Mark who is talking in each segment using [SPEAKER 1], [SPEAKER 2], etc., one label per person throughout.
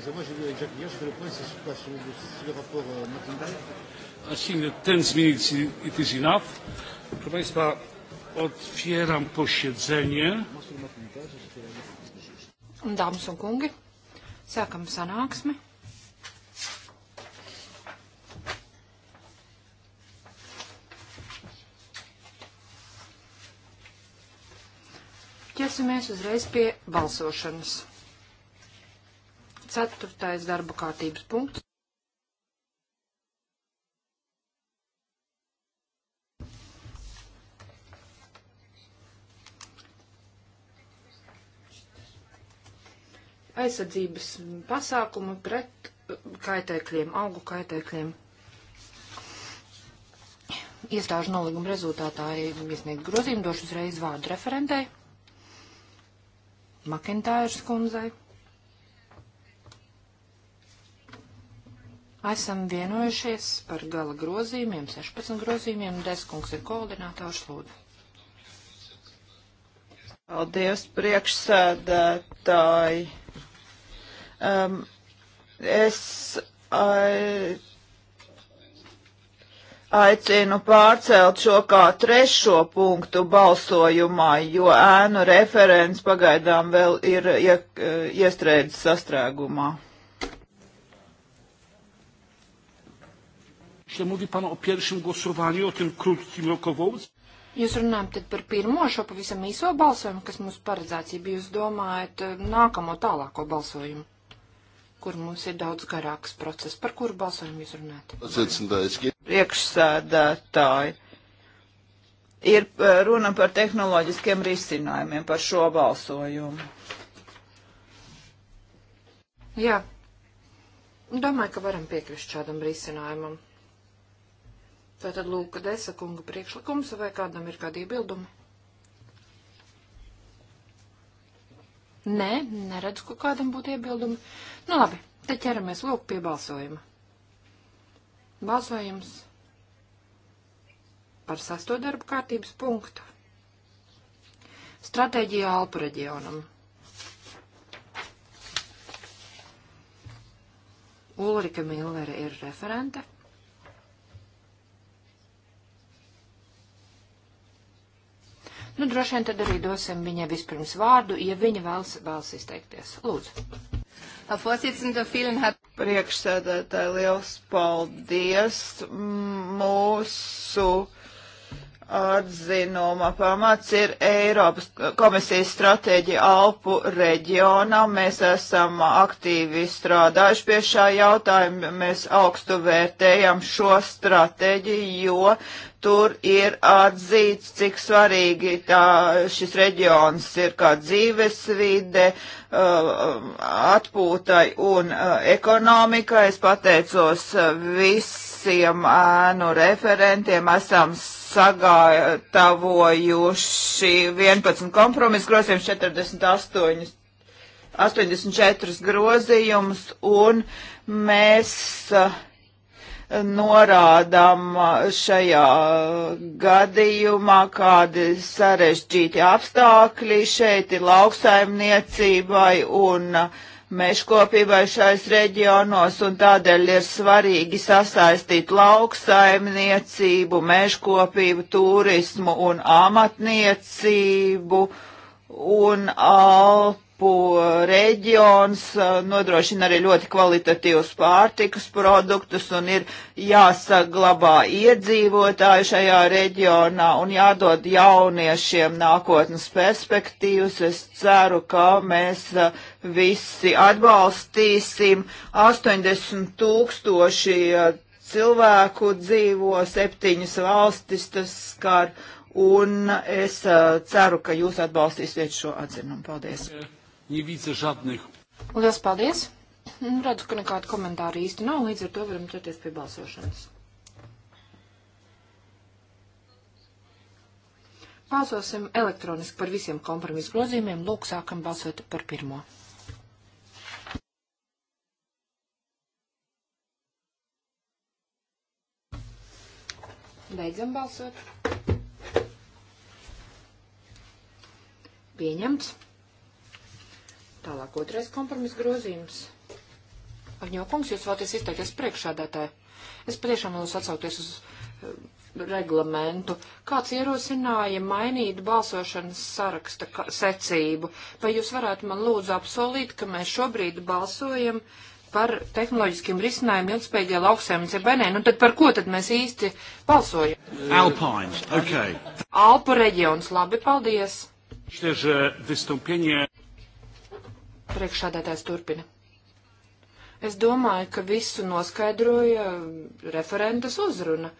[SPEAKER 1] les a. Moi, j'ai vu avec Jacques hier, j'ai fait le point, c'est sur quoi sur le, sur le rapport euh, McIntyre I think that 10 minutes it is enough. Proszę Państwa, otwieram posiedzenie.
[SPEAKER 2] Dāmas un kungi, sākam sanāksmi. ķersimies uzreiz pie balsošanas. Ceturtais darba kārtības punkts. Aizsardzības pasākumu pret uh, kaitēkļiem, augu kaitēkļiem. Iestāžu nolīguma rezultātā iesniegt grozījumu došu uzreiz vārdu referentei Makintājas kundzei. esam vienojušies par gala grozījumiem, 16 grozījumiem, deskungs ir koordinātārs lūdzu.
[SPEAKER 3] Paldies, priekšsēdētāji. Um, es ai, aicinu pārcelt šo kā trešo punktu balsojumā, jo ēnu referents pagaidām vēl ir ie, iestrēdzis
[SPEAKER 1] sastrēgumā. Šeit mūdī pan o pieršiem głosovāni, o tiem krūtkim rokovots.
[SPEAKER 2] Jūs runājat tad par pirmo šo pavisam īso balsojumu, kas mums paredzēts, ja jūs domājat eh, nākamo tālāko balsojumu,
[SPEAKER 3] kur mums ir daudz garāks process. Par kuru balsojumu jūs
[SPEAKER 1] runājat?
[SPEAKER 3] Priekšsēdētāji. Ir eh, runa par tehnoloģiskiem risinājumiem, par šo balsojumu.
[SPEAKER 2] Jā. Domāju, ka varam piekrist šādam risinājumam. Tātad lūk, Desa kunga priekšlikums, vai kādam ir kādi iebildumi? Nē, neredzu, ka kādam būtu iebildumi. Nu labi, te ķeramies lūk pie balsojuma. Balsojums par sesto darbu kārtības punktu. Stratēģija Alpu reģionam. Ulrika Millere ir referente. Nu, droši vien tad arī dosim viņai vispirms vārdu, ja viņa vēlas, vēlas izteikties. Lūdzu.
[SPEAKER 3] Priekšsēdētāji, liels paldies mūsu atzinuma pamats ir Eiropas komisijas stratēģija Alpu reģionam. Mēs esam aktīvi strādājuši pie šā jautājuma. Mēs augstu vērtējam šo stratēģiju, jo tur ir atzīts, cik svarīgi tā, šis reģions ir kā dzīvesvide, uh, atpūtai un uh, ekonomikai. Es pateicos uh, visiem ēnu referentiem. Esam sagatavojuši 11 kompromisu grozījumus, 48, 84 grozījumus, un mēs eh, norādām eh, šajā gadījumā, kādi sarežģīti apstākļi šeit ir lauksaimniecībai un uh, meškopībai šais reģionos, un tādēļ ir svarīgi sasaistīt lauksaimniecību, meškopību, turismu un amatniecību un alp Alpu reģions eh, nodrošina arī ļoti kvalitatīvus pārtikas produktus un ir jāsaglabā iedzīvotāju šajā reģionā un jādod jauniešiem nākotnes perspektīvas. Es ceru, ka mēs eh, visi atbalstīsim 80 tūkstoši eh, cilvēku dzīvo septiņas valstis, tas skar un es uh, ceru, ka jūs atbalstīsiet šo atzinumu. Paldies! Jā.
[SPEAKER 1] Lielas
[SPEAKER 2] paldies! Redzu, ka nekādu komentāru īsti nav, līdz ar to varam ķerties pie balsošanas. Balsosim elektroniski par visiem kompromisu grozījumiem. Lūk, sākam balsot par pirmo. Beidzam balsot. Pieņemts. Tālāk otrais kompromis grozījums. Agņokungs, jūs vēlaties izteikties priekšādātāji. Es patiešām vēlos atsaukties uz uh, reglamentu. Kāds ierosināja mainīt balsošanas saraksta secību? Vai jūs varētu man lūdzu apsolīt, ka mēs šobrīd balsojam par tehnoloģiskiem risinājumiem ilgspējīgā lauksēmniecībā? Nē, nu tad par ko tad mēs īsti balsojam?
[SPEAKER 1] Alpines, ok.
[SPEAKER 2] Alpu reģions, labi, paldies.
[SPEAKER 1] Šķiet, ka vystąpienie
[SPEAKER 2] Priekšādātājs turpina. Es domāju, ka visu noskaidroja referentas uzruna.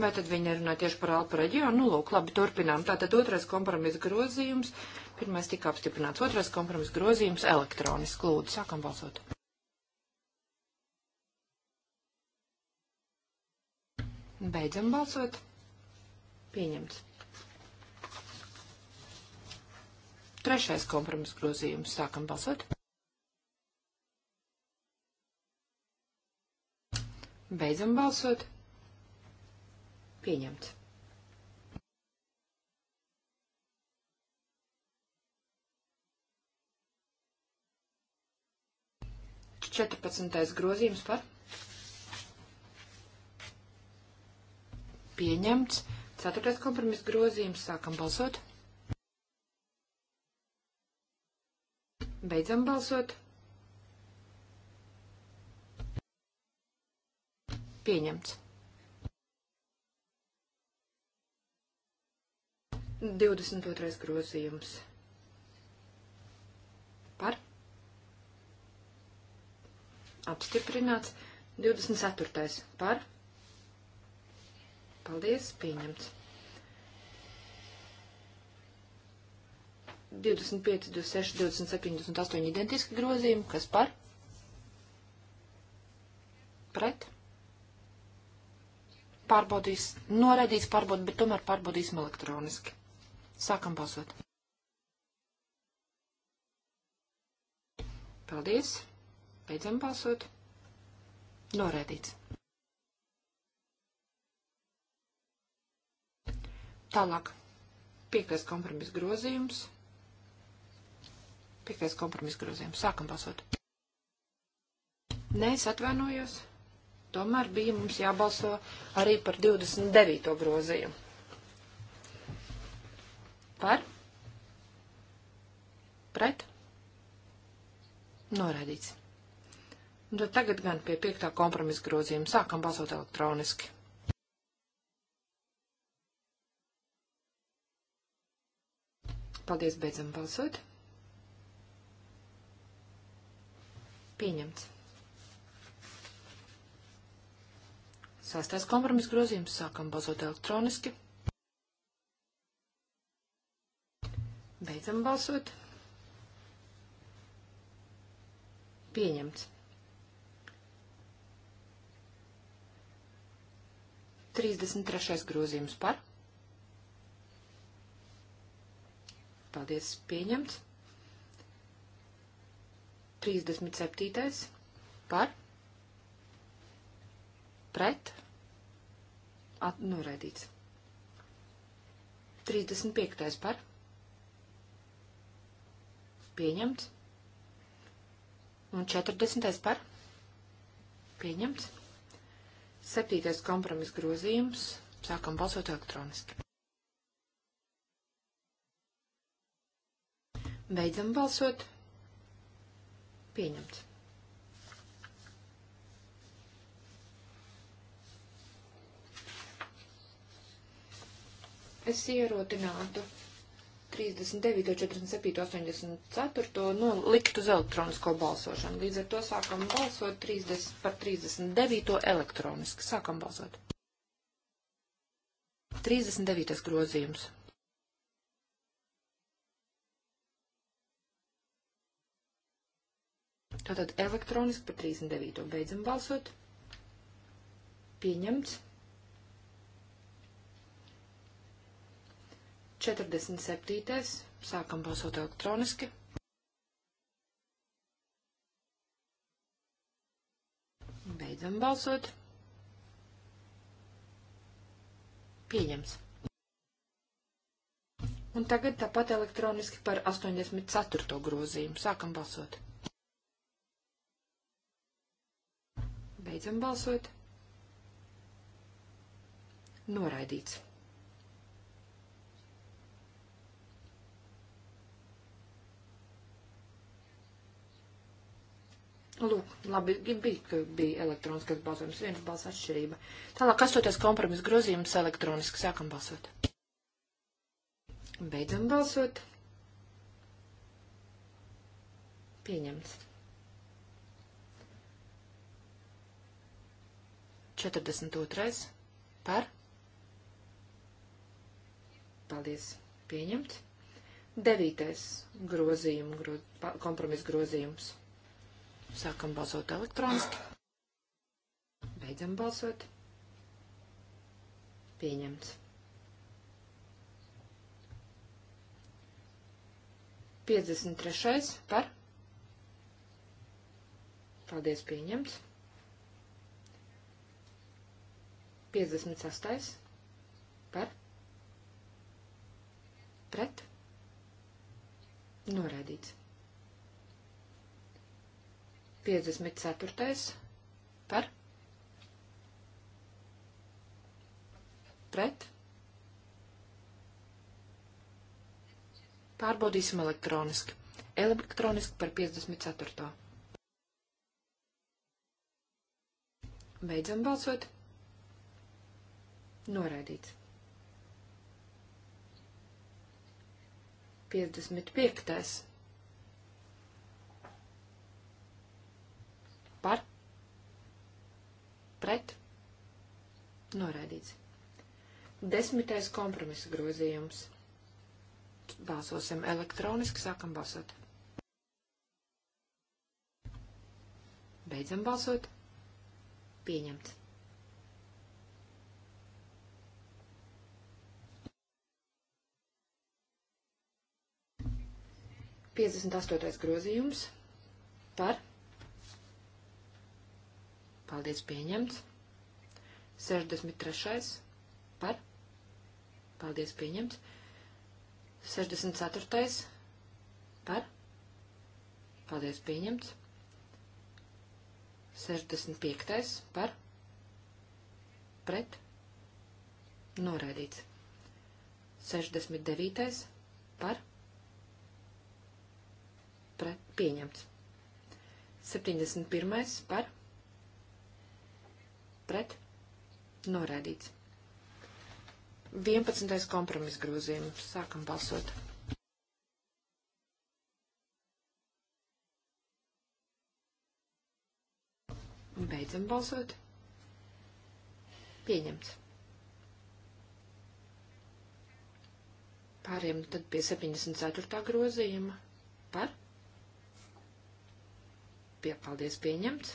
[SPEAKER 2] Vai tad viņa runā tieši par Alpu reģionu? Nu, lūk, labi, turpinām. Tātad otrais kompromiss grozījums. Pirmais tika apstiprināts. Otrais kompromiss grozījums elektroniski. Lūdzu, sākam balsot. Beidzam balsot. Pieņemts. Trešais kompromiss grozījums. Sākam balsot. Beidzam balsot. Pieņemts. Četrpadsmitais grozījums par pieņemts. Ceturtais kompromiss grozījums. Sākam balsot. Beidzam balsot. Pieņemts. 22. grozījums. Par. Apstiprināts. 24. Par. Paldies, pieņemts. 25, 26, 27, 28 identiski grozījumi. Kas par? Pret. Pārbaudīs, noraidīts pārbaud, bet tomēr pārbaudīsim elektroniski. Sākam balsot. Paldies. Beidzam balsot. Noraidīts. Tālāk. Piektais kompromis grozījums. Piektais kompromis grozījums. Sākam balsot. Nē, es atvainojos tomēr bija mums jābalso arī par 29. grozījumu. Par? Pret? Noraidīts. Un tad tagad gan pie piektā kompromisa grozījuma sākam balsot elektroniski. Paldies, beidzam balsot. Pieņemts. Sastais kompromiss grozījums sākam balsot elektroniski. Beidzam balsot. Pieņemts. 33. grozījums par. Paldies, pieņemts. 37. par pret, at, noraidīts. 35. par, pieņemts. Un 40. par, pieņemts. 7. kompromis grozījums, sākam balsot elektroniski. Beidzam balsot. Pieņemts. es ierotinātu 39, 47, 84 nu, likt uz elektronisko balsošanu. Līdz ar to sākam balsot 30, par 39 elektroniski. Sākam balsot. 39. grozījums. Tātad elektroniski par 39. beidzam balsot. Pieņemts. 47. Sākam balsot elektroniski. Beidzam balsot. Pieņems. Un tagad tāpat elektroniski par 84. grozījumu. Sākam balsot. Beidzam balsot. Noraidīts. Lūk, labi, bija, ka bija elektroniskas balsojums, viens balss atšķirība. Tālāk, astoties kompromis grozījums elektroniski, sākam balsot. Beidzam balsot. Pieņemts. 42. Par. Paldies. Pieņemts. 9. grozījums, groz, kompromis grozījums. Sākam balsot elektroniski. Beidzam balsot. Pieņemts. Piecdesmit trešais par. Paldies, pieņemts. 56. Par. Pret. Norēdīts. 54. par pret. Pārbaudīsim elektroniski. Elektroniski par 54. Beidzam balsot. Noraidīts. 55. par, pret, noraidīts. Desmitais kompromisa grozījums. Balsosim elektroniski, sākam balsot. Beidzam balsot. Pieņemts. Piecdesmit astotais grozījums par Paldies, pieņemts. 63. par. Paldies, pieņemts. 64. par. Paldies, pieņemts. 65. par. Pret. Noraidīts. 69. par. Pret. Pieņemts. 71. par pret norādīts. 11. kompromis grozījums. Sākam balsot. Beidzam balsot. Pieņemts. Pāriem tad pie 74. grozījuma. Par? Piepaldies pieņemts.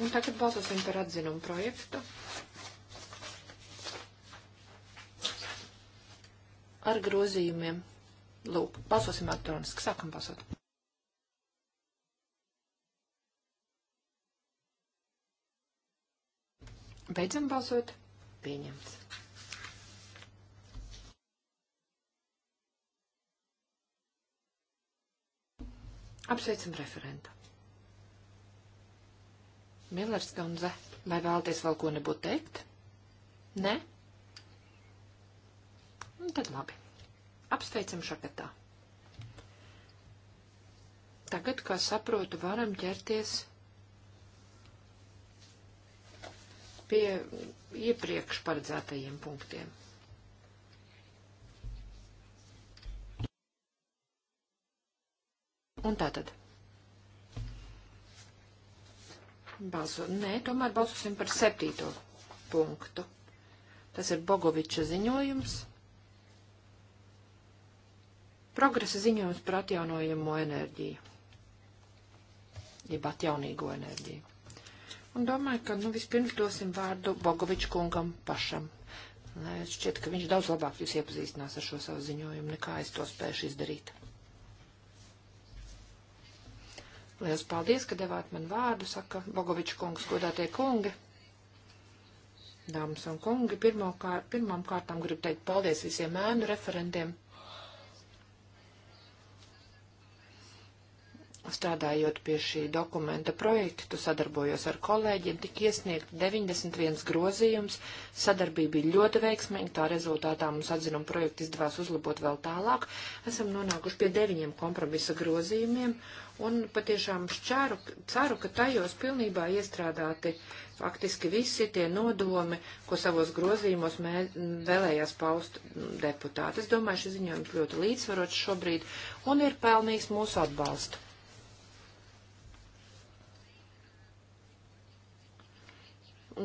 [SPEAKER 2] Un tagad balsosim par atzinumu projektu. Ar grozījumiem. Lūk, balsosim elektroniski. Sākam balsot. Beidzam balsot. Pieņemts. Apsveicam referentu. Millers kundze, vai vēlaties vēl ko nebūt teikt? Nē? Un nu, tad labi. Apsveicam šakatā. Tagad, kā saprotu, varam ķerties pie iepriekš paredzētajiem punktiem. Un tā tad. Balso... Nē, tomēr balsosim par septīto punktu. Tas ir Bogoviča ziņojums. Progresa ziņojums par atjaunojamo enerģiju, jeb atjaunīgo enerģiju. Un domāju, ka nu, vispirms dosim vārdu Bogoviča kungam pašam. Nē, šķiet, ka viņš daudz labāk jūs iepazīstinās ar šo savu ziņojumu, nekā es to spēšu izdarīt. Liels paldies, ka devāt man vārdu, saka Bogoviča kungs, godātie kungi. Dāmas un kungi, kār, pirmām kārtām gribu teikt paldies visiem ēnu referentiem. Strādājot pie šī dokumenta projektu, sadarbojos ar kolēģiem, tika iesniegt 91 grozījums, sadarbība bija ļoti veiksmīga, tā rezultātā mums atzinuma projektu izdevās uzlabot vēl tālāk. Esam nonākuši pie deviņiem kompromisa grozījumiem, un patiešām šķēru, ceru, ka tajos pilnībā iestrādāti faktiski visi tie nodomi, ko savos grozījumos mē, vēlējās paust deputāti. Es domāju, šis ziņojums ļoti līdzsvarots šobrīd un ir pelnījis mūsu atbalstu.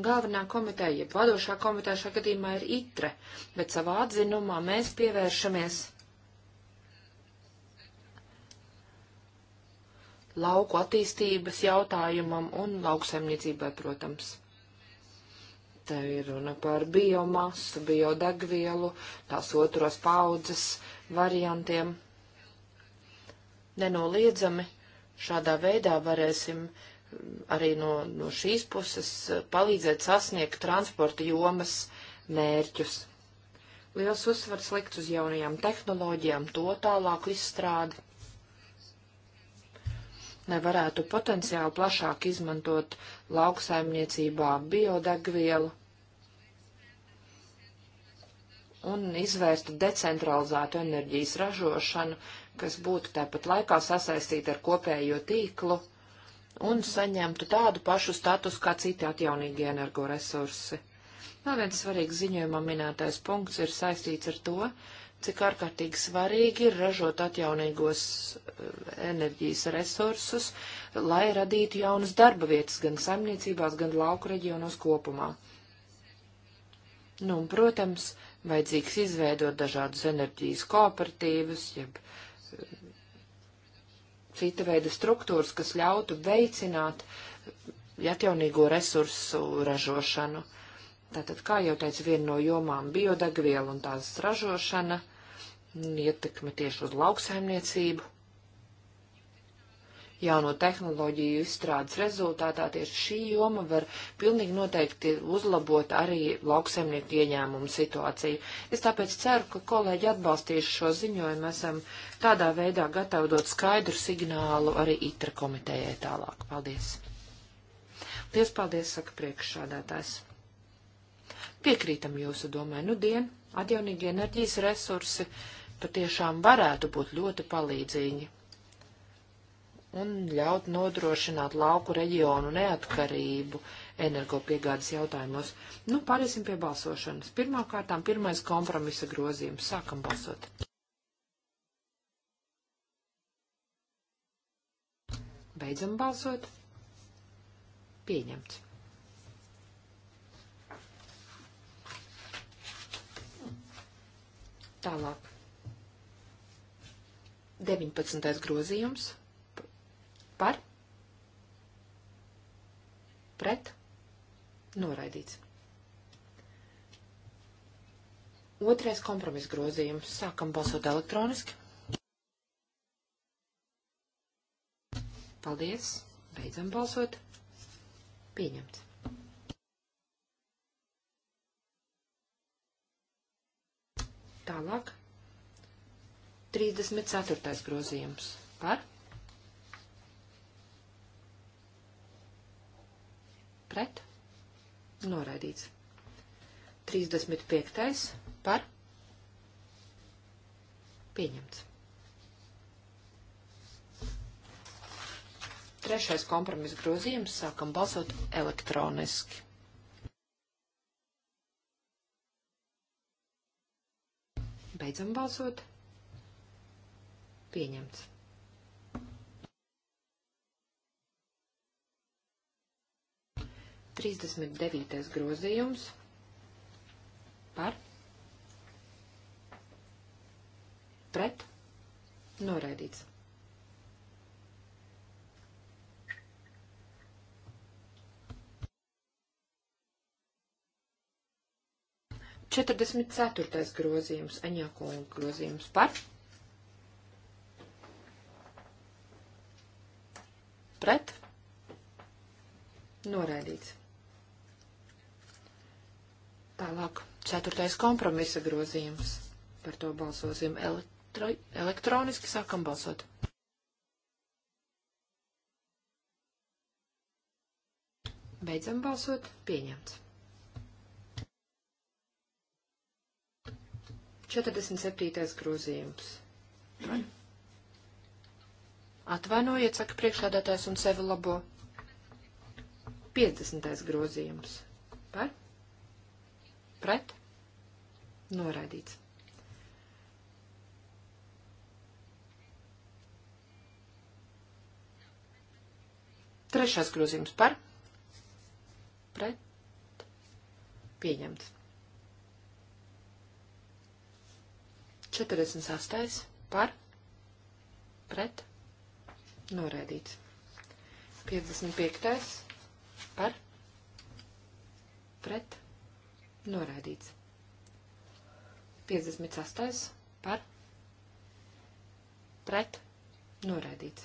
[SPEAKER 2] Galvenā komiteja, jeb vadošā komiteja šajā gadījumā ir ITRE, bet savā atzinumā mēs pievēršamies lauku attīstības jautājumam un lauksaimniecībai, protams. Te ir runa par biomasu, biodegvielu, tās otros paudzes variantiem. Nenoliedzami šādā veidā varēsim arī no, no šīs puses palīdzēt sasniegt transporta jomas mērķus. Liels uzsvars likt uz jaunajām tehnoloģijām, to tālāk izstrādi lai varētu potenciāli plašāk izmantot lauksaimniecībā biodegvielu un izvērst decentralizētu enerģijas ražošanu, kas būtu tāpat laikā sasaistīta ar kopējo tīklu un saņemtu tādu pašu statusu kā citi atjaunīgie energoresursi. Vēl viens svarīgs ziņojumā minētais punkts ir saistīts ar to, cik ārkārtīgi svarīgi ir ražot atjaunīgos eh, enerģijas resursus, lai radītu jaunas darba vietas gan saimniecībās, gan lauku reģionos kopumā. Nu, un, protams, vajadzīgs izveidot dažādus enerģijas kooperatīvus, jeb eh, cita veida struktūras, kas ļautu veicināt atjaunīgo resursu ražošanu. Uh, Tātad, kā jau teicu, viena no jomām biodegviela un tās ražošana, ietekme tieši uz lauksaimniecību. Jauno tehnoloģiju izstrādes rezultātā tieši šī joma var pilnīgi noteikti uzlabot arī lauksaimnieku ieņēmumu situāciju. Es tāpēc ceru, ka kolēģi atbalstīs šo ziņojumu. Esam tādā veidā gatavi dot skaidru signālu arī ITRA komitejai tālāk. Paldies! Liels paldies, saka priekšsādātājs. Piekrītam jūsu domai, nu dien, atjaunīgi enerģijas resursi patiešām varētu būt ļoti palīdzīgi un ļaut nodrošināt lauku reģionu neatkarību energopiegādes jautājumos. Nu, pāriesim pie balsošanas. Pirmkārtām, pirmais kompromisa grozījums. Sākam balsot. Beidzam balsot. Pieņemts. Tālāk. 19. grozījums par pret noraidīts. Otrais kompromiss grozījums. Sākam balsot elektroniski. Paldies. Beidzam balsot. Pieņemts. Tālāk. 34. grozījums. Par? Pret? Noraidīts. 35. Par? Pieņemts. Trešais kompromiss grozījums. Sākam balsot elektroniski. Beidzam balsot. Pieņemts. Trīsdesmit devītais grozījums par pret noraidīts. 44. grozījums, aņākojuma grozījums par, pret, noraidīts. Tālāk, 4. kompromisa grozījums, par to balsosim elektro, elektroniski, sākam balsot. Beidzam balsot, pieņemts. 47. grozījums. Atvainojiet, saka priekšādātājs un sevi labo. 50. grozījums. Par? Pret? Noraidīts. Trešais grozījums par? Pret? Pieņemts. 48. par, pret, noraidīts. 55. par, pret, noraidīts. 58. par, pret, noraidīts.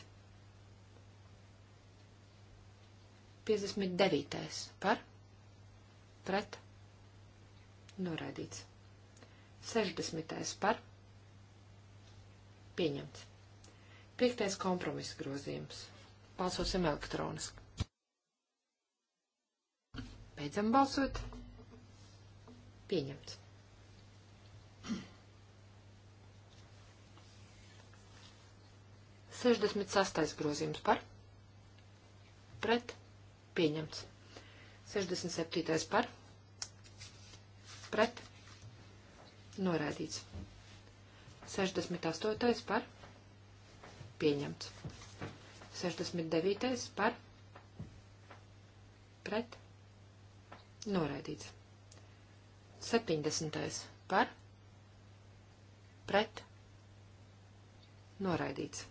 [SPEAKER 2] 59. par, pret, noraidīts. 60. par, pret, noraidīts. 60. par, Pieņemts. Piektais kompromisa grozījums. Balsosim elektroniski. Beidzam balsot. Pieņemts. Sešdesmit sastais grozījums par. Pret. Pieņemts. 67. par. Pret. Noraidīts. 68. par pieņemts. 69. par pret noraidīts. 70. par pret noraidīts.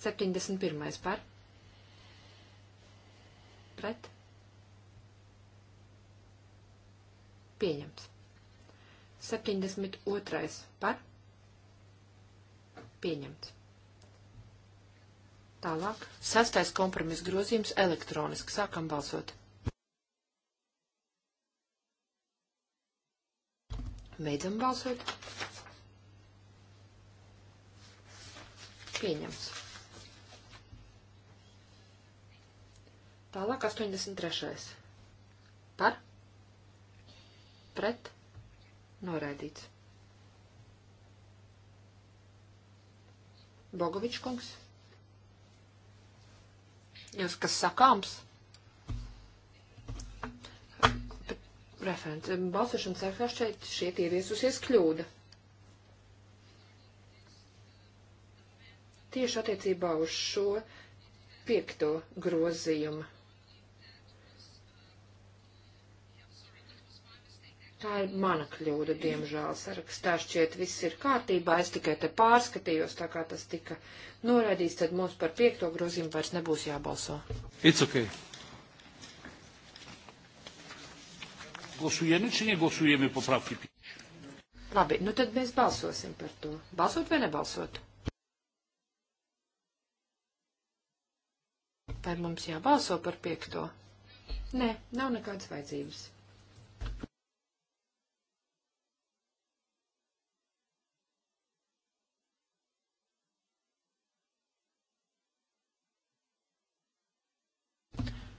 [SPEAKER 2] 71. par pret pieņemts. 72. par pret Pieņemts. Tālāk. Sastais kompromis grozījums elektroniski. Sākam balsot. Beidzam balsot. Pieņemts. Tālāk 83. Par? Pret? Noraidīts. Bogovičs kungs. Jūs kas sakāms? Referents. Balsošanas sarkā šeit šiet ieviesusies kļūda. Tieši attiecībā uz šo piekto grozījumu. Tā ir mana kļūda, diemžēl. Sarakstā šķiet viss ir kārtībā, es tikai te pārskatījos, tā kā tas tika noraidīts, tad mums par piekto grozījumu vairs nebūs jābalso.
[SPEAKER 1] It's okay. Głosujemy czy nie głosujemy poprawki?
[SPEAKER 2] Labi, nu tad mēs balsosim par to. Balsot vai nebalsot? Vai mums jābalso par piekto? Nē, nav nekādas vajadzības.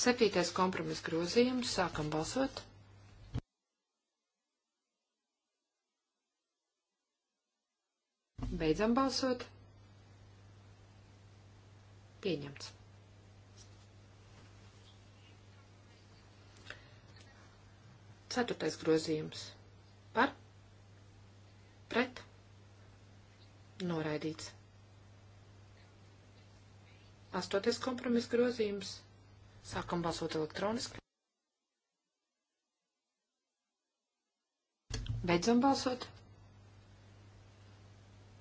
[SPEAKER 2] Septītais kompromis grozījums. Sākam balsot. Beidzam balsot. Pieņemts. Ceturtais grozījums. Par? Pret? Noraidīts. Astoties kompromis grozījums. Sākam balsot elektroniski. Beidzam balsot.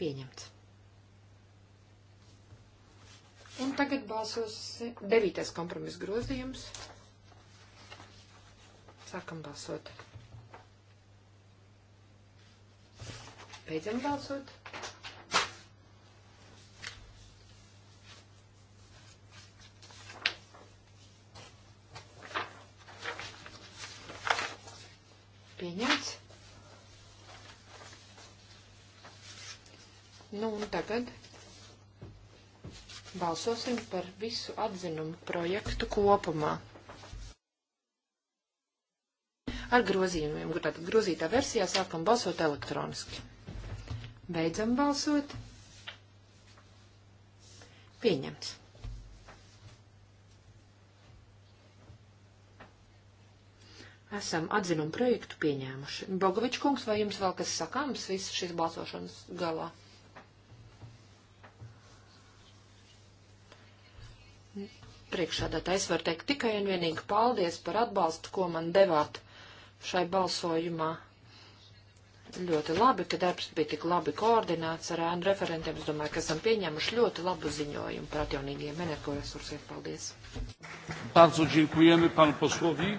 [SPEAKER 2] Pieņemts. Un tagad balsos devītais kompromis grozījums. Sākam balsot. Beidzam balsot. tagad balsosim par visu atzinumu projektu kopumā. Ar grozījumiem, tātad grozītā versijā sākam balsot elektroniski. Beidzam balsot. Pieņemts. Esam atzinumu projektu pieņēmuši. Bogovičs kungs, vai jums vēl kas sakāms viss šīs balsošanas galā? priekšādātājs var teikt tikai un vienīgi paldies par atbalstu, ko man devāt šai balsojumā. Ļoti labi, ka darbs bija tik labi koordinēts ar ēnu referentiem. Es domāju, ka esam pieņēmuši ļoti labu ziņojumu par atjaunīgiem energoresursiem. Paldies!
[SPEAKER 1] Bardzo dziękujemy panu posłowi.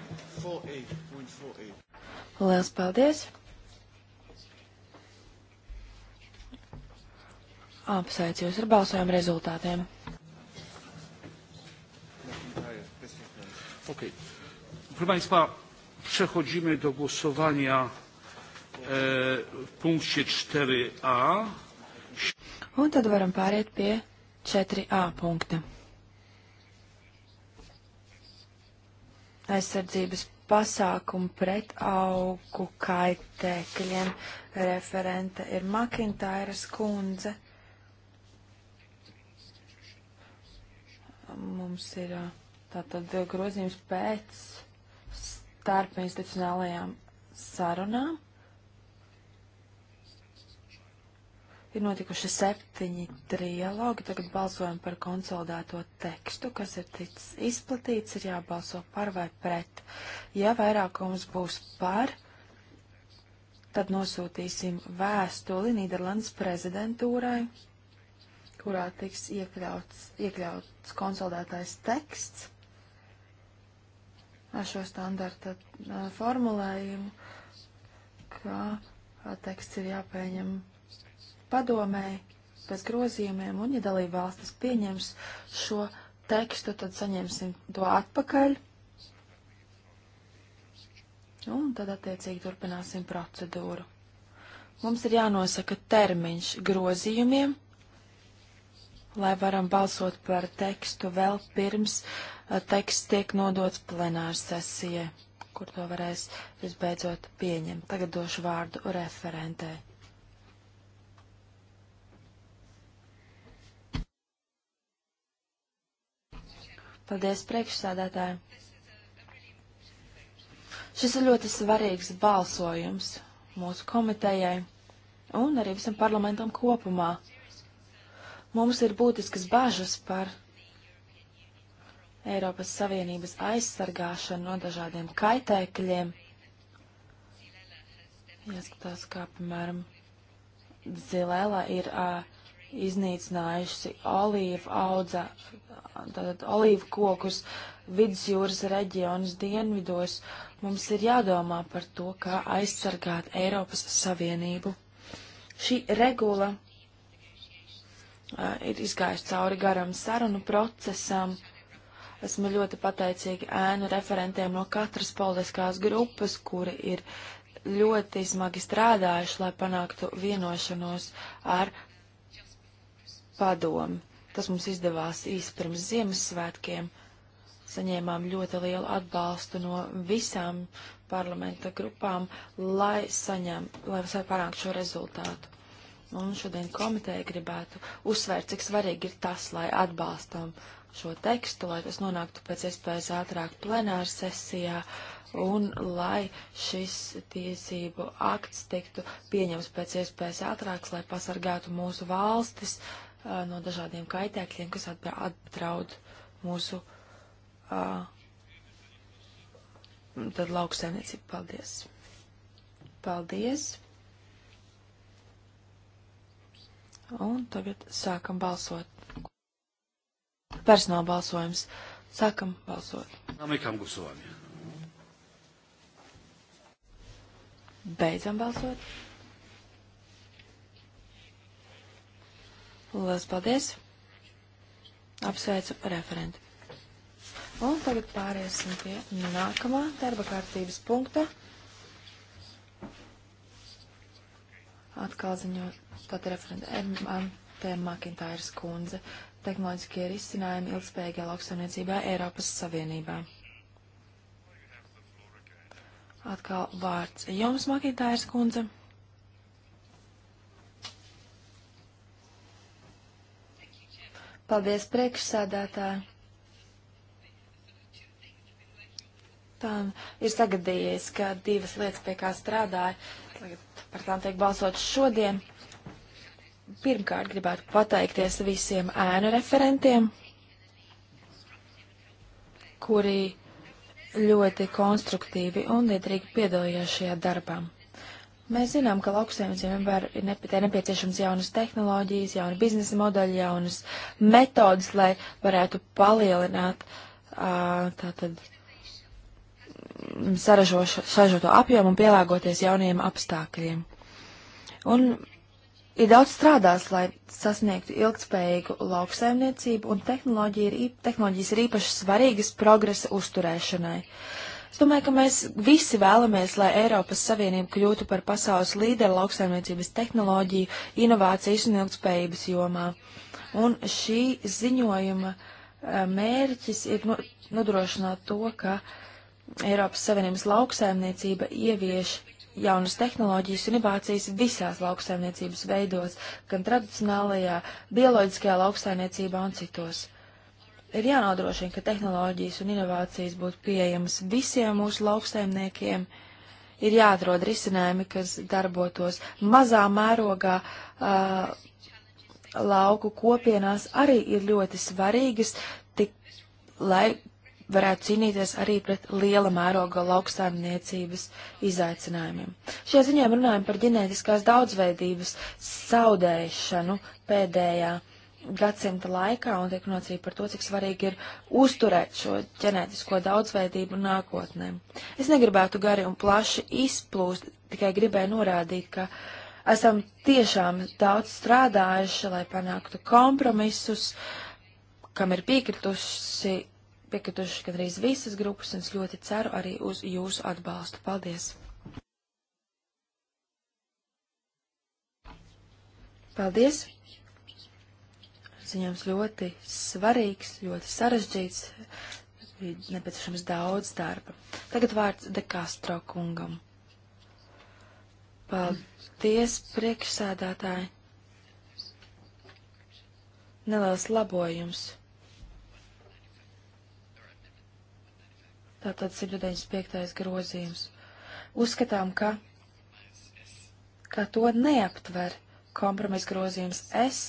[SPEAKER 4] Lielas paldies! Apsveicu jūs ar balsojumu rezultātiem!
[SPEAKER 1] Okay. Proszę Państwa, przechodzimy do głosowania e, w punkcie 4a.
[SPEAKER 4] Un tad varam pāriet pie 4a punkta. Aizsardzības pasākumu pret augu kaitēkļiem. Referente ir Makintairas kundze. Mums ir uh, Tātad eh, grozījums pēc starp institucionālajām sarunām. Ir notikuši septiņi trialogi, tagad balsojam par konsolidēto tekstu, kas ir ticis izplatīts, ir jābalso par vai pret. Ja vairākums būs par, tad nosūtīsim vēstuli Nīderlandes prezidentūrai, kurā tiks iekļauts, iekļauts konsolidētais teksts šo standarta formulējumu, ka teksts ir jāpieņem padomēji pēc grozījumiem, un, ja dalība valstis pieņems šo tekstu, tad saņemsim to atpakaļ. Un tad attiecīgi turpināsim procedūru. Mums ir jānosaka termiņš grozījumiem, lai varam balsot par tekstu vēl pirms teksts tiek nodots plenāra sesijai, kur to varēs visbeidzot pieņemt. Tagad došu vārdu referentē. Paldies priekšsādātāji. Šis ir ļoti svarīgs balsojums mūsu komitejai un arī visam parlamentam kopumā. Mums ir būtiskas bažas par Eiropas Savienības aizsargāšanu no dažādiem kaitēkļiem. Jāskatās, kā piemēram Zilēlā ir uh, iznīcinājusi olīvu audza, tātad olīvu kokus vidusjūras reģionas dienvidos. Mums ir jādomā par to, kā aizsargāt Eiropas Savienību. Šī regula uh, ir izgājusi cauri garam sarunu procesam. Uh, Esmu ļoti pateicīga ēnu referentiem no katras politiskās grupas, kuri ir ļoti smagi strādājuši, lai panāktu vienošanos ar padomu. Tas mums izdevās īsi pirms Ziemassvētkiem. Saņēmām ļoti lielu atbalstu no visām parlamenta grupām, lai saņem, lai panāktu šo rezultātu. Un šodien komiteja gribētu uzsvērt, cik svarīgi ir tas, lai atbalstam šo tekstu, lai tas nonāktu pēc iespējas ātrāk plenāra sesijā un lai šis tiesību akts tiktu pieņems pēc iespējas ātrāks, lai pasargātu mūsu valstis uh, no dažādiem kaitēkļiem, kas apdraud mūsu uh, tad lauksaimniecību. Paldies! Paldies! Un tagad sākam balsot. Personāla balsojums. Sākam balsot.
[SPEAKER 1] Namikam gusovani.
[SPEAKER 4] Beidzam balsot. Lielas paldies. Apsveicu referenti. Un tagad pāriesim pie nākamā darba kārtības punkta. Atkal ziņot, tad referenta M. M. Makintājas kundze tehnoloģiskie risinājumi ilgspējīgā lauksaimniecībā Eiropas Savienībā. Atkal vārds jums, Makītājas kundze. Paldies, priekšsādātāji. Tā ir sagadījies, ka divas lietas, pie kā strādāju, tagad par tām tiek balsots šodien. Pirmkārt, gribētu pateikties visiem ēnu referentiem, kuri ļoti konstruktīvi un liederīgi piedalījās šajā darbā. Mēs zinām, ka lauksaimniecībai vienmēr ir nepie, nepieciešams jaunas tehnoloģijas, jauni biznesa modeļi, jaunas metodas, lai varētu palielināt uh, tātad saražoto apjomu un pielāgoties jauniem apstākļiem. Un ir daudz strādās, lai sasniegtu ilgtspējīgu lauksaimniecību, un tehnoloģija ir, tehnoloģijas ir īpaši svarīgas progresa uzturēšanai. Es domāju, ka mēs visi vēlamies, lai Eiropas Savienība kļūtu par pasaules līderu lauksaimniecības tehnoloģiju, inovācijas un ilgtspējības jomā. Un šī ziņojuma eh, mērķis ir nu- nodrošināt to, ka Eiropas Savienības lauksaimniecība ievieš jaunas tehnoloģijas un inovācijas visās lauksaimniecības veidos, gan tradicionālajā, bioloģiskajā lauksaimniecībā un citos. Ir jānodrošina, ka tehnoloģijas un inovācijas būtu pieejamas visiem mūsu lauksaimniekiem. Ir jāatrod risinājumi, kas darbotos mazā mērogā. Uh, lauku kopienās arī ir ļoti svarīgas, tik, lai varētu cīnīties arī pret liela mēroga lauksaimniecības izaicinājumiem. Šajā ziņā runājam par ģenētiskās daudzveidības zaudēšanu pēdējā gadsimta laikā, un tiek runāts arī par to, cik svarīgi ir uzturēt šo ģenētisko daudzveidību nākotnē. Es negribētu gari un plaši izplūst, tikai gribēju norādīt, ka esam tiešām daudz strādājuši, lai panāktu kompromisus, kam ir piekritusi piekritušas gandrīz visas grupas, un es ļoti ceru arī uz jūsu atbalstu. Paldies! Paldies! Ziņojums ļoti svarīgs, ļoti sarežģīts, bija nepieciešams daudz darba. Tagad vārds Dekastro kungam. Paldies, priekšsēdētāji! Neliels labojums! Tātad 195. grozījums. Uzskatām, ka, ka to neaptver kompromisa grozījums S.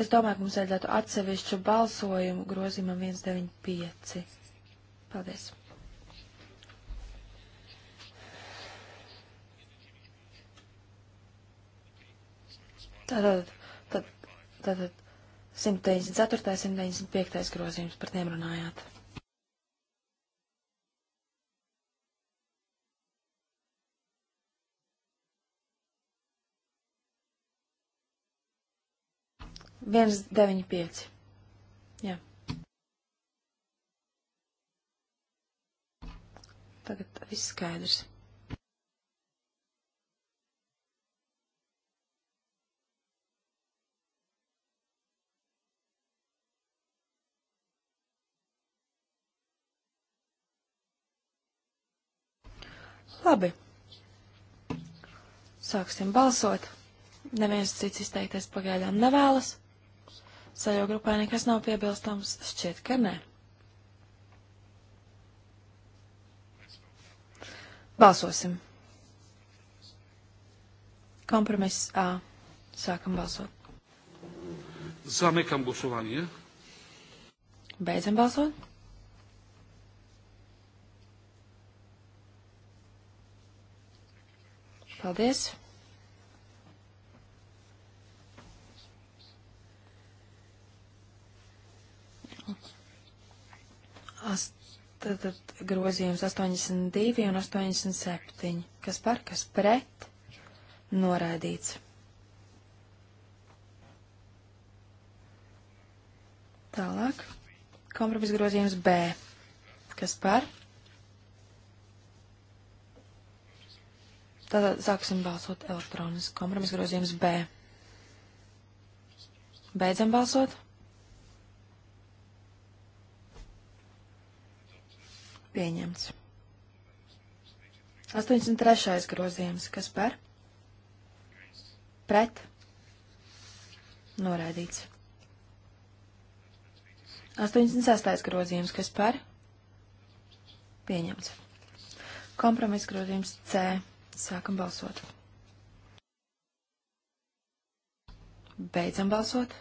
[SPEAKER 4] Es domāju, ka mums vajadzētu atsevišķu balsojumu grozījumam 195. Paldies. Tātad, tātad, tātad 194. 195. grozījums par tiem runājāt. 195. Jā. Tagad viss skaidrs. Labi. Sāksim balsot. Neviens cits izteikties pagaidām nevēlas. Zaļo grupai nekas nav piebilstams, šķiet, ka nē. Balsosim. Kompromiss A. Sākam balsot.
[SPEAKER 1] Zamykam głosowanie.
[SPEAKER 4] Beidzam balsot. Paldies.
[SPEAKER 1] Ast, tad,
[SPEAKER 4] tad grozījums 82 un 87. Kas par, kas pret? Noraidīts. Tālāk. Kompromis grozījums B. Kas par? Tātad sāksim balsot elektroniski. Kompromis grozījums B. Beidzam balsot. pieņemts. 83. grozījums, kas par? Pret. Noraidīts. 86. grozījums, kas par? Pieņemts. Kompromiss grozījums C. Sākam balsot. Beidzam balsot.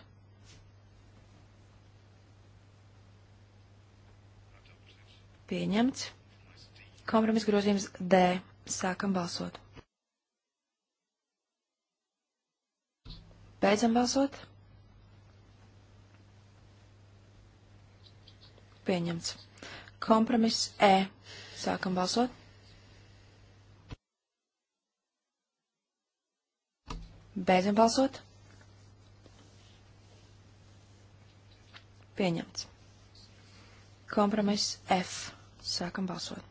[SPEAKER 4] Pieņemts. Kompromis grozījums D. Sākam balsot. Beidzam balsot. Pieņemts. Kompromis E. Sākam balsot. Beidzam balsot. Pieņemts. Kompromiss F. Sākam balsot.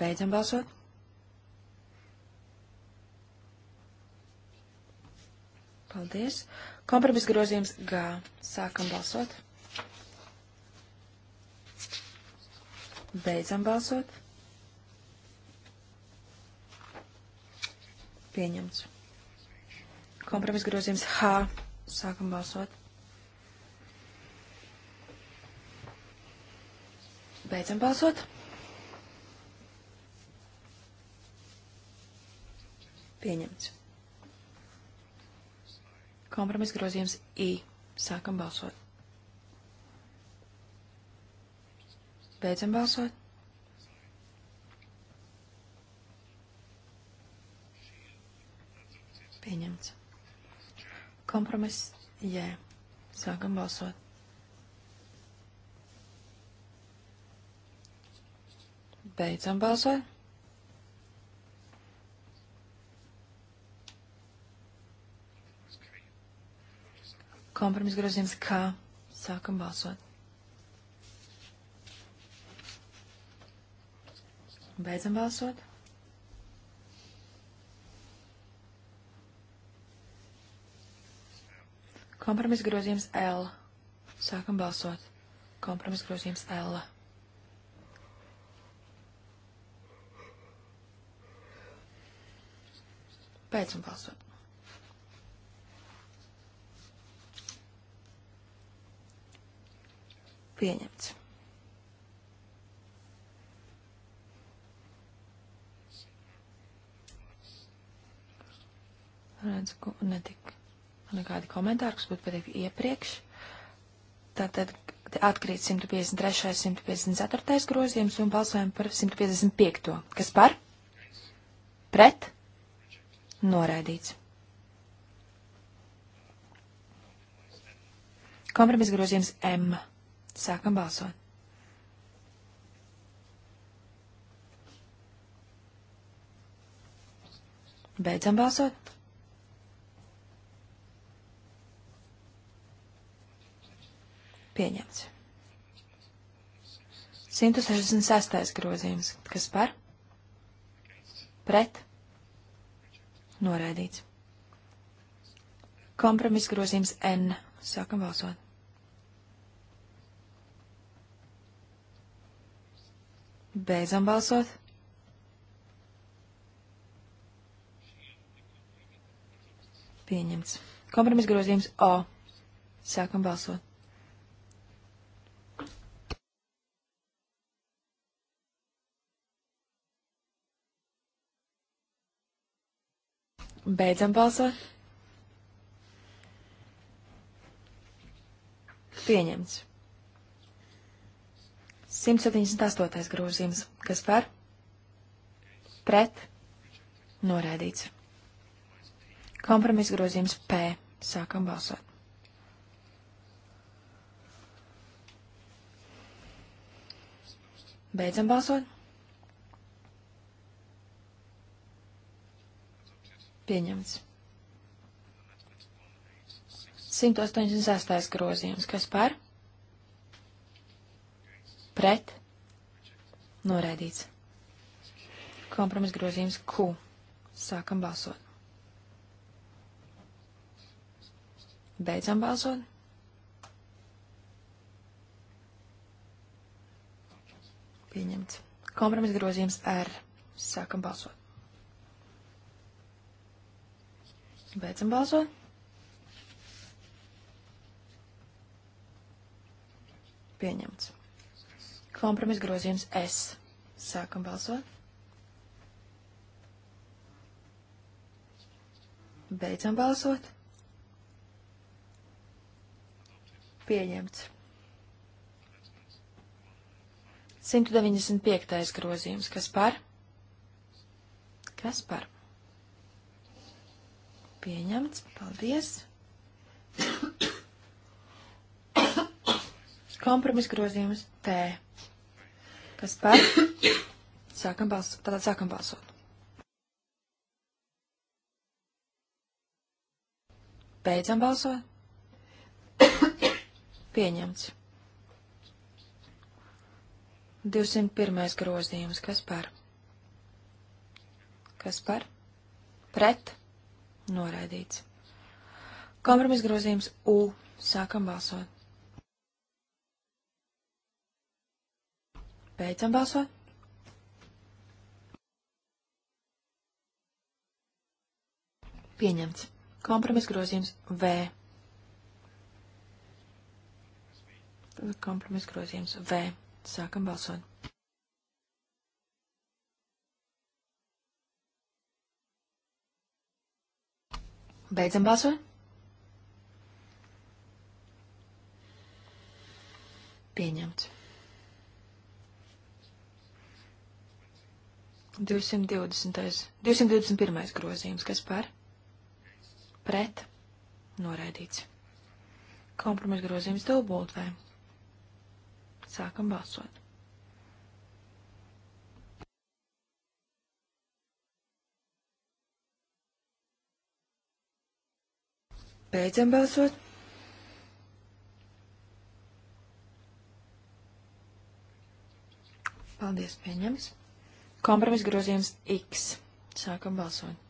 [SPEAKER 4] Beidzam balsot. Paldies. Kompromis grozījums G. Sākam balsot. Beidzam balsot. Pieņemts. Kompromis grozījums H. Sākam balsot. Beidzam balsot. Pieņemts. Kompromis grozījums I. Sākam balsot. Beidzam balsot. Pieņemts. Kompromiss J. Sākam balsot. Beidzam balsot. Kompromis grozījums K. Sākam balsot. Beidzam balsot. Kompromis grozījums L. Sākam balsot. Kompromis grozījums L. Beidzam balsot. Pieņemts. redzu, ka netika nekādi komentāri, kas būtu pateikti iepriekš. Tātad atkrīt 153. 154. grozījums un balsojam par 155. Kas par? Pret? Noraidīts. Kompromis grozījums M. Sākam balsot. Beidzam balsot. Pieņemts. 166. grozījums. Kas par? Pret? Noraidīts. Kompromis grozījums N. Sākam balsot. Beidzam balsot. Pieņemts. Kompromis grozījums O. Sākam balsot. Beidzam balsot. Pieņemts. 178. grozījums. Kas par? Pret. Norēdīts. Kompromiss grozījums P. Sākam balsot. Beidzam balsot. Pieņemts. 188. grozījums. Kas par? Pret. Noraidīts. Kompromis grozījums Q. Sākam balsot. Beidzam balsot. Pieņemts. Kompromis grozījums R. Sākam balsot. Beidzam balsot. Pieņemts. Kompromis grozījums S. Sākam balsot. Beidzam balsot. Pieņemts. 195. grozījums. Kas par? Kas par? Pieņemts. Paldies. Kompromis grozījums T. Kas par? Sākam balsot. Tātad sākam balsot. Beidzam balsot. Pieņemts. 201. grozījums. Kas par? Kas par? Pret? Noraidīts. Kompromis grozījums U. Sākam balsot. Beidzam balsot. Pieņemts. Kompromis grozījums V. Kompromis grozījums V. Sākam balsot. Beidzam balsot. Pieņemts. 220. 221. grozījums, kas par? Pret. Noraidīts. Kompromis grozījums dubultvē. Sākam balsot. Beidzam balsot. Paldies, pieņems. Kompromis grozījums X. Sākam balsot.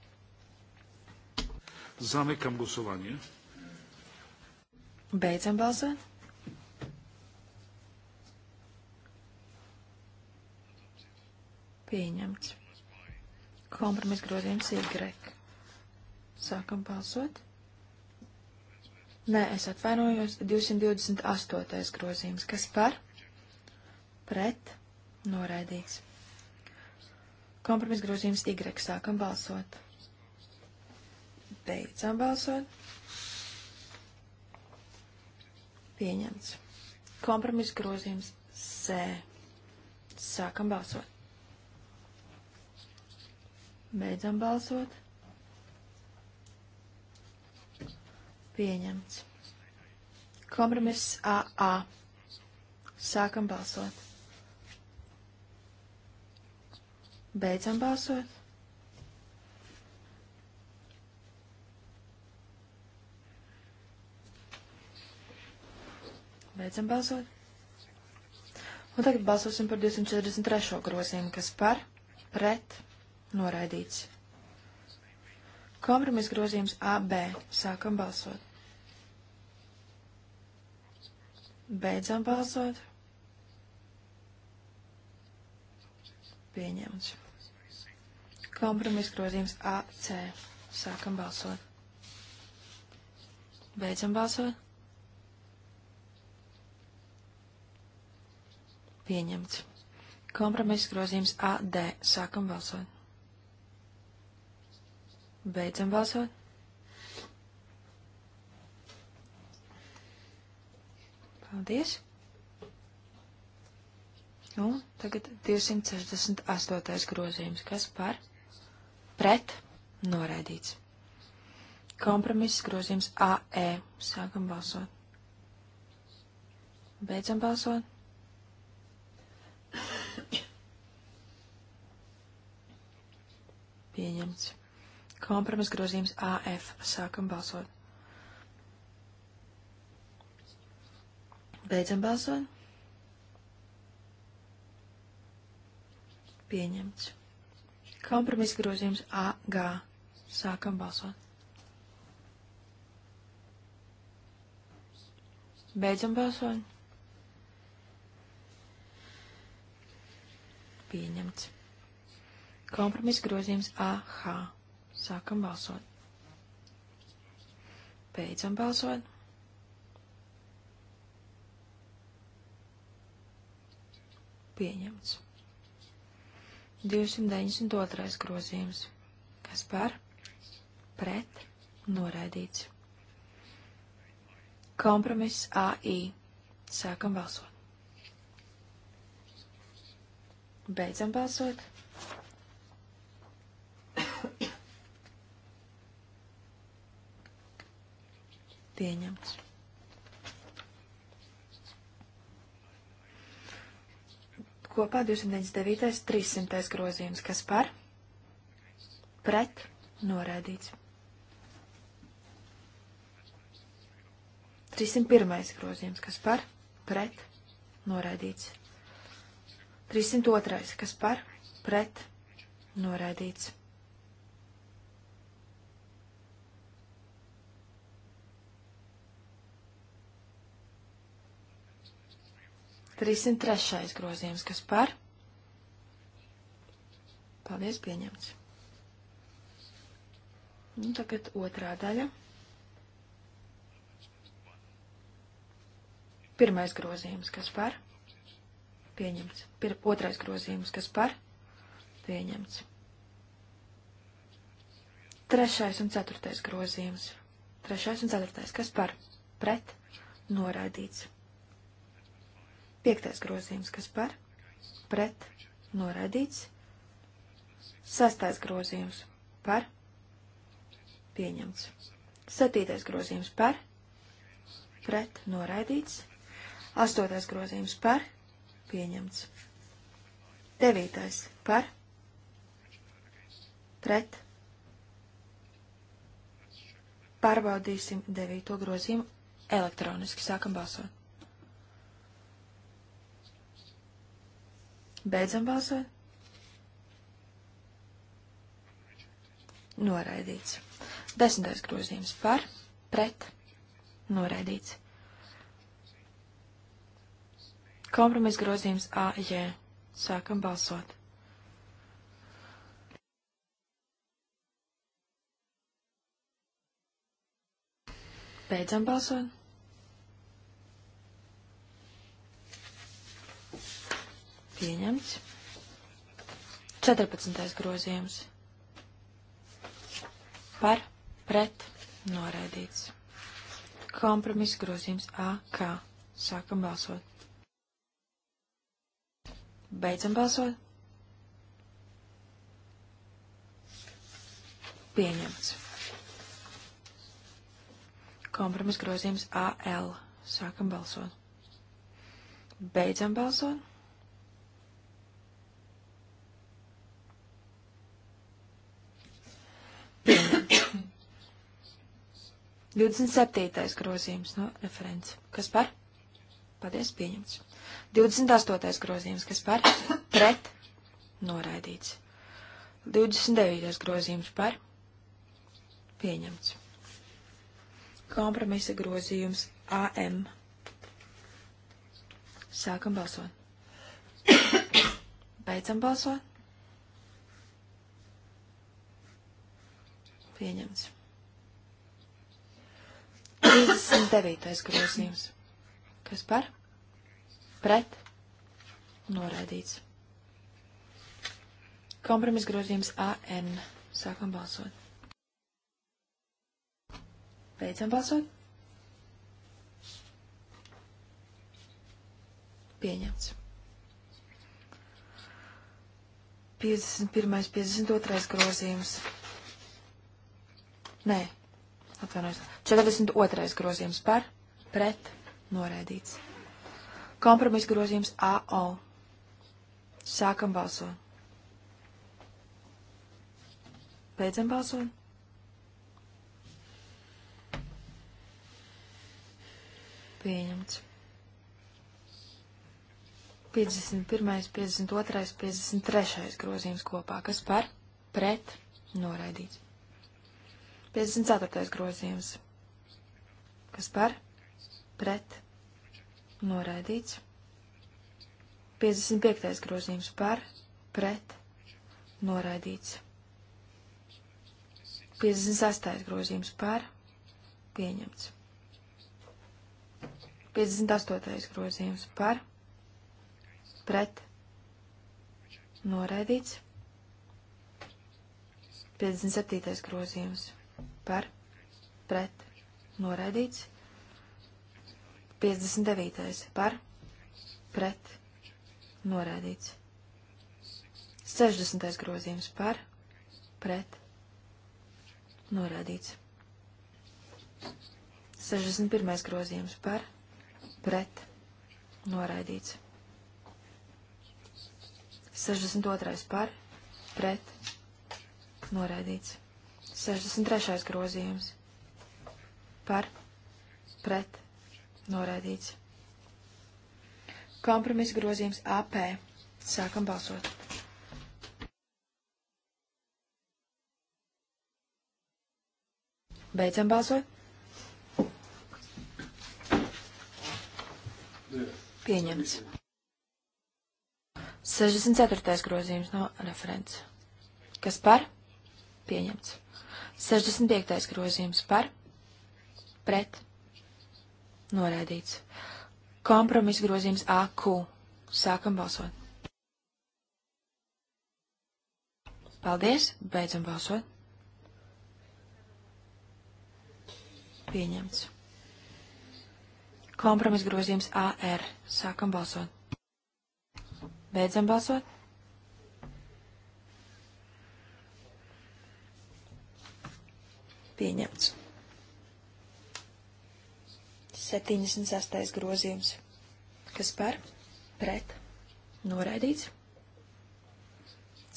[SPEAKER 1] Zamekam gusovanie.
[SPEAKER 4] Beidzam balsot. Pieņemts. Kompromis grozījums Y. Sākam balsot. Nē, es atvainojos, 228. grozījums, kas par, pret, noraidīts. Kompromis grozījums Y, sākam balsot. Beidzam balsot. Pieņemts. Kompromis grozījums Z, sākam balsot. Beidzam balsot. Pieņemts. Kompromiss AA. Sākam balsot. Beidzam balsot. Beidzam balsot. Un tagad balsosim par 243. grozījumu, kas par, pret, noraidīts. Kompromis grozījums AB. Sākam balsot. Beidzam balsot. Pieņemts. Kompromis grozījums AC. Sākam balsot. Beidzam balsot. Pieņemts. Kompromis grozījums AD. Sākam balsot. Beidzam balsot. Paldies. Un tagad 268. grozījums, kas par pret noraidīts. Kompromiss grozījums AE. Sākam balsot. Beidzam balsot. Pieņemts. Kompromiss grozījums AF. Sākam balsot. Beidzam balsot. Pieņemts. Kompromisa grozījums AG. Sākam balsot. Beidzam balsot. Pieņemts. Kompromisa grozījums AH. Sākam balsot. Beidzam balsot. pieņemts. 292. grozījums. Kas par? Pret. Noraidīts. Kompromiss AI. Sākam balsot. Beidzam balsot. Pieņemts. kopā 299. 300. grozījums, kas par pret norēdīts. 301. grozījums, kas par pret norēdīts. 302. kas par pret norēdīts. 303. grozījums, kas par? Paldies, pieņemts. Nu, tagad otrā daļa. Pirmais grozījums, kas par? Pieņemts. Pir otrais grozījums, kas par? Pieņemts. Trešais un ceturtais grozījums. Trešais un ceturtais, kas par? Pret? Noraidīts. Piektais grozījums, kas par, pret, noraidīts. Sestais grozījums par, pieņemts. Septītais grozījums par, pret, noraidīts. Astotais grozījums par, pieņemts. Devītais par, pret. Pārbaudīsim devīto grozījumu elektroniski. Sākam balsot. Beidzam balsot. Noraidīts. Desmitais grozījums par, pret, noraidīts. Kompromis grozījums AJ. Sākam balsot. Beidzam balsot. pieņemts. 14. grozījums par pret noraidīts. Kompromiss grozījums AK. Sākam balsot. Beidzam balsot. Pieņemts. Kompromiss grozījums AL. Sākam balsot. Beidzam balsot. 27. grozījums no referents. Kas par? Paldies, pieņemts. 28. grozījums, kas par? Pret. Noraidīts. 29. grozījums par? Pieņemts. Kompromisa grozījums AM. Sākam balsot. Beidzam balsot. Pieņemts. 39. grozījums. Kas par? Pret. Noraidīts. Kompromis grozījums AN. Sākam balsot. Beidzam balsot. Pieņemts. 51. 52. grozījums. Nē, Atvainojos. 42. grozījums par, pret, noraidīts. Kompromis grozījums AO. Sākam balsot. Beidzam balsot. Pieņemts. 51., 52., 53. grozījums kopā. Kas par? Pret. Noraidīts. 54. grozījums. Kas par? Pret. Noraidīts. 55. grozījums par. Pret. Noraidīts. 56. grozījums par. Pieņemts. 58. grozījums par. Pret. Noraidīts. 57. grozījums par pret noraidīts. 59. par pret noraidīts. 60. grozījums par pret noraidīts. 61. grozījums par pret noraidīts. 62. par pret noraidīts. 63. grozījums par pret noraidīts. Kompromisa grozījums AP. Sākam balsot. Beidzam balsot. Pieņemts. 64. grozījums no referents. Kas par? Pieņemts. 65. grozījums par, pret, noraidīts. Kompromis grozījums AQ. Sākam balsot. Paldies, beidzam balsot. Pieņemts. Kompromis grozījums AR. Sākam balsot. Beidzam balsot. Pieņemts. 76. grozījums. Kas par? Pret. Noraidīts.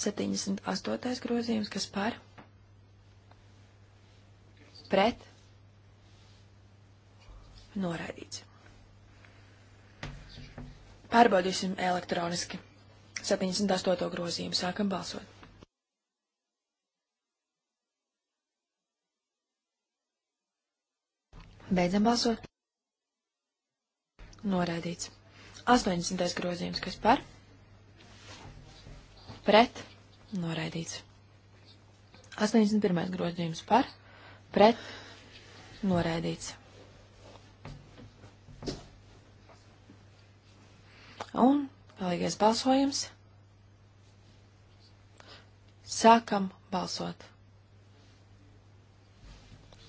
[SPEAKER 4] 78. grozījums. Kas par? Pret. Noraidīts. Pārbaudīsim elektroniski. 78. grozījumu sākam balsot. Beidzam balsot. Noraidīts. 80. grozījums, kas par? Pret. Noraidīts. 81. grozījums par? Pret. Noraidīts. Un galīgais balsojums. Sākam balsot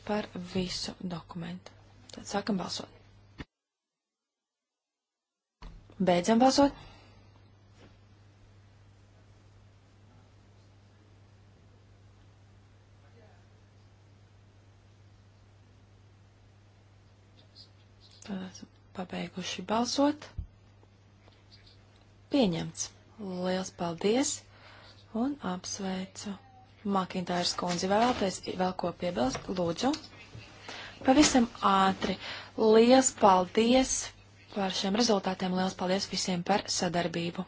[SPEAKER 4] par visu dokumentu. Tad sākam balsot. Beidzam balsot. Tad pabeiguši balsot. Pieņemts. Liels paldies un apsveicu. Makintājas kundze vēlaties vēl ko piebilst? Lūdzu. Pavisam ātri. Lielas paldies par šiem rezultātiem. Lielas paldies visiem par sadarbību.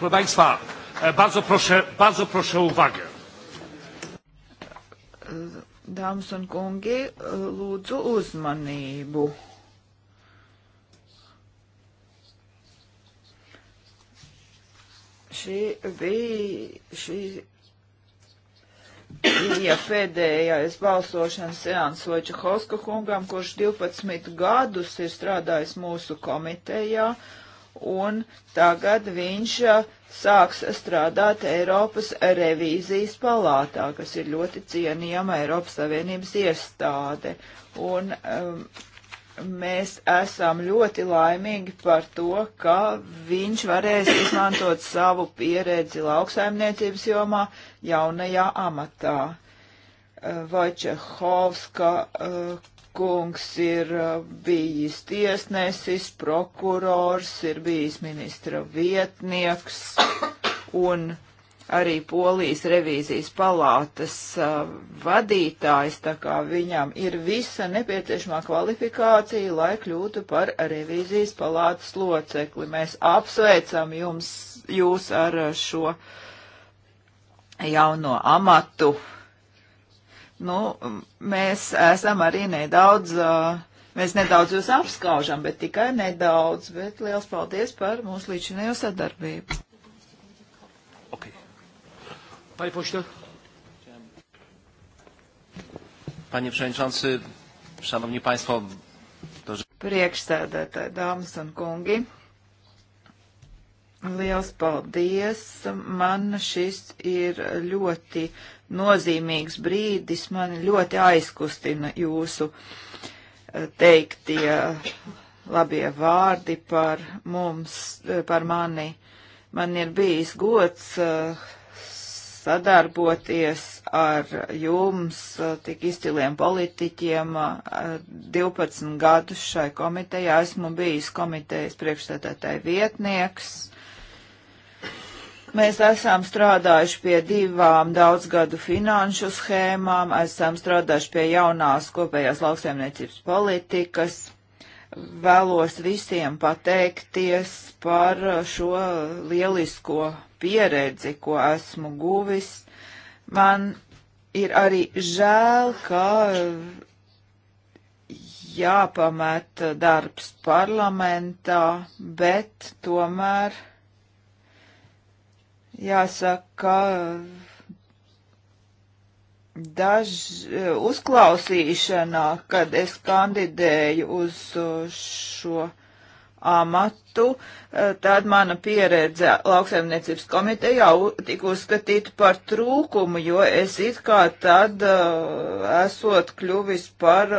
[SPEAKER 1] Proszę Państwa, e, bardzo proszę, bardzo proszę o uwagę.
[SPEAKER 3] Dāmas un kungi, lūdzu uzmanību. Šī bija, šī bija pēdējais balsošanas seans Vojčahovska kungam, kurš 12 gadus ir strādājis mūsu komitejā, un tagad viņš sāks strādāt Eiropas revīzijas palātā, kas ir ļoti cienījama Eiropas Savienības iestāde. Un, um, mēs esam ļoti laimīgi par to, ka viņš varēs izmantot savu pieredzi lauksaimniecības jomā jaunajā amatā. Eh, Vaičehovska eh, kungs ir eh, bijis tiesnesis, prokurors, ir bijis ministra vietnieks un arī Polijas revīzijas palātas uh, vadītājs, tā kā viņam ir visa nepieciešamā kvalifikācija, lai kļūtu par revīzijas palātas locekli. Mēs apsveicam jums, jūs ar šo jauno amatu. Nu, mēs esam arī nedaudz. Uh, Mēs nedaudz jūs apskaužam, bet tikai nedaudz, bet liels paldies par mūsu līdzinējo sadarbību.
[SPEAKER 1] Panie pośle. Panie przewodniczący, szanowni państwo. To...
[SPEAKER 3] Priekšsēdētāji, dāmas un kungi. Liels paldies! Man šis ir ļoti nozīmīgs brīdis. Man ļoti aizkustina jūsu eh, teiktie labie vārdi par mums, eh, par mani. Man ir bijis gods uh, sadarboties ar jums, eh, tik izciliem politiķiem. 12 eh, gadus šai komitejā esmu bijis komitejas priekšstādātāja vietnieks. Mēs esam strādājuši pie divām daudzgadu finanšu schēmām, esam strādājuši pie jaunās kopējās lauksaimniecības politikas vēlos visiem pateikties par šo lielisko pieredzi, ko esmu guvis. Man ir arī žēl, ka jāpamet darbs parlamentā, bet tomēr jāsaka, ka daž eh, uzklausīšanā, kad es kandidēju uz eh, šo amatu, eh, tad mana pieredze lauksaimniecības komitejā tika uzskatīta par trūkumu, jo es it kā tad esot kļuvis par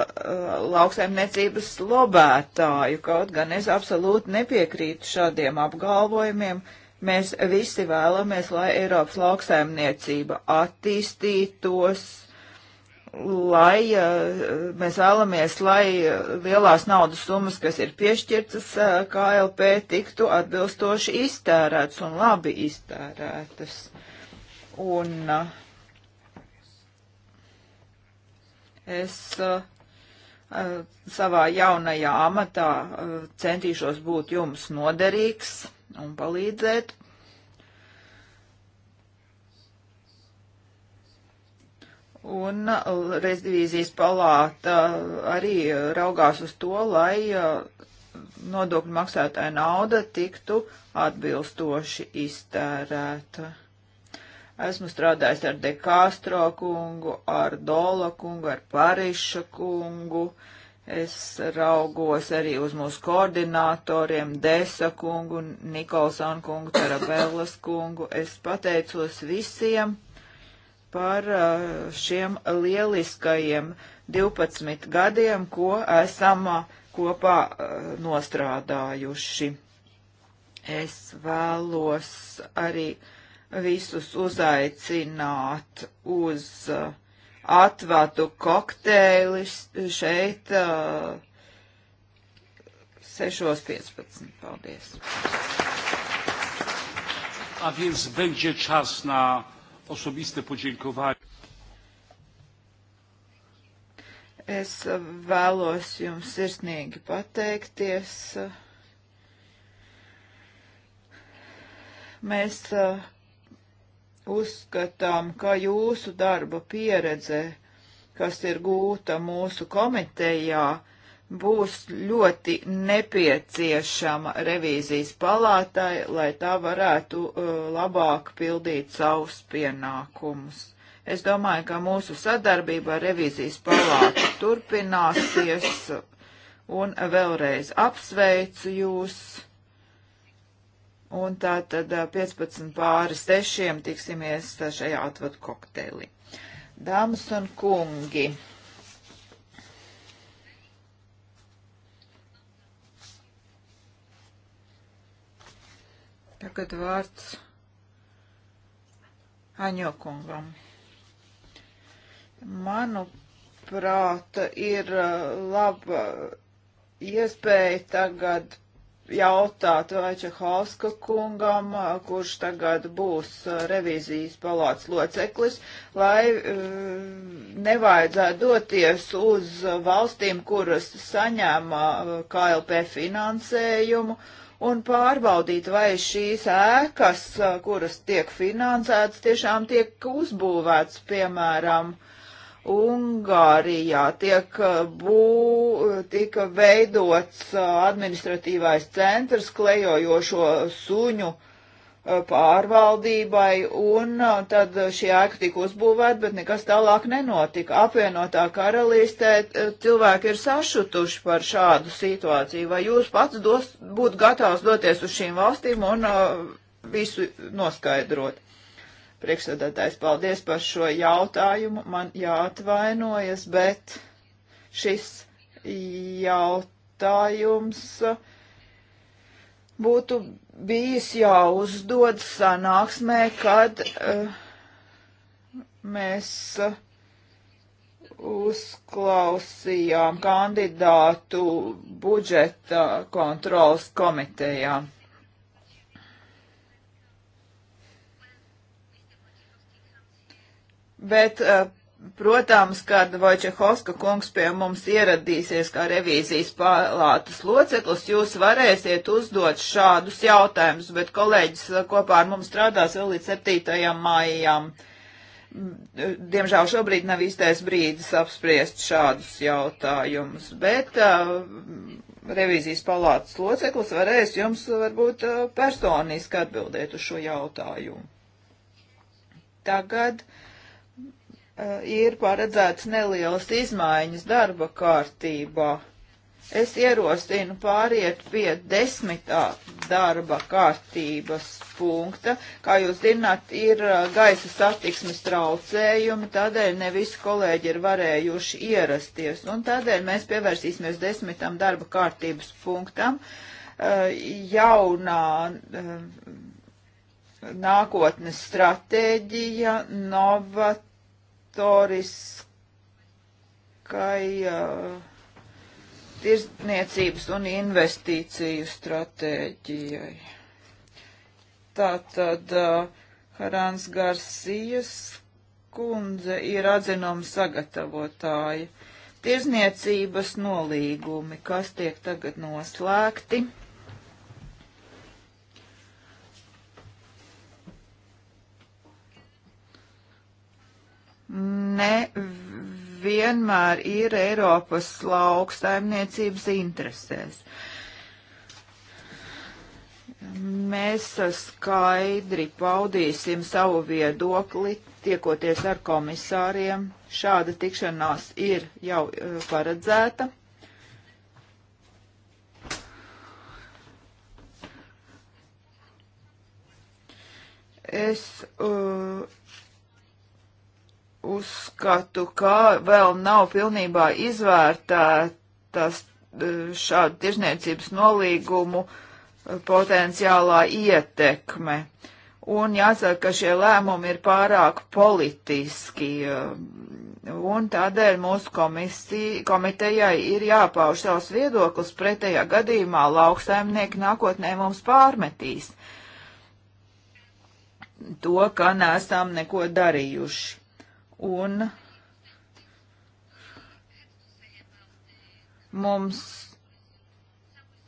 [SPEAKER 3] lauksaimniecības lobētāju, kaut gan es absolūti nepiekrītu šādiem apgalvojumiem, Mēs visi vēlamies, lai Eiropas lauksaimniecība attīstītos, lai eh, mēs vēlamies, lai lielās naudas summas, kas ir piešķirtas eh, KLP, tiktu atbilstoši iztērētas un labi iztērētas. Un eh, es savā jaunajā amatā centīšos būt jums noderīgs un palīdzēt. Un uh, revizijas palāta arī raugās uz to, lai uh, nodokļu maksātāja nauda tiktu atbilstoši iztērēta. Esmu strādājis ar Dekāstro kungu, ar Dola kungu, ar Pariša kungu. Uh, Es raugos arī uz mūsu koordinatoriem, Desa kungu, Nikolsonu kungu, Tarabellas kungu. Es pateicos visiem par uh, šiem lieliskajiem 12 gadiem, ko esam uh, kopā uh, nostrādājuši. Es vēlos arī visus uzaicināt uz uh, atvatu kokteilis šeit uh, 6.15. Paldies.
[SPEAKER 1] A więc będzie czas na osobiste podziękowanie.
[SPEAKER 3] Es vēlos jums sirsnīgi pateikties. Mēs uh, Uzskatām, ka jūsu darba pieredze, kas ir gūta mūsu komitejā, būs ļoti nepieciešama revīzijas palātai, lai tā varētu uh, labāk pildīt savus pienākumus. Es domāju, ka mūsu sadarbība ar revīzijas palātu turpināsies, un vēlreiz apsveicu jūs Un tā tad 15 pāri 6 tiksimies šajā atvadu kokteili. Dāmas un kungi. Tagad vārds Aņokungam. Manuprāt, ir laba iespēja tagad jautāt Vaičehauska kungam, kurš tagad būs uh, revīzijas palāts loceklis, lai uh, nevajadzētu doties uz valstīm, kuras saņēma uh, KLP finansējumu un pārbaudīt, vai šīs ēkas, kuras tiek finansētas, tiešām tiek uzbūvētas, piemēram, uh, Ungārijā tiek uh, bū, tika veidots uh, administratīvais centrs klejojošo suņu uh, pārvaldībai, un tad šī ēka tika uzbūvēta, bet nekas tālāk nenotika. Apvienotā karalistē cilvēki ir sašutuši par šādu situāciju. Vai jūs pats dos, būtu gatavs doties uz šīm valstīm un uh, visu noskaidrot? Priekšsēdētājs, paldies par šo jautājumu. Man jāatvainojas, bet šis jautājums būtu bijis jāuzdod sanāksmē, kad uh, mēs uh, uzklausījām kandidātu budžeta kontrolas komitejā. bet, eh, protams, kad Vojčehovska kungs pie mums ieradīsies kā revīzijas palātas loceklis, jūs varēsiet uzdot šādus jautājumus, bet kolēģis eh, kopā ar mums strādās vēl līdz 7. maijam. Diemžēl šobrīd nav īstais brīdis apspriest šādus jautājumus, bet uh, revīzijas palātas loceklis varēs jums varbūt personiski atbildēt uz šo jautājumu. Tagad uh, Eh, ir paredzēts nelielas izmaiņas darba kārtībā. Es ierosinu pāriet pie desmitā darba kārtības punkta. Kā jūs zināt, ir eh, gaisa satiksmes traucējumi, tādēļ ne visi kolēģi ir varējuši ierasties. Un tādēļ mēs pievērsīsimies desmitam darba kārtības punktam. Eh, jaunā nākotnes stratēģija, novat starptautiskai uh, tirzniecības un investīciju stratēģijai. Tātad uh, Harāns Garsijas kundze ir atzinuma sagatavotāja. Tirzniecības nolīgumi, kas tiek tagad noslēgti. ne vienmēr ir Eiropas lauksaimniecības interesēs. Mēs skaidri paudīsim savu viedokli, tiekoties ar komisāriem. Šāda tikšanās ir jau eh, paredzēta. Es uh, uzskatu, ka vēl nav pilnībā izvērtētas e, šādu tirzniecības nolīgumu e, potenciālā ietekme. Un jāsaka, ka šie lēmumi ir pārāk politiski, e, un tādēļ mūsu komisija, komitejai ir jāpauž savs viedoklis, pretējā gadījumā lauksaimnieki nākotnē mums pārmetīs to, ka nesam neko darījuši un mums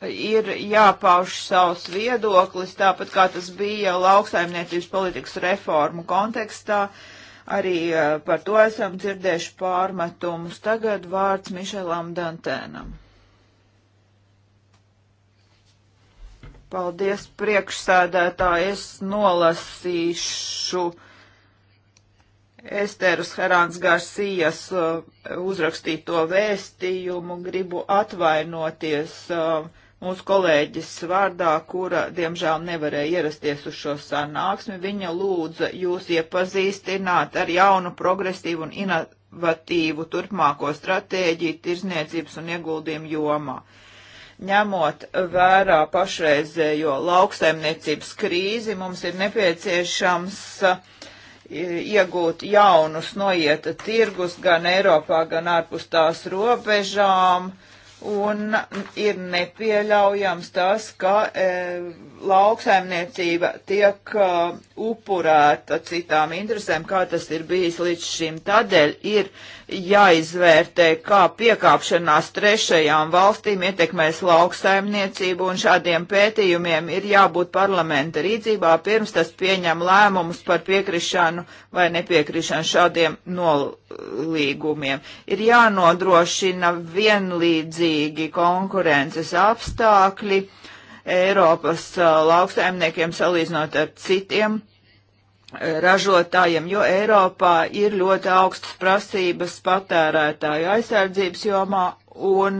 [SPEAKER 3] ir jāpauž savs viedoklis, tāpat kā tas bija lauksaimniecības politikas reformu kontekstā. Arī eh, par to esam dzirdējuši pārmetumus. Tagad vārds Mišelam Dantēnam. Paldies priekšsēdētāji, es nolasīšu Esteras Herāns Garcijas uh, uzrakstīto vēstījumu gribu atvainoties uh, mūsu kolēģis vārdā, kura diemžēl nevarēja ierasties uz šo sanāksmi. Viņa lūdza jūs iepazīstināt ar jaunu progresīvu un inovatīvu turpmāko stratēģiju tirzniecības un ieguldījumu jomā. Ņemot vērā pašreizējo lauksaimniecības krīzi, mums ir nepieciešams uh, iegūt jaunus noieta tirgus gan Eiropā, gan ārpus tās robežām. Uh, un ir nepieļaujams tas, ka e, lauksaimniecība tiek e, upurēta citām interesēm, kā tas ir bijis līdz šim. Tādēļ ir jāizvērtē, kā piekāpšanās trešajām valstīm ietekmēs lauksaimniecību, un šādiem pētījumiem ir jābūt parlamenta rīcībā, pirms tas pieņem lēmumus par piekrišanu vai nepiekrišanu šādiem nolīgumiem. Ir jānodrošina vienlīdzība godīgi konkurences apstākļi Eiropas uh, lauksaimniekiem salīdzinot ar citiem uh, ražotājiem, jo Eiropā ir ļoti augstas prasības patērētāju aizsardzības jomā un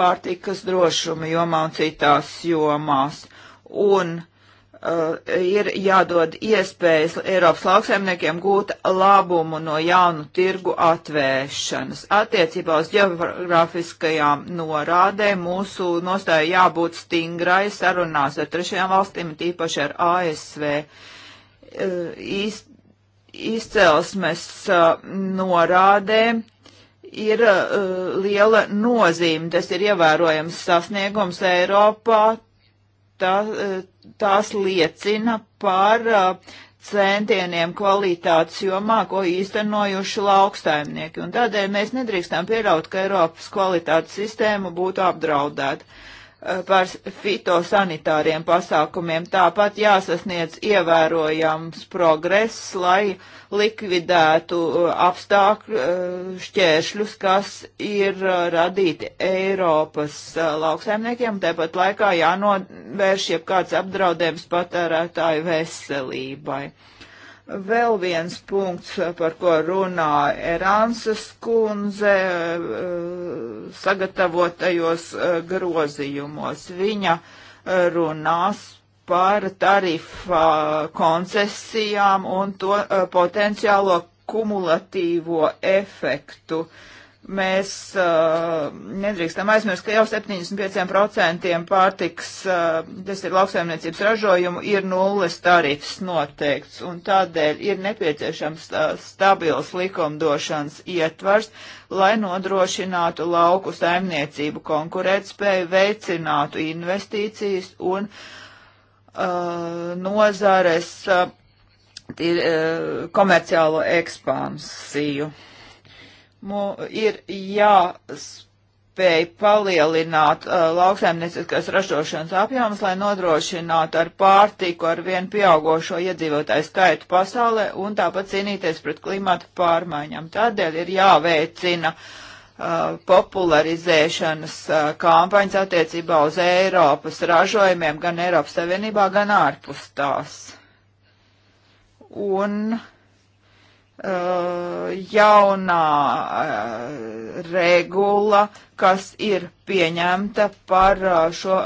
[SPEAKER 3] pārtikas drošuma jomā un citās jomās. Un uh, uh, ir jādod iespējas Eiropas lauksaimniekiem gūt labumu no jaunu tirgu atvēršanas. Attiecībā uz geografiskajām norādēm mūsu nostāja jābūt stingrai sarunās ar trešajām valstīm, tīpaši ar ASV. Uh, iz, izcelsmes uh, norādēm ir uh, liela nozīme, tas ir ievērojams sasniegums Eiropā. Tā, uh, tās liecina par uh, centieniem kvalitātes jomā, ko īstenojuši lauksaimnieki. Un tādēļ mēs nedrīkstam pieļaut, ka Eiropas kvalitātes sistēma būtu apdraudēta. Eh, par fitosanitāriem pasākumiem. Tāpat jāsasniedz ievērojams progress, lai likvidētu eh, apstākļu eh, šķēršļus, kas ir radīti Eiropas lauksaimniekiem, tāpat laikā jānovērš jebkāds apdraudējums patērētāju veselībai. Vēl viens punkts, par ko runā Erānsas kundze eh, sagatavotajos eh, grozījumos. Viņa eh, runās par tarifa koncesijām un to potenciālo kumulatīvo efektu. Uh, Mēs uh, nedrīkstam aizmirst, ka jau 75% pārtiks, uh, tas ir lauksaimniecības ražojumu, ir nulles tarifs noteikts, un tādēļ ir nepieciešams uh, stabils likumdošanas ietvars, lai nodrošinātu lauku saimniecību konkurētspēju, veicinātu investīcijas un uh, nozares uh, tīr, uh, komerciālo ekspansiju. Mums ir jāspēj palielināt uh, lauksaimnieciskās ražošanas apjomus, lai nodrošinātu ar pārtiku ar vien pieaugošo iedzīvotāju skaitu pasaulē un tāpat cīnīties pret klimatu pārmaiņām. Tādēļ ir jāveicina uh, popularizēšanas uh, kampaņas attiecībā uz Eiropas ražojumiem gan Eiropas Savienībā, gan ārpus tās. Un Uh, jaunā uh, regula, kas ir pieņemta par uh, šo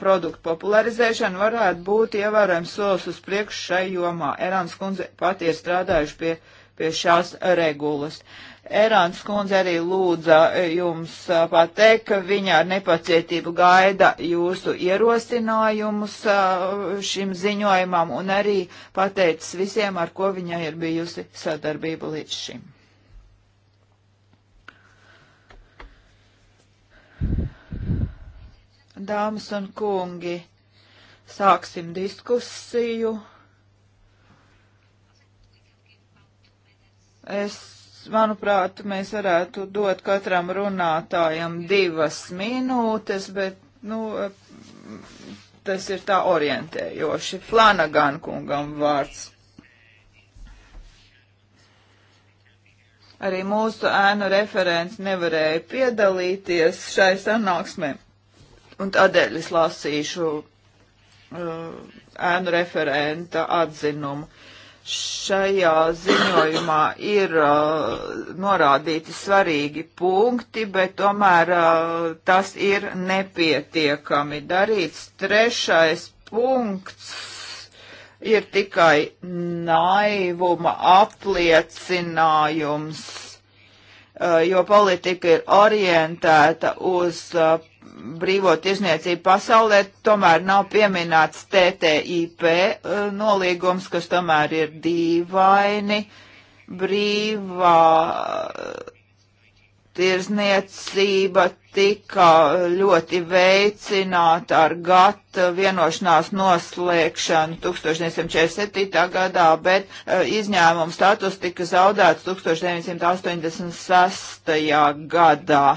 [SPEAKER 3] produktu popularizēšanu, varētu būt ievērojams solis uz priekšu šai jomā. Erāns kundze pat ir strādājuši pie, pie šās regulas. Uh, Erāns kundze arī lūdza e, jums e, pateikt, ka viņa ar nepacietību gaida jūsu ierosinājumus e, šim ziņojumam un arī pateicis visiem, ar ko viņai ir bijusi sadarbība līdz šim. Dāmas un kungi, sāksim diskusiju. Es manuprāt, mēs varētu dot katram runātājam divas minūtes, bet, nu, tas ir tā orientējoši. Flanagan kungam vārds. Arī mūsu ēnu referents nevarēja piedalīties šai sanāksmē, un tādēļ es lasīšu uh, ēnu referenta atzinumu. Šajā ziņojumā ir uh, norādīti svarīgi punkti, bet tomēr uh, tas ir nepietiekami darīts. Trešais punkts ir tikai naivuma apliecinājums, uh, jo politika ir orientēta uz uh, brīvo tirzniecību pasaulē, tomēr nav pieminēts TTIP eh, nolīgums, kas tomēr ir dīvaini brīvā eh, tirzniecība tika ļoti veicināta ar GATT vienošanās noslēgšanu 1947. gadā, bet eh, izņēmuma status tika zaudēts 1986. gadā.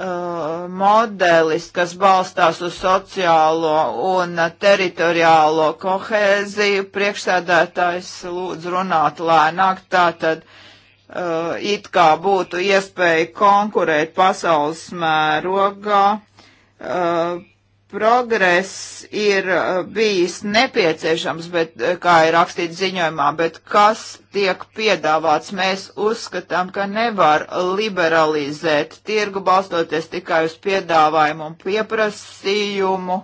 [SPEAKER 3] Uh, modelis, kas balstās uz sociālo un teritoriālo kohēziju. Priekšsēdētājs lūdzu runāt lēnāk, tātad uh, it kā būtu iespēja konkurēt pasaules mērogā. Uh, progress ir uh, bijis nepieciešams, bet, uh, kā ir rakstīts ziņojumā, bet kas tiek piedāvāts, mēs uzskatām, ka nevar liberalizēt tirgu balstoties tikai uz piedāvājumu un pieprasījumu.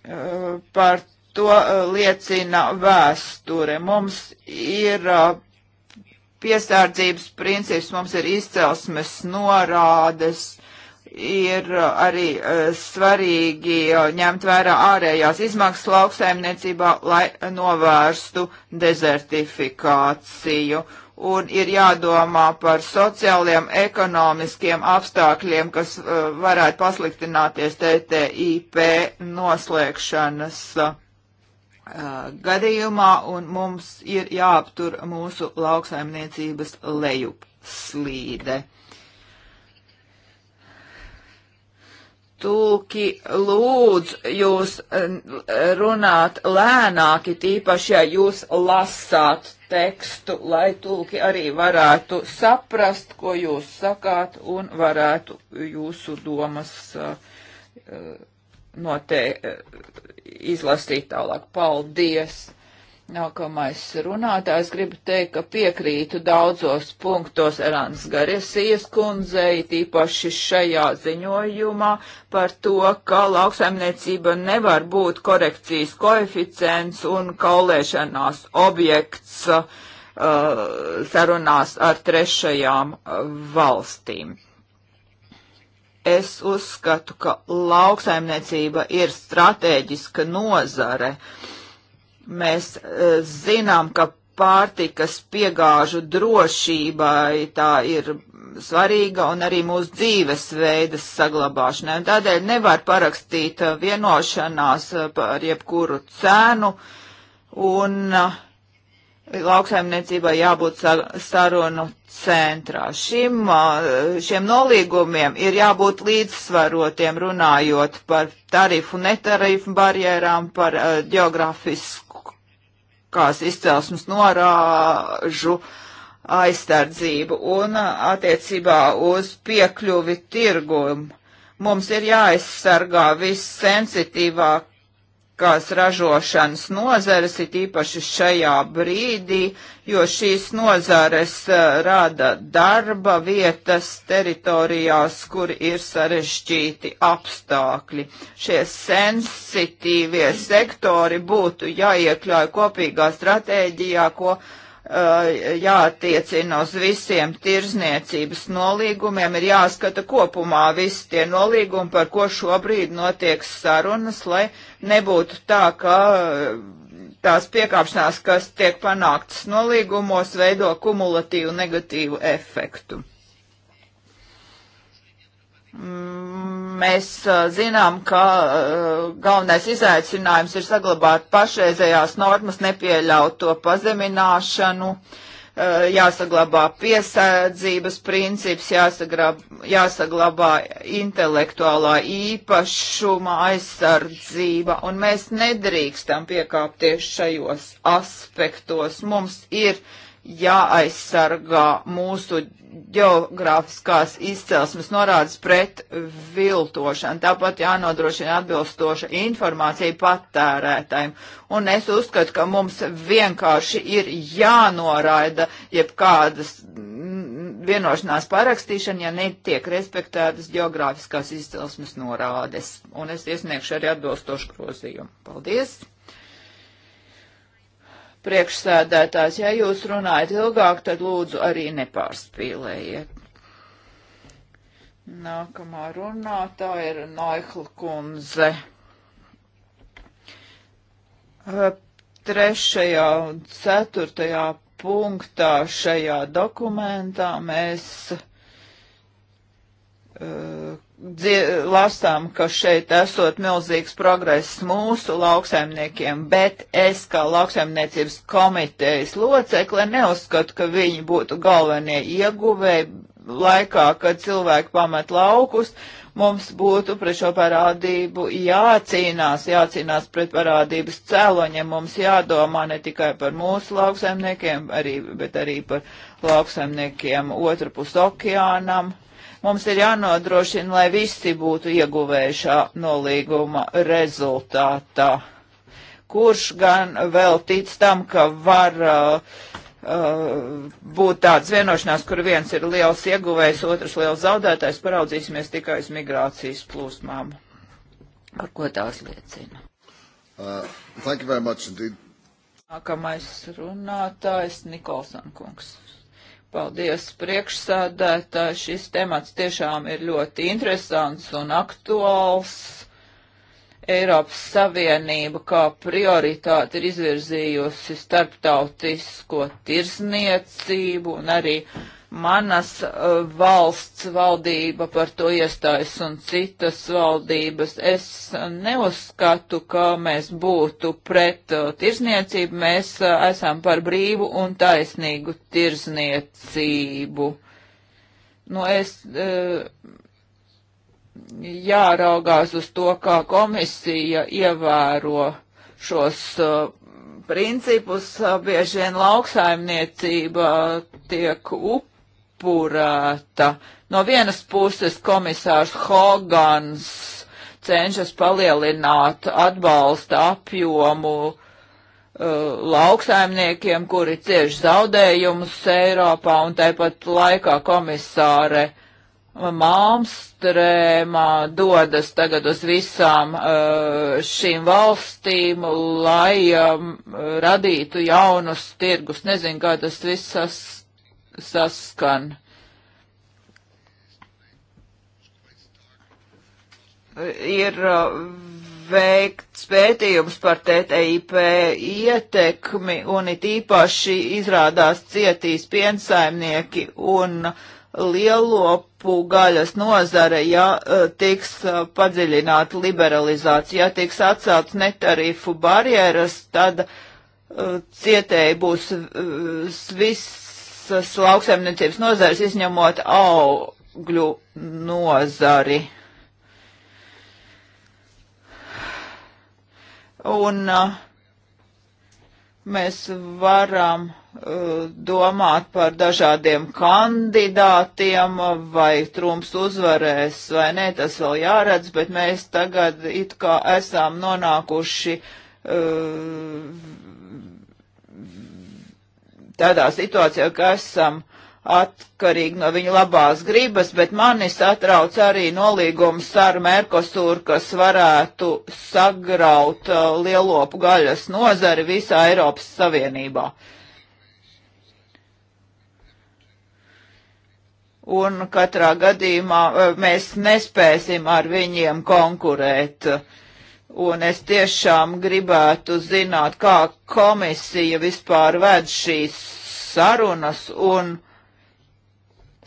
[SPEAKER 3] Uh, par to liecina vēsture. Mums ir piesārdzības princips, mums ir izcelsmes norādes ir uh, arī uh, svarīgi uh, ņemt vērā ārējās izmaksas lauksaimniecībā, lai novērstu dezertifikāciju. Un ir jādomā par sociāliem, ekonomiskiem apstākļiem, kas varētu pasliktināties TTIP noslēgšanas gadījumā, un mums ir jāaptur mūsu lauksaimniecības lejup slīde. Tūki lūdz jūs eh, runāt lēnāki, tīpaši, ja jūs lasāt tekstu, lai tūki arī varētu saprast, ko jūs sakāt un varētu jūsu domas uh, eh, notē, uh, eh, izlasīt tālāk. Paldies! Nākamais runātājs gribu teikt, ka piekrītu daudzos punktos Erāns Garesijas kundzei, tīpaši šajā ziņojumā par to, ka lauksaimniecība nevar būt korekcijas koeficients un kaulēšanās objekts uh, sarunās ar trešajām uh, valstīm. Es uzskatu, ka lauksaimniecība ir strateģiska nozare. Uh, Mēs e, zinām, ka pārtikas piegāžu drošībai tā ir svarīga un arī mūsu dzīvesveidas saglabāšanai. Un tādēļ nevar parakstīt e, vienošanās e, par jebkuru cenu un lauksaimniecībai jābūt sarunu centrā. Šim, šiem nolīgumiem ir jābūt līdzsvarotiem runājot par tarifu, netarifu barjerām, par geogrāfisku kās izcelsmes norāžu aizstardzību un attiecībā uz piekļuvi tirgumu. Mums ir jāaizsargā vissensitīvāk kās ražošanas nozares, it īpaši šajā brīdī, jo šīs nozares eh, rada darba vietas teritorijās, kur ir sarežģīti apstākļi. Šie sensitīvie sektori būtu jāiekļauj kopīgā stratēģijā, ko Uh, jātiecina uz visiem tirzniecības nolīgumiem, ir jāskata kopumā visi tie nolīgumi, par ko šobrīd notiek sarunas, lai nebūtu tā, ka uh, tās piekāpšanās, kas tiek panāktas nolīgumos, veido kumulatīvu negatīvu efektu. Mm, mēs zinām, ka galvenais izaicinājums ir saglabāt pašreizējās normas, nepieļaut to pazemināšanu, jāsaglabā piesēdzības princips, jāsaglabā, jāsaglabā intelektuālā īpašuma aizsardzība, un mēs nedrīkstam piekāpties šajos aspektos. Mums ir uh, jāaizsargā mūsu geogrāfiskās izcelsmes norādes pret viltošanu. Tāpat jānodrošina atbilstoša informācija patērētājiem. Un es uzskatu, ka mums vienkārši ir jānoraida jebkādas mm, vienošanās parakstīšana, ja netiek respektētas geogrāfiskās izcelsmes norādes. Un es iesniegšu arī atbilstošu grozījumu. Paldies! priekšsēdētājs. Ja jūs runājat ilgāk, tad lūdzu arī nepārspīlējiet. Nākamā runātā ir Naihla kundze. Trešajā un ceturtajā punktā šajā dokumentā mēs uh, lasām, ka šeit esot milzīgs progress mūsu lauksaimniekiem, bet es kā lauksaimniecības komitejas locekle neuzskatu, ka viņi būtu galvenie ieguvēji laikā, kad cilvēki pamet laukus. Mums būtu pret šo parādību jācīnās, jācīnās pret parādības cēloņiem. Mums jādomā ne tikai par mūsu lauksaimniekiem, arī, bet arī par lauksaimniekiem otrpus okeānam. Mums ir jānodrošina, lai visi būtu ieguvējušā nolīguma rezultātā. Kurš gan vēl tic tam, ka var uh, uh, būt tāds vienošanās, kur viens ir liels ieguvējs, otrs liels zaudētājs, paraudzīsimies tikai uz migrācijas plūsmām. Par ko tās liecina?
[SPEAKER 1] Uh, thank you very much indeed.
[SPEAKER 3] Nākamais runātājs Nikolson kungs. Paldies, priekšsādētāji. Šis temats tiešām ir ļoti interesants un aktuāls. Eiropas Savienība kā prioritāti ir izvirzījusi starptautisko tirzniecību un arī uh, manas uh, valsts valdība par to iestājas un citas valdības. Es neuzskatu, ka mēs būtu pret uh, tirzniecību, mēs uh, esam par brīvu un taisnīgu tirzniecību. Nu, es, jāraugās uz to, kā komisija ievēro šos principus. Bieži vien lauksaimniecība tiek up upurēta. No vienas puses komisārs Hogans cenšas palielināt atbalsta apjomu uh, lauksaimniekiem, kuri cieš zaudējumus Eiropā, un tāpat laikā komisāre Malmstrēmā dodas tagad uz visām uh, šīm valstīm, lai um, radītu jaunus tirgus. Nezinu, kā tas viss saskan. Ir uh, veikts pētījums par TTIP ietekmi un it īpaši izrādās cietīs piensaimnieki un lielopu gaļas nozare, ja uh, tiks uh, padziļināta liberalizācija, ja tiks atcelts netarifu barjeras, tad cietēji būs viss visas lauksaimniecības nozares izņemot augļu nozari. Un uh, mēs varam uh, domāt par dažādiem kandidātiem, vai Trumps uzvarēs vai nē, tas vēl jāredz, bet mēs tagad it kā esam nonākuši uh, tādā situācijā, ka esam atkarīgi no viņa labās gribas, bet mani satrauc arī nolīgums ar Merkosūru, kas varētu sagraut uh, lielopu gaļas nozari visā Eiropas Savienībā. Un katrā gadījumā uh, mēs nespēsim ar viņiem konkurēt. Uh, Un es tiešām gribētu zināt, kā komisija vispār ved šīs sarunas, un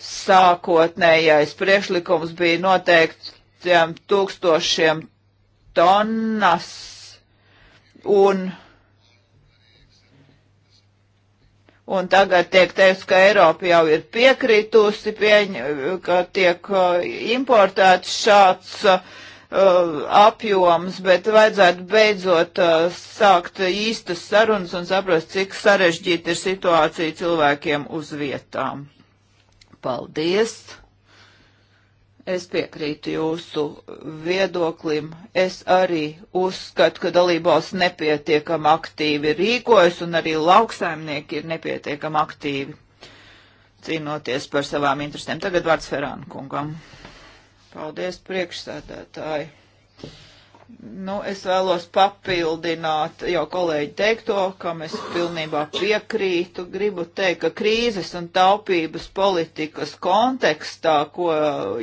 [SPEAKER 3] sākotnējais priekšlikums bija noteiktiem tūkstošiem tonnas, un, un tagad tiek teiks, ka Eiropa jau ir piekritusi, pieņ, ka tiek uh, importēts šāds uh, uh, apjoms, bet vajadzētu beidzot uh, sākt īstas sarunas un saprast, cik sarežģīta ir situācija cilvēkiem uz vietām. Paldies! Es piekrītu jūsu viedoklim. Es arī uzskatu, ka dalībās nepietiekam aktīvi rīkojas un arī lauksaimnieki ir nepietiekam aktīvi cīnoties par savām interesēm. Tagad vārds Ferāna kungam. Paldies, priekšsēdētāji. Nu, es vēlos papildināt jau kolēģi teikto, kam es pilnībā piekrītu. Gribu teikt, ka krīzes un taupības politikas kontekstā, ko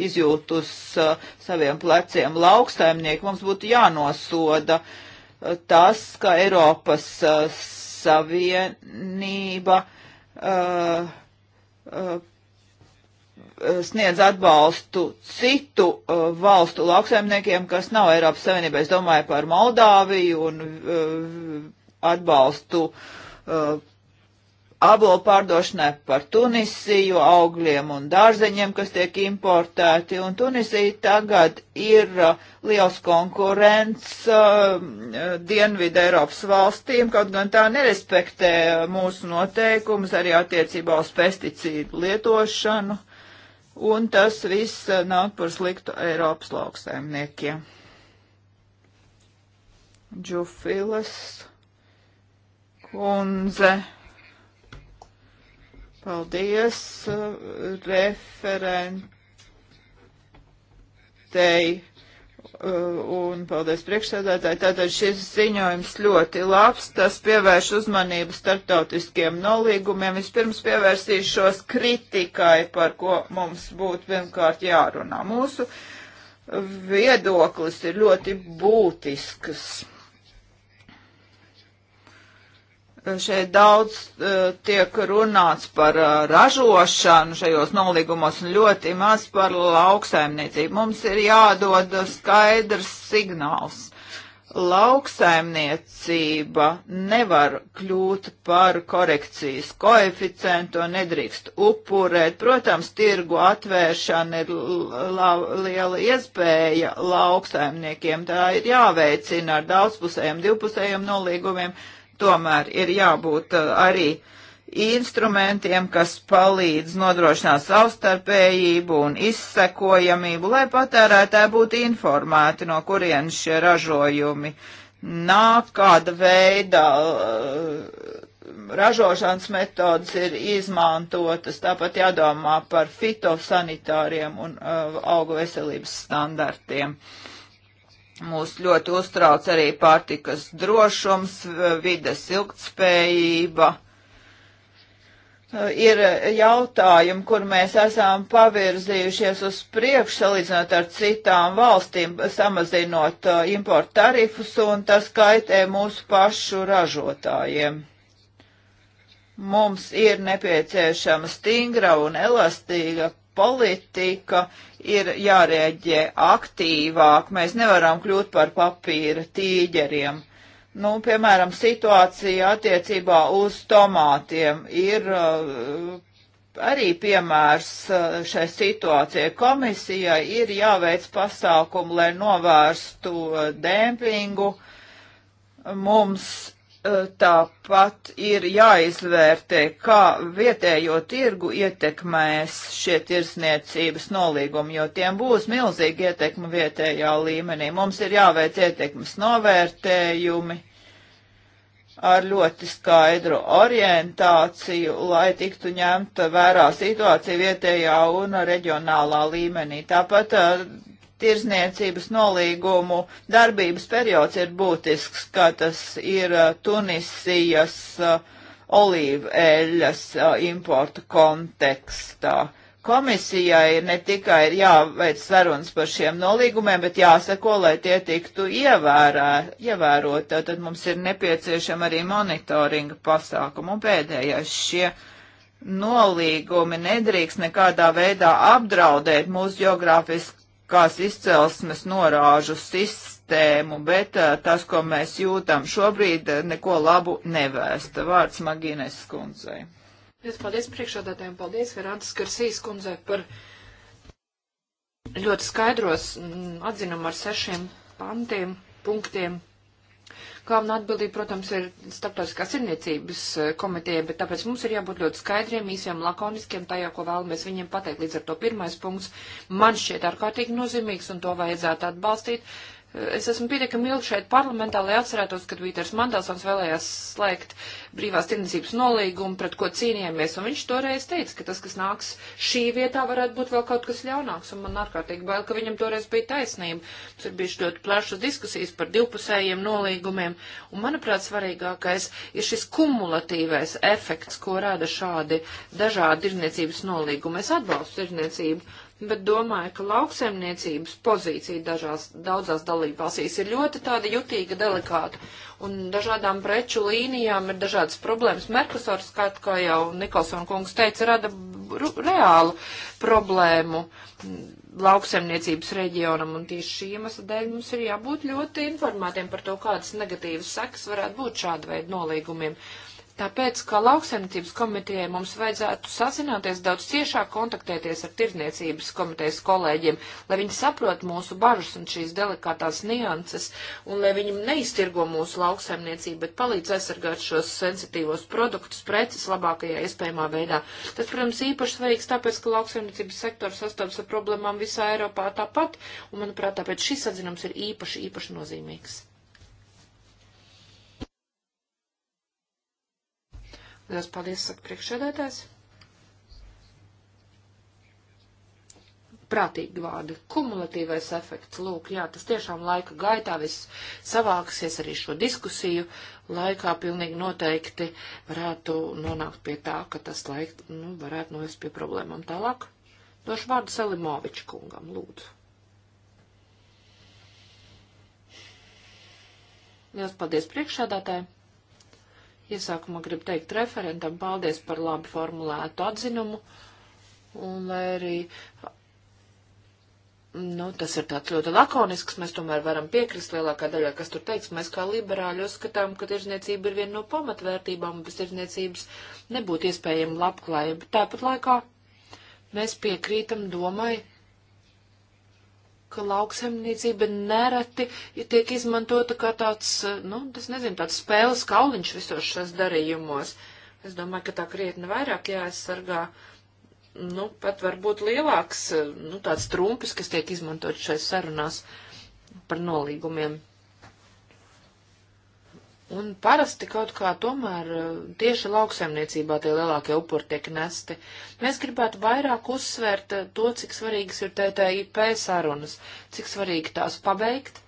[SPEAKER 3] izjūt uz uh, saviem pleciem lauksaimnieki, mums būtu jānosoda uh, tas, ka Eiropas uh, Savienība uh, uh, Eh, sniedz atbalstu citu uh, valstu lauksaimniekiem, kas nav Eiropas Savienībā. Es domāju par Moldāviju un uh, atbalstu uh, ablo pārdošanai par Tunisiju, augļiem un dārzeņiem, kas tiek importēti. Un Tunisija tagad ir liels konkurents Dienvidu Eiropas valstīm, kaut gan tā nerespektē mūsu noteikumus arī attiecībā uz pesticīdu lietošanu un tas viss eh, nāk par sliktu Eiropas lauksaimniekiem. Džufilas kundze. Paldies eh, referentei Uh, un paldies priekšsēdētāji. Tātad šis ziņojums ļoti labs, tas pievērš uzmanību starptautiskiem nolīgumiem. Vispirms pievērsīšos kritikai, par ko mums būtu pirmkārt jārunā. Mūsu viedoklis ir ļoti būtisks Eh, šeit daudz uh, tiek runāts par uh, ražošanu šajos nolīgumos un ļoti maz par lauksaimniecību. Mums ir jādod skaidrs signāls. Lauksaimniecība nevar kļūt par korekcijas koeficientu un nedrīkst upurēt. Protams, tirgu atvēršana ir liela iespēja lauksaimniekiem. Tā ir jāveicina ar daudzpusējiem, divpusējiem nolīgumiem tomēr ir jābūt uh, arī instrumentiem, kas palīdz nodrošināt savstarpējību un izsekojamību, lai patērētāji būtu informēti, no kurienes šie ražojumi nāk, kāda veida uh, ražošanas metodas ir izmantotas, tāpat jādomā par fitosanitāriem un uh, augu veselības standartiem. Uh, Mūs ļoti uztrauc arī pārtikas drošums, vides ilgtspējība. Ir jautājumi, kur mēs esam pavirzījušies uz priekšu, salīdzinot ar citām valstīm, samazinot uh, importu tarifus, un tas kaitē mūsu pašu ražotājiem. Mums ir nepieciešama stingra un elastīga politika ir jārēģē aktīvāk. Mēs nevaram kļūt par papīra tīģeriem. Nu, piemēram, situācija attiecībā uz tomātiem ir uh, arī piemērs uh, šai situācijai. Komisijai ir jāveic pasākumu, lai novērstu uh, dēmpingu. Mums Tāpat ir jāizvērtē, kā vietējo tirgu ietekmēs šie tirsniecības nolīgumi, jo tiem būs milzīgi ietekme vietējā līmenī. Mums ir jāveic ietekmes novērtējumi ar ļoti skaidru orientāciju, lai tiktu ņemta vērā situācija vietējā un reģionālā līmenī. Tāpat tirzniecības nolīgumu darbības periods ir būtisks, kā tas ir Tunisijas olīveļas importa kontekstā. Komisijai ne tikai ir jāveic sarunas par šiem nolīgumiem, bet jāseko, lai tie tiktu ievērā, ievērot. Tad mums ir nepieciešama arī monitoringa pasākumu. Un pēdējais šie nolīgumi nedrīkst nekādā veidā apdraudēt mūsu geogrāfisku starptautiskās izcelsmes norāžu sistēmu, bet eh, tas, ko mēs jūtam šobrīd, eh, neko labu nevēsta. Vārds Magīnes skundzei.
[SPEAKER 2] Es paldies priekšādātājiem, paldies Herantas Karsīs skundzei par
[SPEAKER 3] ļoti skaidros mm,
[SPEAKER 2] atzinumu ar sešiem pantiem, punktiem kam nu, atbildība, protams, ir starptautiskās irniecības eh, komiteja, bet tāpēc mums ir jābūt ļoti skaidriem, īsiem, lakoniskiem tajā, ko vēlamies viņiem pateikt. Līdz ar to pirmais punkts man šķiet ārkārtīgi nozīmīgs un to vajadzētu atbalstīt. Es esmu pietiekami ilgi šeit parlamentā, lai atcerētos, kad Vīters Mandelsons vēlējās slēgt brīvās tirdzniecības nolīgumu, pret ko cīnījāmies, un viņš toreiz teica, ka tas, kas nāks šī vietā, varētu būt vēl kaut kas ļaunāks, un man ārkārtīgi bail, ka viņam toreiz bija taisnība. Mums ir bijuši ļoti plašas diskusijas par divpusējiem nolīgumiem, un manuprāt, svarīgākais ir šis kumulatīvais efekts, ko rada šādi dažādi tirdzniecības nolīgumi. Es atbalstu tirdzniecību, bet domāju, ka lauksaimniecības pozīcija dažās, daudzās dalībvalstīs ir ļoti tāda jutīga, delikāta, un dažādām preču līnijām ir dažādas problēmas. Merkusors, kā, kā jau Nikolson kungs teica, rada reālu problēmu lauksaimniecības reģionam, un tieši šī iemesla dēļ mums ir jābūt ļoti informētiem par to, kādas negatīvas sekas varētu būt šāda veida nolīgumiem. Uh, Tāpēc, kā lauksaimniecības komitejai mums vajadzētu sazināties daudz ciešāk, kontaktēties ar tirdzniecības komitejas kolēģiem, lai viņi saprot mūsu bažas un šīs delikātās nianses, un lai viņi neiztirgo mūsu lauksaimniecību, bet palīdz aizsargāt šos sensitīvos produktus, preces labākajā iespējamā veidā. Tas, protams, īpaši svarīgs tāpēc, ka lauksaimniecības sektors sastopas ar problēmām visā Eiropā tāpat, un, manuprāt, tāpēc šis atzinums ir īpaši, īpaši nozīmīgs. Lielas paldies, saka priekšsēdētājs. Prātīgi vārdi, kumulatīvais efekts, lūk, jā, tas tiešām laika gaitā viss savāksies arī šo diskusiju laikā pilnīgi noteikti varētu nonākt pie tā, ka tas laik, nu, varētu novest pie problēmām tālāk. Došu vārdu Selimoviču kungam, lūdzu. Liels paldies priekšsādātājai! Iesākumā gribu teikt referentam paldies par labi formulētu atzinumu, un lai arī, nu, tas ir tāds ļoti lakonisks, mēs tomēr varam piekrist lielākā daļā, kas tur teiks, mēs kā liberāļi uzskatām, ka tirzniecība ir viena no pamatvērtībām, un bez tirzniecības nebūtu iespējama labklājība. Tāpat laikā mēs piekrītam domai, ka lauksaimniecība nereti tiek izmantota kā tāds, eh, nu, tas nezinu, tāds spēles kauliņš visos šos darījumos. Es domāju, ka tā krietni vairāk jāaizsargā, nu, pat varbūt lielāks, eh, nu, tāds trumpis, kas tiek izmantot šais sarunās par nolīgumiem. Un parasti kaut kā tomēr eh, tieši lauksaimniecībā tie lielākie upuri tiek nesti. Mēs gribētu vairāk uzsvērt eh, to, cik svarīgas ir TTIP sarunas, cik svarīgi tās pabeigt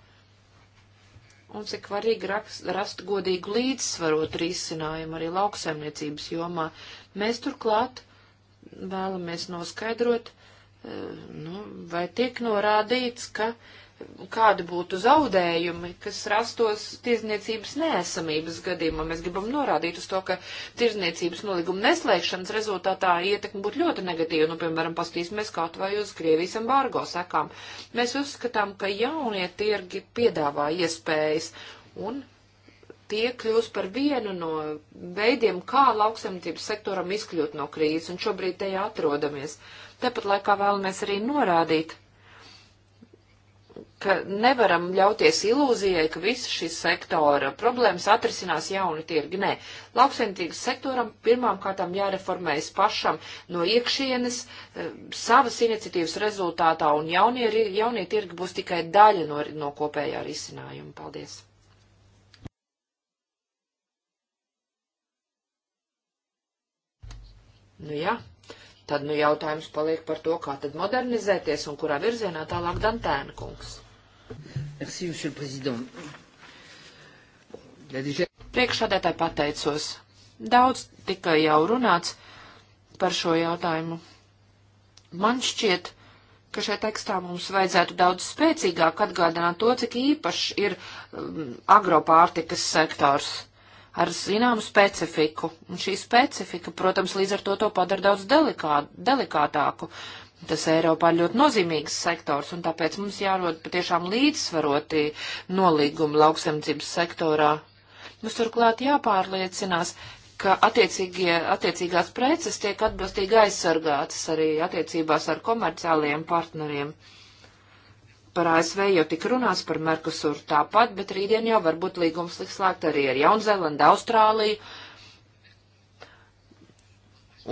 [SPEAKER 2] un cik svarīgi rast godīgu līdzsvarot risinājumu arī lauksaimniecības jomā. Mēs turklāt vēlamies noskaidrot, eh, nu, vai tiek norādīts, ka uh, kādi būtu zaudējumi, kas rastos tirzniecības nēsamības gadījumā. Mēs gribam norādīt uz to, ka tirzniecības nolīguma neslēgšanas rezultātā ietekme būtu ļoti negatīva. Nu, piemēram, pastīsimies kaut vai uz Krievijas embargo sekām. Mēs uzskatām, ka jaunie tirgi piedāvā iespējas un tie kļūs par vienu no veidiem, kā lauksaimniecības sektoram izkļūt no krīzes, un šobrīd tajā atrodamies. Tāpat laikā vēlamies arī norādīt, ka nevaram ļauties ilūzijai, ka visa šīs sektora problēmas atrisinās jauni tirgi. Nē, lauksaimniecības sektoram pirmām kārtām jāreformējas pašam no iekšienes, eh, savas iniciatīvas rezultātā, un jaunie, jaunie tirgi būs tikai daļa no, no kopējā risinājuma. Paldies! Nu jā, tad nu jautājums paliek par to, kā tad modernizēties un kurā virzienā tālāk Dantēna kungs. Merci, monsieur le président. Priekšsādētāji pateicos. Daudz tikai jau runāts par šo jautājumu. Man šķiet, ka šajā tekstā mums vajadzētu daudz spēcīgāk atgādināt to, cik īpašs ir um, agropārtikas sektors ar zināmu specifiku. Un šī specifika, protams, līdz ar to to padara daudz delikā, delikātāku. Tas Eiropā ir ļoti nozīmīgs sektors, un tāpēc mums jārod patiešām līdzsvaroti nolīgumi lauksemdzības sektorā. Mums turklāt jāpārliecinās, ka attiecīgās preces tiek atbilstīgi aizsargātas arī attiecībās ar komerciāliem partneriem. Par ASV jau tik runās par Merkusuru tāpat, bet rītdien jau varbūt līgums liks slēgt arī ar Jaunzēlandu, Austrāliju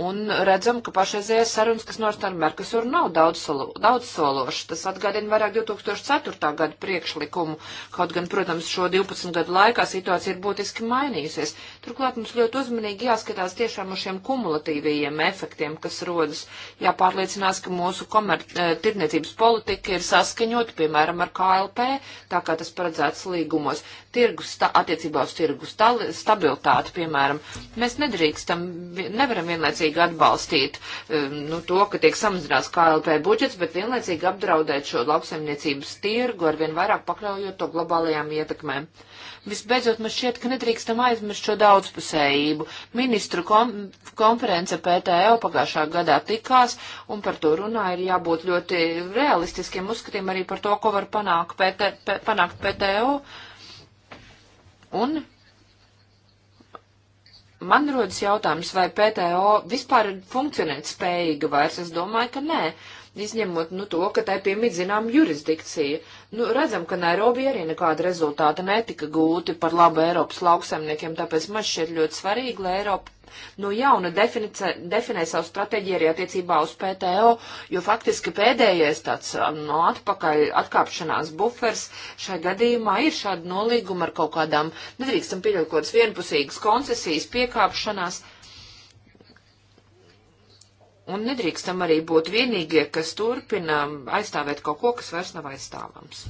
[SPEAKER 2] Un redzam, ka pašreizējās sarunas, kas norit ar Merkusuru, nav daudz, solo, daudz sološas. Tas atgādina vairāk 2004. gada priekšlikumu, kaut gan, protams, šo 12 gadu laikā situācija ir būtiski mainījusies. Turklāt mums ļoti uzmanīgi jāskatās tiešām uz šiem kumulatīvajiem efektiem, kas rodas. Jāpārliecinās, ka mūsu komer... Eh, tirniecības politika ir saskaņota, piemēram, ar KLP, tā kā tas paredzēts līgumos. Tirgus, sta... attiecībā uz tirgu sta... stabilitāti, piemēram, mēs nedrīkstam, nevaram vienlaicīgi atbalstīt eh, nu, to, ka tiek samazināts KLP budžets, bet vienlaicīgi apdraudēt šo lauksaimniecības tirgu ar vien vairāk pakļaujot to globālajām ietekmēm. Visbeidzot, man šķiet, ka nedrīkstam aizmirst šo daudzpusējību. Ministru kom konference PTO pagājušā gadā tikās, un par to runā ir jābūt ļoti realistiskiem uzskatiem arī par to, ko var panākt, PT, panākt PTO. Un man rodas jautājums, vai PTO vispār ir funkcionēt spējīga vairs. Es domāju, ka nē, izņemot nu, to, ka tai piemīt zinām jurisdikcija. Nu, redzam, ka Nairobi arī nekāda rezultāta netika gūti par labu Eiropas lauksaimniekiem, tāpēc man šķiet ļoti svarīgi, lai Eiropa no nu, jauna definice, definē savu stratēģiju arī attiecībā uz PTO, jo faktiski pēdējais tāds no nu, atpakaļ atkāpšanās bufers šai gadījumā ir šāda nolīguma ar kaut kādām, nedrīkstam pieļaut kaut kādas vienpusīgas koncesijas, piekāpšanās. Uh, Un nedrīkstam arī būt vienīgie, kas turpina aizstāvēt kaut ko, kas vairs nav aizstāvams.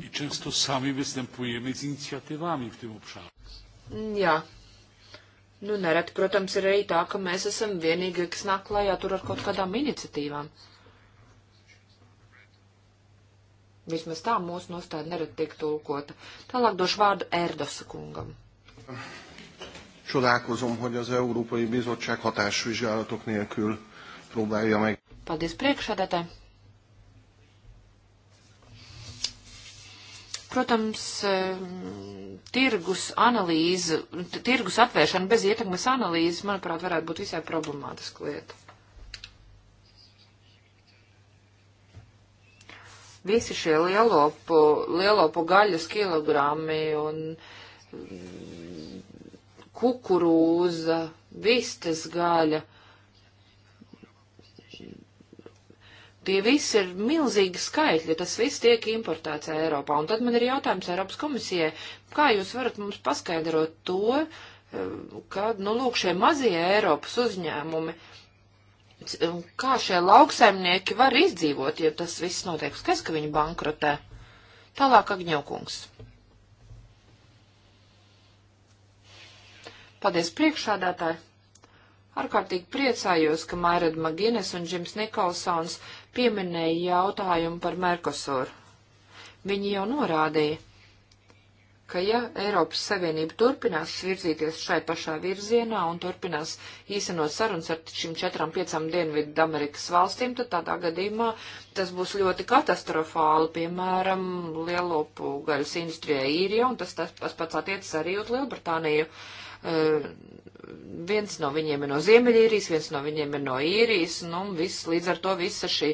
[SPEAKER 1] I często sami występujemy z inicjatywami w tym obszarze.
[SPEAKER 2] Mm, jā. Nu, nereti, protams, ir arī tā, ka mēs esam vienīgie, kas nāk klajā tur ar kaut kādām iniciatīvām. Vismaz tā mūsu nostāja nereti tiek tulkota. Tālāk došu vārdu Erdosa kungam. Uh.
[SPEAKER 1] Csodálkozom, hogy az Európai Bizottság hatásvizsgálatok nélkül próbálja meg.
[SPEAKER 2] Paldies priekšsēdētāji. Protams, eh, tirgus analīze, tirgus atvēršana bez ietekmes analīzes, manuprāt, varētu būt visai problemātiska lieta. Visi šie lielopu, lielopu gaļas kilogrammi un kukurūza, vistas gaļa. Tie visi ir milzīgi skaitļi, tas viss tiek importēts Eiropā. Un tad man ir jautājums Eiropas komisijai, kā jūs varat mums paskaidrot to, eh, ka, nu, lūk, šie mazie Eiropas uzņēmumi, kā šie lauksaimnieki var izdzīvot, ja tas viss notiek skaidrs, ka viņi bankrotē. Tālāk Agņokungs. Paldies priekšādātāji! Ārkārtīgi priecājos, ka Mairad Magines un Džims Nikolsons pieminēja jautājumu par Merkosuru. Viņi jau norādīja, ka ja Eiropas Savienība turpinās virzīties šai pašā virzienā un turpinās īstenot sarunas ar šīm četrām piecām Dienvidu Amerikas valstīm, tad tādā gadījumā tas būs ļoti katastrofāli, piemēram, lielopu gaļas industrijai īrija, un tas, tas pats attiecas arī uz Lielbritāniju. Uh, Uh, viens no viņiem ir no Ziemeļīrijas, viens no viņiem ir no īrijas, un nu, viss, līdz ar to visa šī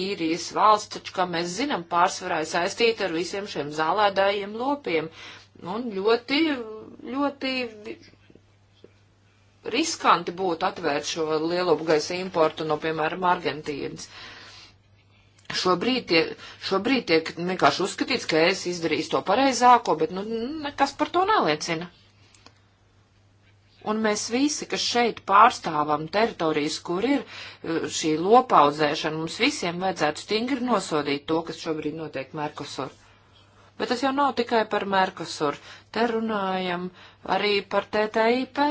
[SPEAKER 2] īrijas valsts, taču, kā mēs zinām, pārsvarā ir saistīta ar visiem šiem zālēdājiem lopiem. Un ļoti, ļoti riskanti būtu atvērt šo lielopgaisa importu no, piemēram, Argentīnas. Šobrīd tiek, šobrīd tiek vienkārši uzskatīts, ka es izdarīju to pareizāko, bet nu, nekas par to neliecina. Un mēs visi, kas šeit pārstāvam teritorijas, kur ir uh, šī lopaudzēšana, mums visiem vajadzētu stingri nosodīt to, kas šobrīd notiek Merkosur. Bet tas jau nav tikai par Merkosur. Te runājam arī par TTIP.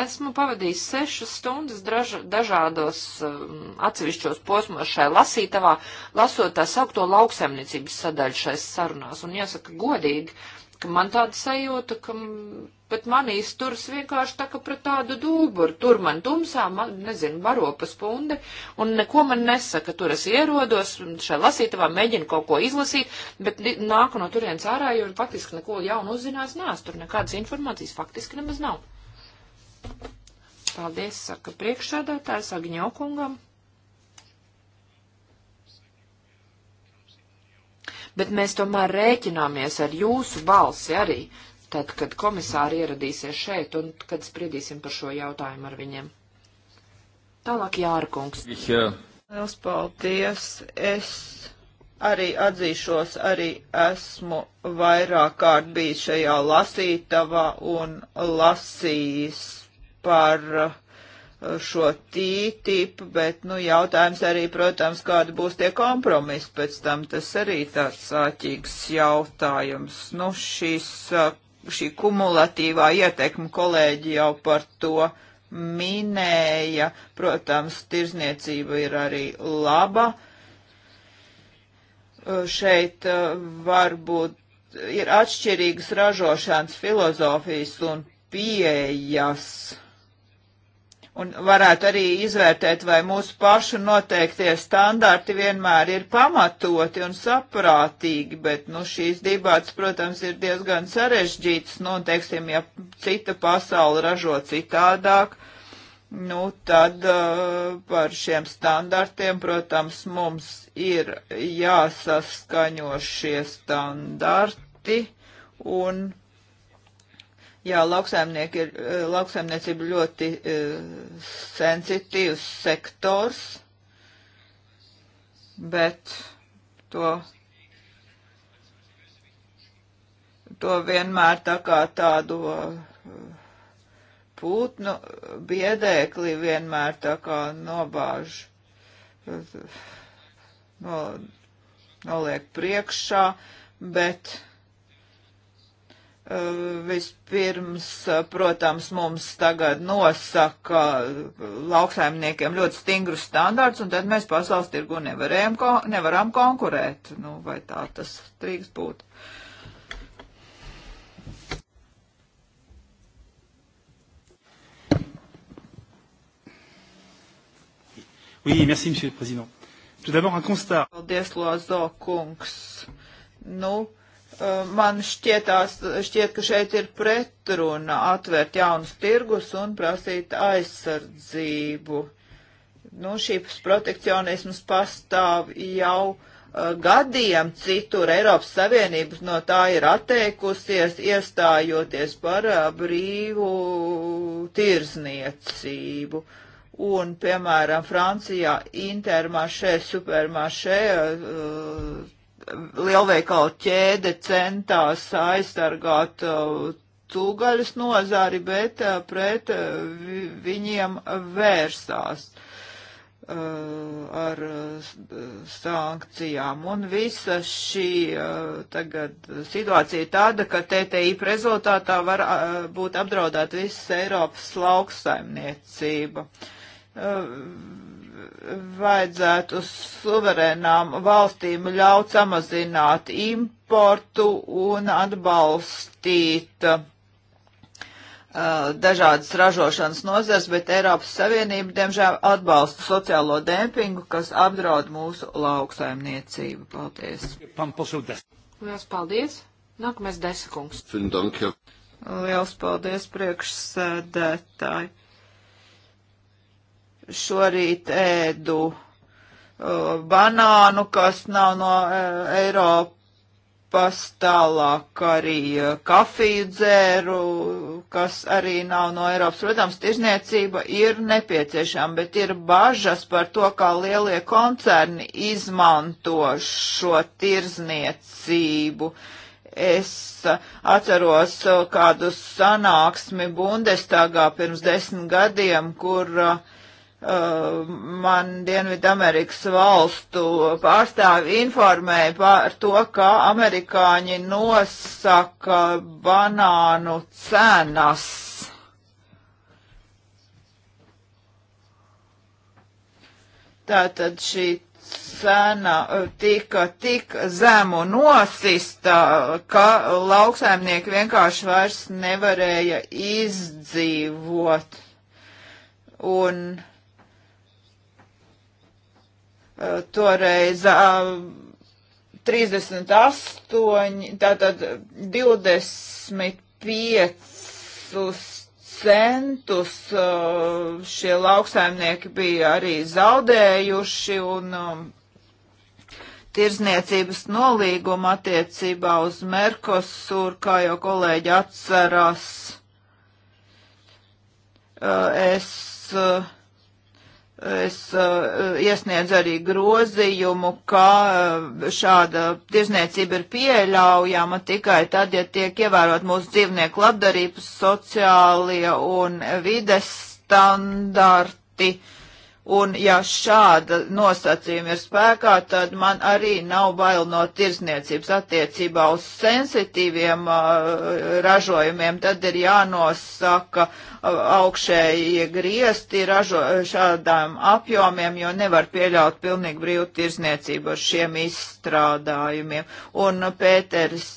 [SPEAKER 2] Esmu pavadījis sešas stundas draž, dažādos um, atsevišķos posmos šai lasītavā, lasot tā saukto lauksaimniecības sadaļu šais sarunās. Un jāsaka godīgi, uh, ka man tāda sajūta, ka pat mani izturs vienkārši tā, ka pret tādu dūburu. Tur man tumsā, man, nezinu, baro pa spundi, un neko man nesaka. Tur es ierodos, šai lasītavā mēģinu kaut ko izlasīt, bet nāku no turienes ārā, jo faktiski neko jaunu uzzinās nās. Tur nekādas informācijas faktiski nemaz nav. Paldies, saka priekšsēdētājs Agņokungam. bet mēs tomēr rēķināmies ar jūsu balsi arī, tad, kad komisāri ieradīsies šeit un kad spriedīsim par šo jautājumu ar viņiem. Tālāk Jārkungs.
[SPEAKER 1] Eh,
[SPEAKER 3] Liels paldies. Es arī atzīšos, arī esmu vairāk kārt bijis šajā lasītavā un lasījis par eh, šo tītipu, bet, nu, jautājums arī, protams, kāda būs tie kompromisi pēc tam, tas arī tāds sāķīgs jautājums. Nu, šis, šī kumulatīvā ietekme kolēģi jau par to minēja, protams, tirzniecība ir arī laba. Šeit varbūt ir atšķirīgas ražošanas filozofijas un pieejas. Uh, un varētu arī izvērtēt, vai mūsu pašu noteiktie standarti vienmēr ir pamatoti un saprātīgi, bet, nu, šīs dibāts, protams, ir diezgan sarežģītas, nu, un, teiksim, ja cita pasaule ražo citādāk, nu, tad uh, par šiem standartiem, protams, mums ir jāsaskaņo šie standarti, un Jā, eh, lauksaimniecība ļoti uh, sensitīvs sektors, bet to, to vienmēr tā kā tādu uh, pūtnu biedēkli vienmēr tā kā nobāž, no, noliek priekšā, bet Eh, vispirms, eh, protams, mums tagad nosaka eh, lauksaimniekiem ļoti stingrus standārts, un tad mēs pasaules tirgu nevarējam, nevaram konkurēt. Nu, vai tā tas drīkst būt?
[SPEAKER 1] Oui, merci, Monsieur le Président. Tout d'abord, un constat.
[SPEAKER 3] Paldies, Lozo kungs. Nu, Eh, man šķietās, šķiet, ka šeit ir pretruna atvērt jaunus tirgus un prasīt aizsardzību. Nu, šīs protekcionismas pastāv jau uh, gadiem citur Eiropas Savienības no tā ir atteikusies, iestājoties par uh, brīvu tirzniecību. Un, piemēram, Francijā intermašē, supermašē uh, lielveikalu ķēde centās aizsargāt cūgaļas uh, nozari, bet uh, pret uh, viņiem vērsās ar sankcijām. Un visa šī tagad situācija tāda, ka TTIP rezultātā var būt apdraudēta visas Eiropas lauksaimniecība vajadzētu suverēnām valstīm ļaut samazināt importu un atbalstīt uh, dažādas ražošanas nozars, bet Eiropas Savienība, diemžēl, atbalsta sociālo dempingu, kas apdraud mūsu lauksaimniecību. Paldies! Lielas paldies! Nākamais desikungs. Liels paldies priekšsēdētāji! šorīt ēdu uh, banānu, kas nav no uh, Eiropas, tālāk arī uh, kafiju dzēru, kas arī nav no Eiropas. Protams, tirzniecība ir nepieciešama, bet ir bažas par to, kā lielie koncerni izmanto šo tirzniecību. Es atceros kādu sanāksmi Bundestagā pirms desmit gadiem, kur uh, Uh, man Dienvidamerikas valstu pārstāvi informēja par to, ka amerikāņi nosaka banānu cenas. Tātad šī cena tika tik zemu nosista, ka lauksaimnieki vienkārši vairs nevarēja izdzīvot. Un Eh, toreiz 38, eh, tātad 25 centus eh, šie lauksaimnieki bija arī zaudējuši un tirzniecības nolīguma attiecībā uz Merkosur, kā jau kolēģi atceras, es Es uh, iesniedzu arī grozījumu, ka uh, šāda tirzniecība ir pieļaujama tikai tad, ja tiek ievērot mūsu dzīvnieku labdarības sociālie un vides standarti. Uh, Un ja šāda nosacījuma ir spēkā, tad man arī nav bail no tirsniecības attiecībā uz sensitīviem uh, ražojumiem. Tad ir jānosaka uh, augšējie griesti ražo, šādām apjomiem, jo nevar pieļaut pilnīgi brīvu tirsniecību ar šiem izstrādājumiem. Un Pēters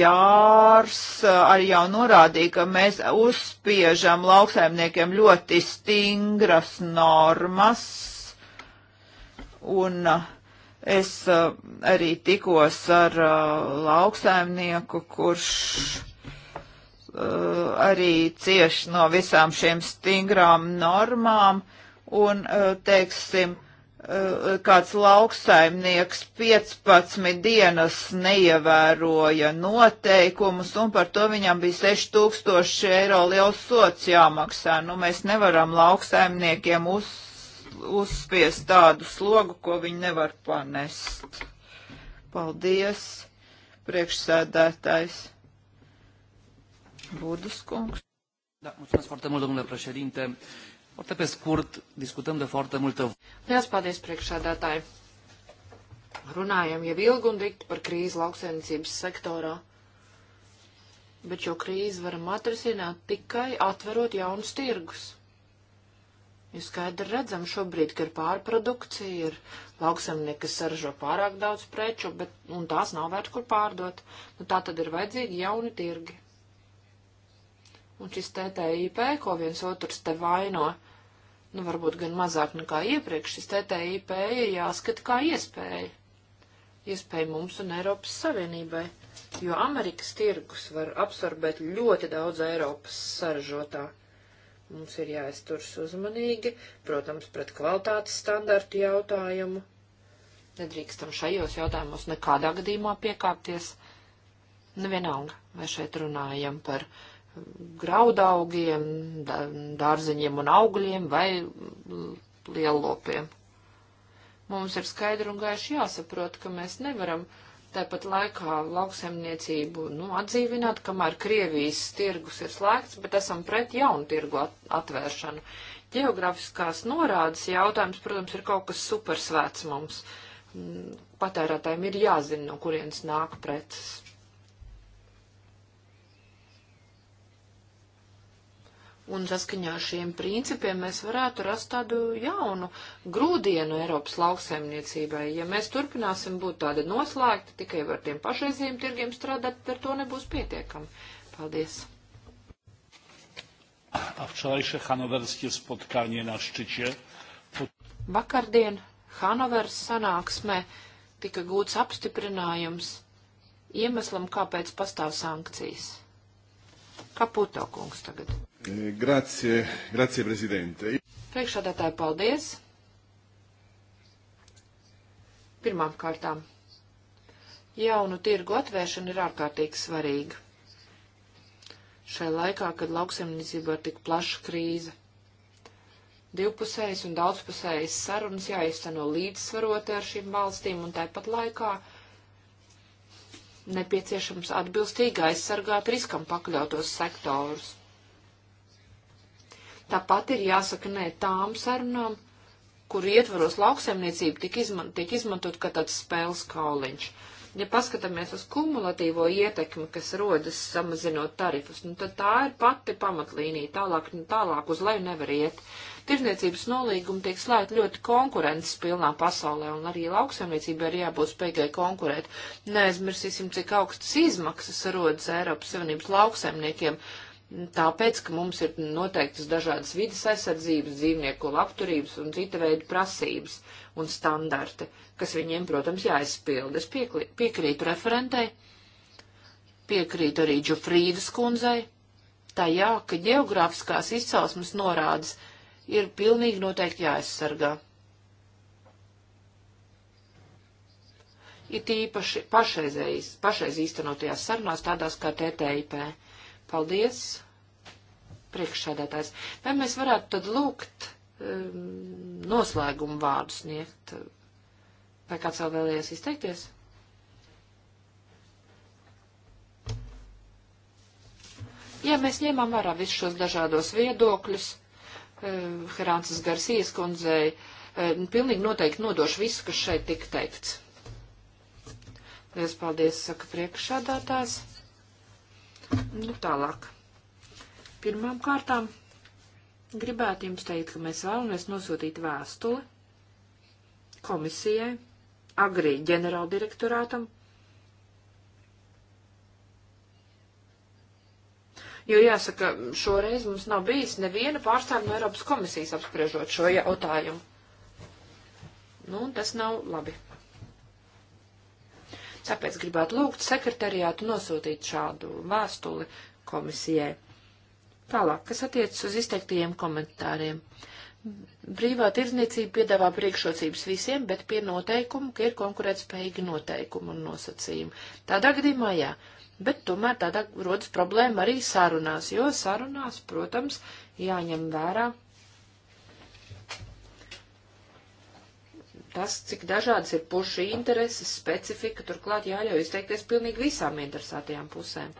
[SPEAKER 3] Jārs uh, arī jau norādīja, ka mēs uzspiežam lauksaimniekiem ļoti stingras normas normas, un uh, es uh, arī tikos ar uh, lauksaimnieku, kurš arī cieši no visām šīm stingrām normām, un, teiksim, kāds lauksaimnieks 15 dienas neievēroja noteikumus, un par to viņam bija 6000 eiro liels sots jāmaksā. Nu, mēs nevaram lauksaimniekiem uz, uzspiest tādu slogu, ko viņi nevar panest. Paldies, priekšsēdētājs Budus kungs. Da, mulțumesc
[SPEAKER 1] foarte mult, domnule președinte. Foarte pe scurt, discutăm de foarte multă...
[SPEAKER 2] Liels paldies, priekšsēdētāji. Runājam jau ilgi un dikti par krīzi lauksainicības sektorā, bet šo krīzi varam atrisināt tikai atverot jaunus tirgus. Jo skaidri redzam šobrīd, ka ir pārprodukcija, ir lauksemnieki, kas saražo pārāk daudz preču, bet, un tās nav vērts, kur pārdot. Nu, tā tad ir vajadzīgi jauni tirgi. Un šis TTIP, ko viens otrs te vaino, nu, varbūt gan mazāk nekā iepriekš, šis TTIP ir jāskata kā iespēja. Iespēja mums un Eiropas Savienībai, jo Amerikas tirgus var absorbēt ļoti daudz Eiropas saražotā. Mums ir jāizturas uzmanīgi, protams, pret kvalitātes standartu jautājumu. Nedrīkstam šajos jautājumos nekādā gadījumā piekāpties. Nevienalga, nu, vai šeit runājam par graudaugiem, dārzeņiem un augļiem vai liellopiem. Mums ir skaidri un gaiši jāsaprot, ka mēs nevaram uh, tāpat laikā lauksaimniecību nu, atdzīvināt, kamēr Krievijas tirgus ir slēgts, bet esam pret jaunu tirgu atvēršanu. Geografiskās norādes jautājums, protams, ir kaut kas supersvēts mums. Mm, patērētājiem ir jāzina, no kurienes nāk preces. Un saskaņā ar šiem principiem mēs varētu rast tādu jaunu grūdienu Eiropas lauksaimniecībai. Ja mēs turpināsim būt tādi noslēgti tikai ar tiem pašreizējiem tirgiem strādāt, ar to nebūs pietiekami. Paldies.
[SPEAKER 1] Vakardien
[SPEAKER 2] Hanovers sanāksmē tika gūts apstiprinājums iemeslam, kāpēc pastāv sankcijas. Kaputo kungs tagad.
[SPEAKER 1] Eh, grazie, grazie, prezidente.
[SPEAKER 2] Priekšādātāji, paldies. Pirmām kārtām. Jaunu tirgu atvēršana ir ārkārtīgi svarīga. Šai laikā, kad lauksemniecībā ir tik plaša krīze, divpusējas un daudzpusējas sarunas jāizceno līdzsvaroti ar šīm valstīm un tāpat laikā nepieciešams atbilstīgi aizsargāt riskam pakļautos sektorus. Tāpat ir jāsaka nē tām sarunām, kur ietvaros lauksaimniecība tiek, izman, tiek izmantot kā tāds spēles kauliņš. Ja paskatāmies uz kumulatīvo ietekmi, kas rodas samazinot tarifus, nu tad tā ir pati pamatlīnija, tālāk, nu, tālāk uz leju nevar iet. Tirzniecības nolīgumi tiek slēgti ļoti konkurences pilnā pasaulē, un arī lauksaimniecībai ir jābūt spējīgai konkurēt. Neaizmirsīsim, cik augstas izmaksas rodas Eiropas Savienības lauksaimniekiem tāpēc, ka mums ir noteiktas dažādas vidas aizsardzības, dzīvnieku labturības un cita veida prasības un standarti, kas viņiem, protams, jāizpilda. Es piekrītu referentei, piekrītu arī Džufrīdas kundzei, tajā, ka geogrāfiskās izcelsmes norādes ir pilnīgi noteikti jāaizsargā. It īpaši pašreiz īstenotajās sarunās, tādās kā TTIP Paldies, priekšsēdētājs. Vai mēs varētu tad lūgt um, noslēgumu vārdu sniegt? Vai kāds vēl vēlējies izteikties? Ja mēs ņēmām vērā visus šos dažādos viedokļus, um, Herānces Garcijas kundzei, um, pilnīgi noteikti nodošu visu, kas šeit tika teikts. Liels paldies, saka priekšsādātājs. Nu, tālāk. Pirmām kārtām gribētu jums teikt, ka mēs vēlamies nosūtīt vēstuli komisijai, agrī ģenerāldirektorātam, Jo jāsaka, šoreiz mums nav bijis neviena pārstāvja no Eiropas komisijas apspriežot šo jautājumu. Nu, tas nav labi. Tāpēc gribētu lūgt sekretariātu nosūtīt šādu vēstuli komisijai. Tālāk, kas attiecas uz izteiktajiem komentāriem. Brīvā tirzniecība piedāvā priekšrocības visiem, bet pie noteikumu, ka ir konkurētspējīgi noteikumi un nosacījumi. Tādā gadījumā jā, bet tomēr tādā rodas problēma arī sarunās, jo sarunās, protams, jāņem vērā tas, cik dažādas ir pušu intereses, specifika, turklāt jāļauj izteikties pilnīgi visām interesētajām pusēm.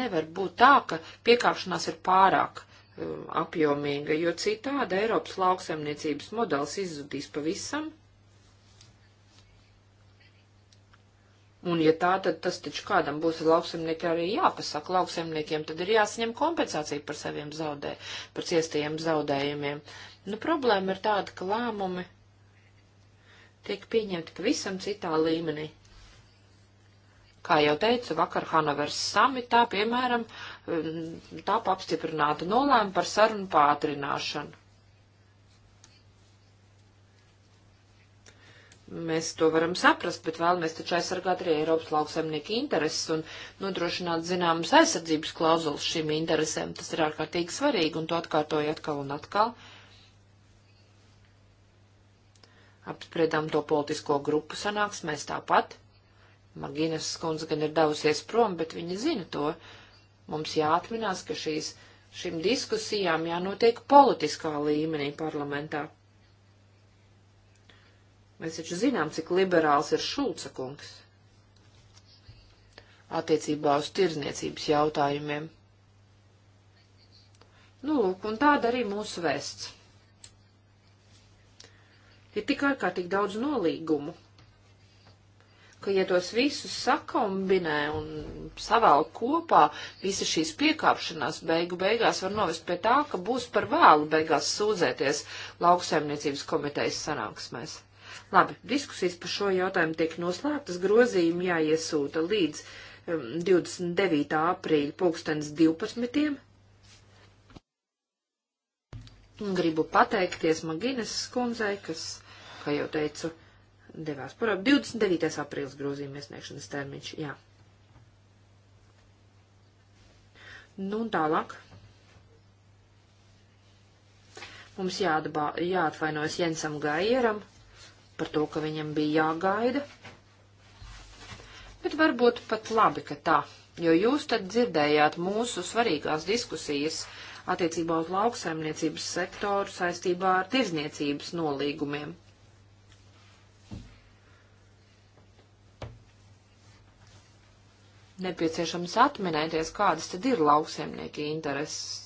[SPEAKER 2] Nevar būt tā, ka piekāpšanās ir pārāk um, apjomīga, jo citādi Eiropas lauksaimniecības modelis izzudīs pavisam. Un, ja tā, tad tas taču kādam būs lauksemniekiem arī jāpasaka. Lauksemniekiem tad ir jāsaņem kompensācija par saviem zaudē, par ciestajiem zaudējumiem. Uh, Nu, problēma ir tāda, ka lēmumi tiek pieņemti pavisam citā līmenī. Kā jau teicu, vakar Hanovers samitā, piemēram, um, tā apstiprināta nolēma par sarunu pātrināšanu. Mēs to varam saprast, bet vēlamies taču aizsargāt arī Eiropas lauksaimnieku intereses un nodrošināt zināmas aizsardzības klauzulas šīm interesēm. Tas ir ārkārtīgi svarīgi un to atkārtoju atkal un atkal. Uh, Apspriedām to politisko grupu sanāksmēs tāpat. Maginas skundze gan ir devusies prom, bet viņa zina to. Mums jāatminās, ka šīs, šīm diskusijām jānotiek politiskā līmenī parlamentā. Mēs taču zinām, cik liberāls ir Šulca kungs attiecībā uz tirzniecības jautājumiem. Nu, lūk, un tāda arī mūsu vēsts ir tik ārkārtīgi daudz nolīgumu, ka, ja tos visus sakombinē un savēl kopā, visa šīs piekāpšanās beigu beigās var novest pie tā, ka būs par vēlu beigās sūdzēties lauksaimniecības komitejas sanāksmēs. Labi, diskusijas par šo jautājumu tiek noslēgtas, grozījumi jāiesūta līdz um, 29. aprīļa pulkstens 12. Un gribu pateikties Maginas skundzei, kas kā jau teicu, devās par 29. aprīlis grozījuma iesniegšanas termiņš, jā. Nu un tālāk. Mums jāatbā, jāatvainojas Jensam Gaieram par to, ka viņam bija jāgaida. Bet varbūt pat labi, ka tā, jo jūs tad dzirdējāt mūsu svarīgās diskusijas attiecībā uz lauksaimniecības sektoru saistībā ar tirzniecības nolīgumiem. nepieciešams atminēties, kādas tad ir lauksaimnieki intereses.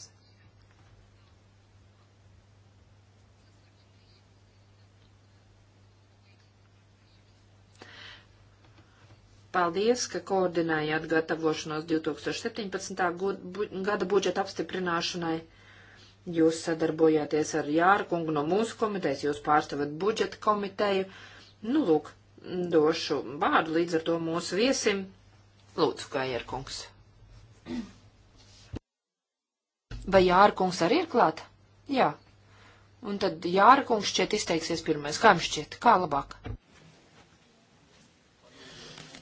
[SPEAKER 2] Paldies, ka koordinējāt gatavošanos 2017. gada budžeta apstiprināšanai. Jūs sadarbojāties ar Jārkungu no mūsu komitejas, jūs pārstāvat budžeta komiteju. Nu, lūk, došu vārdu līdz ar to mūsu viesim. Lūdzu, kā ierkungs. Vai jārkungs arī ir klāt? Jā. Un tad jārkungs šķiet izteiksies pirmais. Kā jums šķiet? Kā labāk?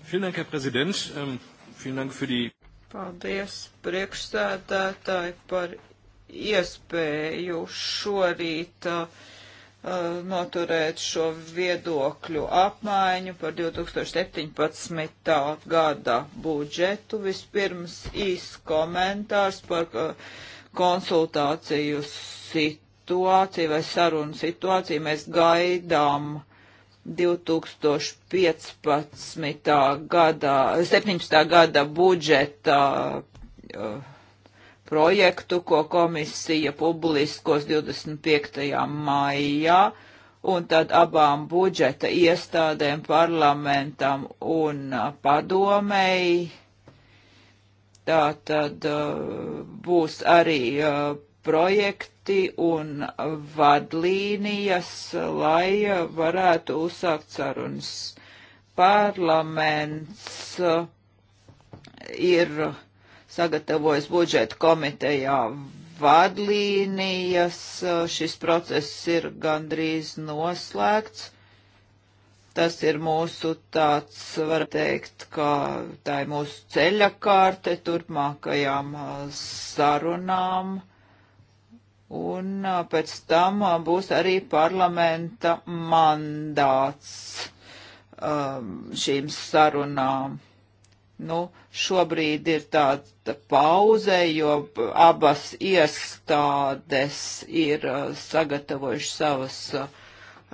[SPEAKER 1] Dank, ähm, Dank die...
[SPEAKER 3] Paldies, priekšsēdētāji, par iespēju šorīt uh, Uh, noturēt šo viedokļu apmaiņu par 2017. gada budžetu. Vispirms īs komentārs par uh, konsultāciju situāciju vai sarunu situāciju. Mēs gaidām 2015. gada, 17. gada budžeta uh, projektu, ko komisija publiskos 25. maijā, un tad abām budžeta iestādēm, parlamentam un padomēji. Tā tad uh, būs arī uh, projekti un vadlīnijas, lai uh, varētu uzsākt sarunas. Parlaments ir sagatavojas budžeta komitejā vadlīnijas. Šis process ir gandrīz noslēgts. Tas ir mūsu tāds, var teikt, ka tā ir mūsu ceļa kārte turpmākajām sarunām. Un pēc tam būs arī parlamenta mandāts um, šīm sarunām. Nu, šobrīd ir tāda pauze, jo abas iestādes ir uh, sagatavojuši savas uh,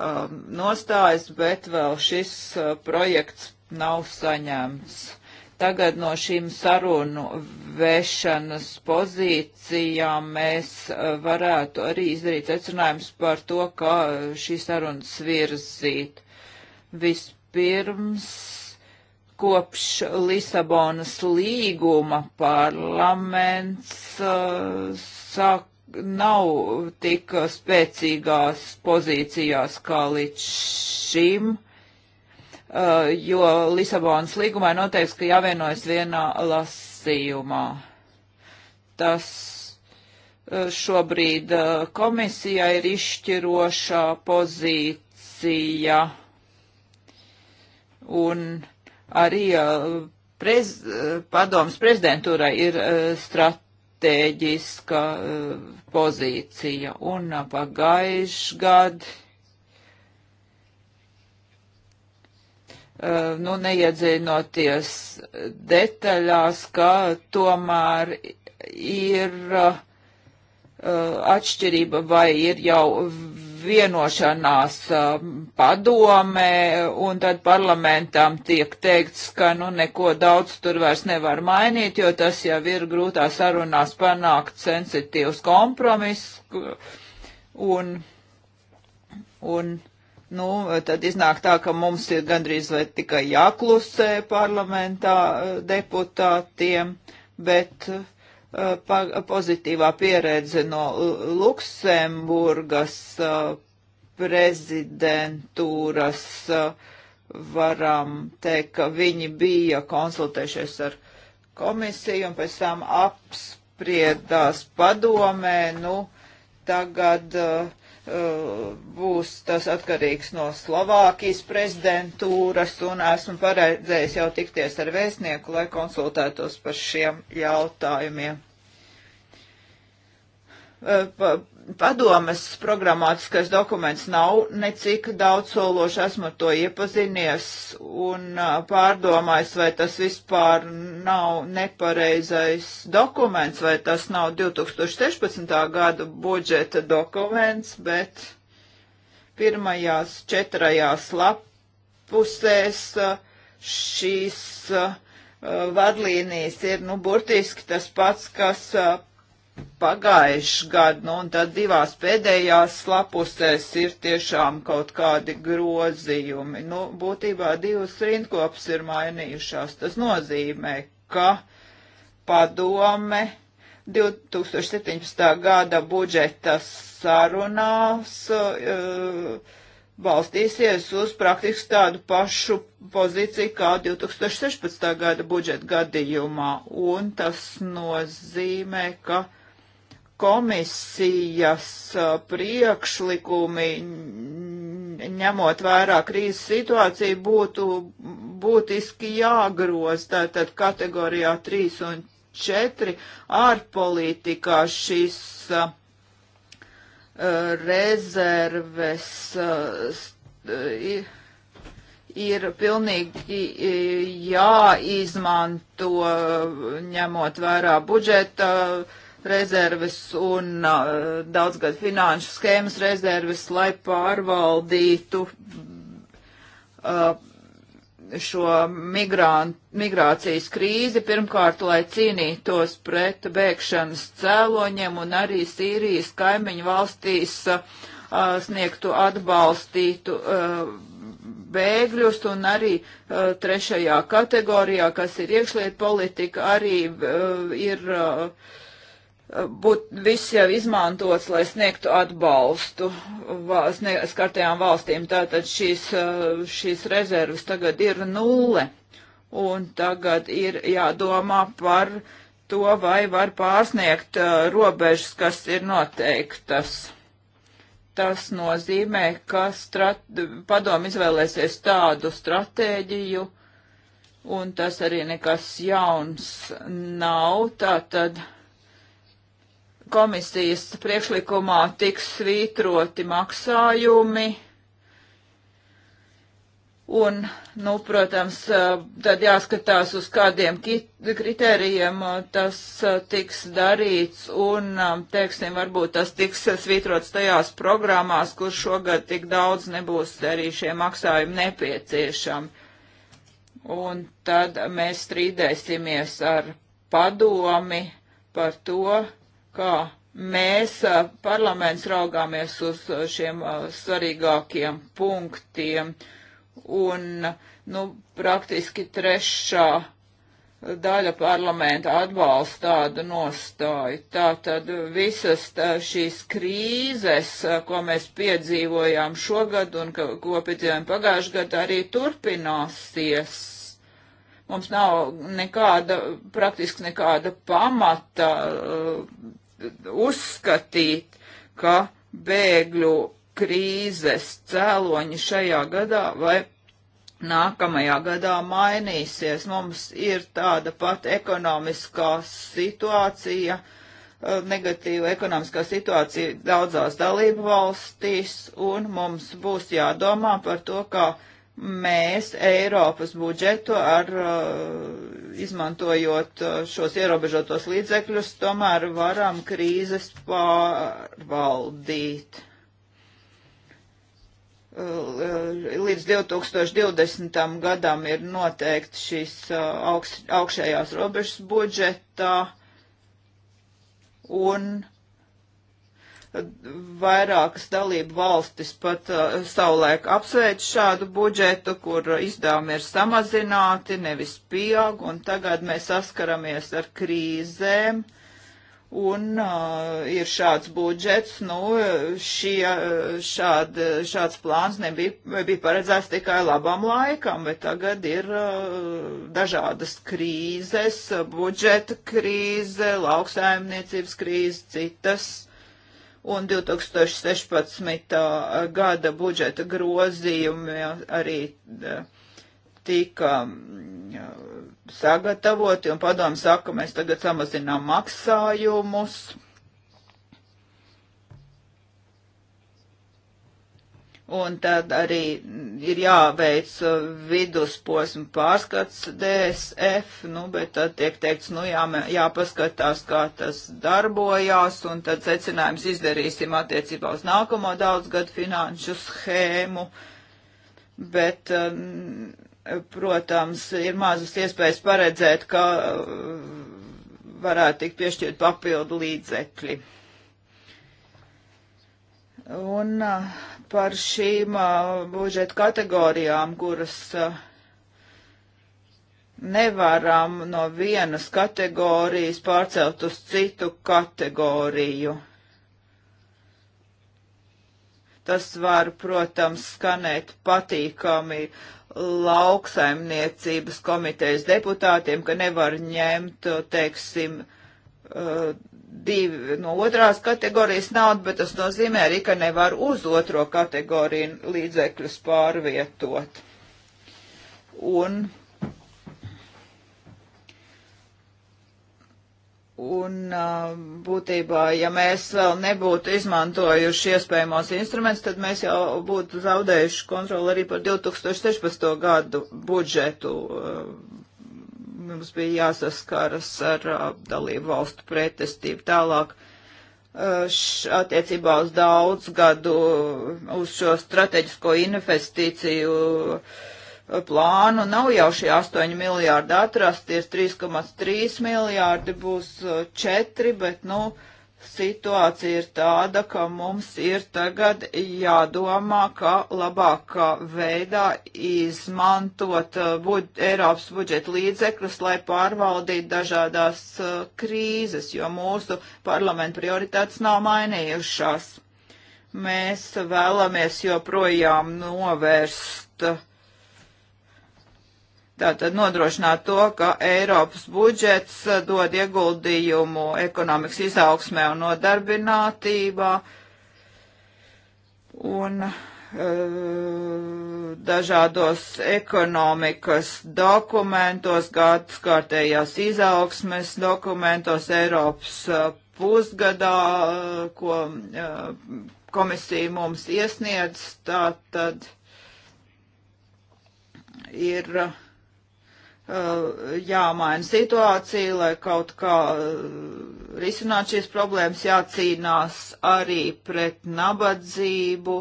[SPEAKER 3] um, nostājas, bet vēl šis uh, projekts nav saņemts. Tagad no šīm sarunu vešanas pozīcijām mēs uh, varētu arī izdarīt secinājums par to, kā šī sarunas virzīt. Vispirms Kopš Lisabonas līguma parlaments uh, sāk, nav tik spēcīgās pozīcijās kā līdz šim. Uh, jo Lisabonas līgumā noteikts, ka jāvienojas vienā lasījumā. Tas uh, šobrīd uh, komisijā ir izšķirošā pozīcija un arī uh, prez, uh, padomas prezidentūrai ir uh, stratēģiska pozīcija. Un pagājuši gadu. Nu, neiedzinoties detaļās, ka tomēr ir uh, atšķirība vai ir jau vienošanās padomē, un tad parlamentam tiek teikts, ka nu neko daudz tur vairs nevar mainīt, jo tas jau ir grūtā sarunās panākt sensitīvs kompromiss, un, un nu, tad iznāk tā, ka mums ir gandrīz vai tikai jāklusē parlamentā deputātiem, bet uh, Eh, pozitīvā pieredze no eh, Luksemburgas eh, prezidentūras. Varam teikt, ka viņi bija konsultējušies ar komisiju un pēc tam apspriedās padomē. Nu, tagad uh, būs tas atkarīgs no Slovākijas prezidentūras, un esmu paredzējis jau tikties ar vēstnieku, lai konsultētos par šiem jautājumiem. Pa, padomas programmātiskais dokuments nav necik daudz sološi, esmu ar to iepazinies un pārdomājis, vai tas vispār nav nepareizais dokuments, vai tas nav 2016. gada budžeta dokuments, bet pirmajās četrajās lapusēs šīs vadlīnijas ir, nu, burtiski tas pats, kas pagājuši gadu, nu, un tad divās pēdējās lapusēs ir tiešām kaut kādi grozījumi. Nu, būtībā divas rindkopas ir mainījušās. Tas nozīmē, ka padome 2017. gada budžeta sarunās uh, balstīsies uz praktiski tādu pašu pozīciju kā 2016. gada budžeta gadījumā, un tas nozīmē, ka komisijas uh, priekšlikumi, ņemot vērā krīzes situāciju, būtu būtiski jāgroz. Tātad kategorijā 3 un 4 ārpolitikā šis uh, rezerves uh, ir pilnīgi jāizmanto, ņemot vērā budžeta uh, rezerves un uh, daudzgad finanšu schēmas rezerves, lai pārvaldītu uh, šo migrānt, migrācijas krīzi, pirmkārt, lai cīnītos pret bēgšanas cēloņiem un arī Sīrijas kaimiņu valstīs uh, sniegtu atbalstītu uh, bēgļus un arī uh, trešajā kategorijā, kas ir iekšliet politika, arī uh, ir uh, būt viss jau izmantots, lai sniegtu atbalstu skartajām valstīm. Tātad šīs, šīs rezerves tagad ir nulle, un tagad ir jādomā par to, vai var pārsniegt robežas, kas ir noteiktas. Tas nozīmē, ka strat, padomu izvēlēsies tādu stratēģiju, un tas arī nekas jauns nav. Tātad komisijas priekšlikumā tiks svītroti maksājumi. Un, nu, protams, tad jāskatās uz kādiem kritērijiem uh, tas uh, tiks darīts un, um, teiksim, varbūt tas tiks svītrots tajās programmās, kur šogad tik daudz nebūs arī šie maksājumi nepieciešami. Un tad mēs strīdēsimies ar padomi par to, kā mēs parlaments raugāmies uz šiem svarīgākiem punktiem un, nu, praktiski trešā daļa parlamenta atbalsta tādu nostāju. Tātad visas tā, šīs krīzes, ko mēs piedzīvojām šogad un ka, ko piedzīvojām pagājušajā gadā, arī turpināsies. Mums nav nekāda, praktiski nekāda pamata uh, uzskatīt, ka bēgļu krīzes cēloņi šajā gadā vai nākamajā gadā mainīsies. Mums ir tāda pat ekonomiskā situācija, eh, negatīva ekonomiskā situācija daudzās dalību valstīs, un mums būs jādomā par to, kā mēs Eiropas budžetu ar eh, izmantojot uh, šos ierobežotos līdzekļus, tomēr varam krīzes pārvaldīt. Uh, līdz 2020. gadam ir noteikti šīs uh, augš, augšējās robežas budžetā un Vairākas dalību valstis pat uh, savulaik apsveic šādu budžetu, kur izdevumi ir samazināti, nevis pieaug, un tagad mēs saskaramies ar krīzēm, un uh, ir šāds budžets, nu, šie, uh, šād, šāds plāns nebija bija paredzēts tikai labam laikam, bet tagad ir uh, dažādas krīzes, budžeta krīze, lauksaimniecības krīze, citas un 2016. gada budžeta grozījumi arī eh, tika mm, sagatavoti, un padomu saka, mēs tagad samazinām maksājumus Un tad arī ir jāveic uh, vidusposma pārskats DSF, nu, bet tad tiek teikts, nu, jā, jāpaskatās, kā tas darbojās, un tad secinājums izdarīsim attiecībā uz nākamo daudzgadu finanšu schēmu. Bet, um, protams, ir mazas iespējas paredzēt, ka uh, varētu tikt piešķirt papildu līdzekļi. Un uh, par šīm budžeta kategorijām, kuras nevaram no vienas kategorijas pārcelt uz citu kategoriju. Tas var, protams, skanēt patīkami lauksaimniecības komitejas deputātiem, ka nevar ņemt, teiksim, divi no otrās kategorijas naudu, bet tas nozīmē arī, ka nevar uz otro kategoriju līdzekļus pārvietot. Un, un uh, būtībā, ja mēs vēl nebūtu izmantojuši iespējamos instrumentus, tad mēs jau būtu zaudējuši kontroli arī par 2016. gadu budžetu uh, mums bija jāsaskaras ar uh, dalību valstu pretestību tālāk. Uh, š, attiecībā uz daudz gadu, uh, uz šo strateģisko investīciju uh, plānu nav jau šie 8 miljārdi atrasties, 3,3 miljārdi būs 4, uh, bet, nu, uh, situācija ir tāda, ka mums ir tagad jādomā, kā labākā veidā izmantot uh, bud Eiropas budžeta līdzekļus, lai pārvaldītu dažādās uh, krīzes, jo mūsu parlamenta prioritātes nav mainījušās. Mēs vēlamies joprojām novērst uh, Tātad nodrošināt to, ka Eiropas budžets eh, dod ieguldījumu ekonomikas izaugsmē un nodarbinātībā. Un eh, dažādos ekonomikas dokumentos, gadskārtējās izaugsmes dokumentos Eiropas eh, pusgadā, ko komisija mums iesniedz, tā tad ir Uh, jāmaina situācija, lai kaut kā uh, risinātu šīs problēmas, jācīnās arī pret nabadzību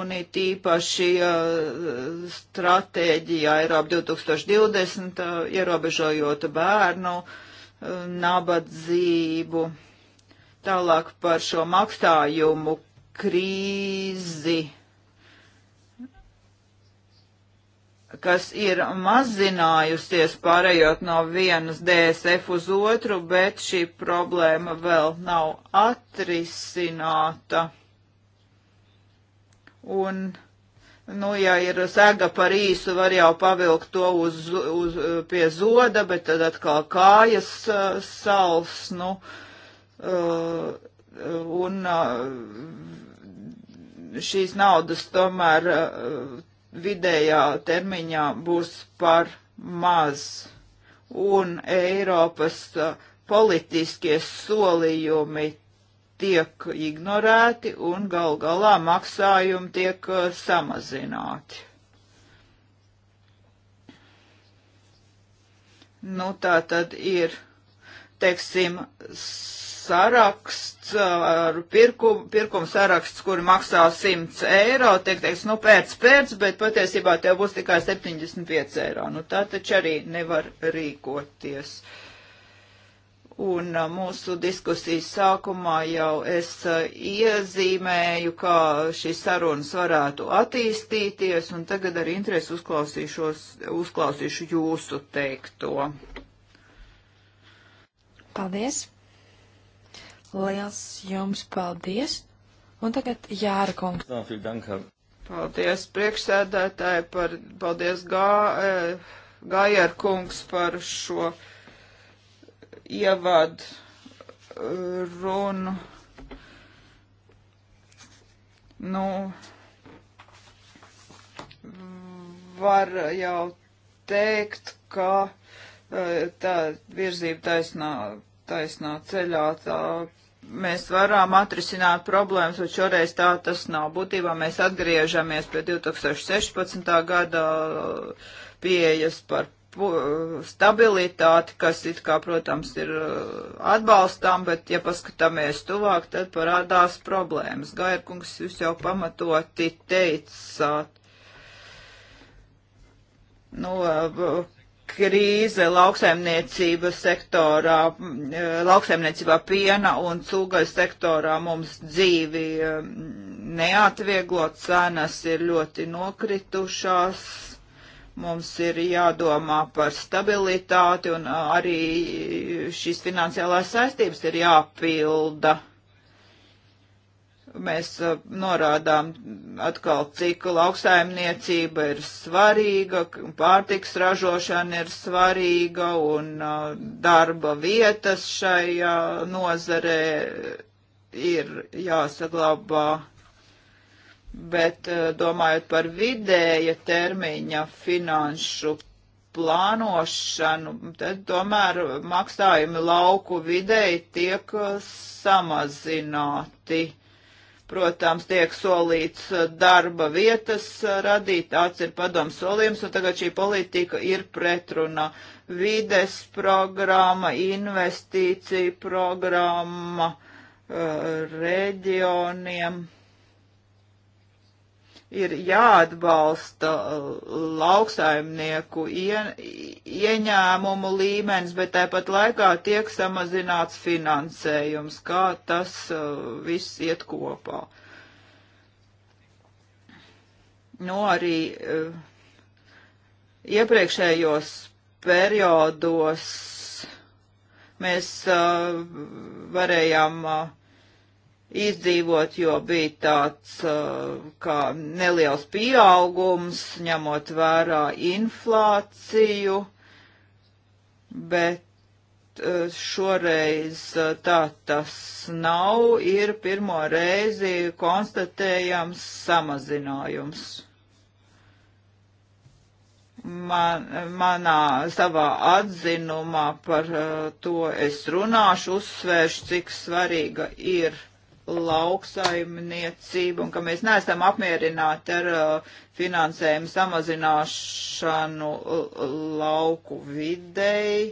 [SPEAKER 3] un it īpaši uh, stratēģija Eiropa 2020, ierobežojot bērnu nabadzību. Tālāk par šo maksājumu krīzi kas ir mazinājusies pārējot no vienas DSF uz otru, bet šī problēma vēl nav atrisināta. Un, nu, ja ir sega par īsu, var jau pavilkt to uz, uz, pie zoda, bet tad atkal kājas uh, sals, nu, uh, un uh, šīs naudas tomēr uh, vidējā termiņā būs par maz. Un Eiropas politiskie solījumi tiek ignorēti un gal galā maksājumi tiek samazināti. Nu, tā tad ir, teiksim, saraksts, ar pirkumu, pirkumu saraksts, kuri maksā 100 eiro, tiek teiks, nu pēc pēc, bet patiesībā tev būs tikai 75 eiro. Nu tā taču arī nevar rīkoties. Un mūsu diskusijas sākumā jau es iezīmēju, kā šīs sarunas varētu attīstīties, un tagad ar interesi uzklausīšu jūsu teikto. Paldies!
[SPEAKER 4] Liels jums paldies! Un tagad Jāra kungs.
[SPEAKER 3] Paldies priekšsēdētāji par, paldies Gā, e, Gājēr kungs par šo ievadu e, runu. Nu, var jau teikt, ka e, tā virzība taisnā taisnā ceļā. Tā mēs varam atrisināt problēmas, bet šoreiz tā tas nav. Būtībā mēs atgriežamies pie 2016. gada pieejas par stabilitāti, kas it kā, protams, ir uh, atbalstām, bet, ja paskatāmies tuvāk, tad parādās problēmas. Gairkungs, jūs jau pamatoti teicāt. Nu, uh, krīze lauksaimniecības sektorā, eh, lauksaimniecībā piena un cūgaļas sektorā mums dzīvi eh, neatvieglo, cenas ir ļoti nokritušās, mums ir jādomā par stabilitāti un eh, arī šīs finansiālās saistības ir jāpilda Mēs uh, norādām atkal, cik lauksaimniecība ir svarīga, pārtiks ražošana ir svarīga un uh, darba vietas šajā uh, nozarē ir jāsaglabā. Bet domājot par vidēja termiņa finanšu plānošanu, tad tomēr maksājumi lauku vidēji tiek samazināti. Protams, tiek solīts eh, darba vietas eh, radīt, tāds ir padoms solījums, un tagad šī politika ir pretruna. Vides programma, investīcija programma eh, reģioniem. Uh, ir jāatbalsta uh, lauksaimnieku ie, ieņēmumu līmenis, bet tāpat laikā tiek samazināts finansējums, kā tas uh, viss iet kopā. Nu, arī uh, iepriekšējos periodos mēs varējām uh, izdzīvot, jo bija tāds uh, kā neliels pieaugums, ņemot vērā inflāciju, bet uh, šoreiz uh, tā tas nav, ir pirmo reizi konstatējams samazinājums. Man, manā savā atzinumā par to es runāšu, uzsvēršu, cik svarīga ir lauksaimniecību un ka mēs neesam apmierināti ar uh, finansējumu samazināšanu uh, lauku videi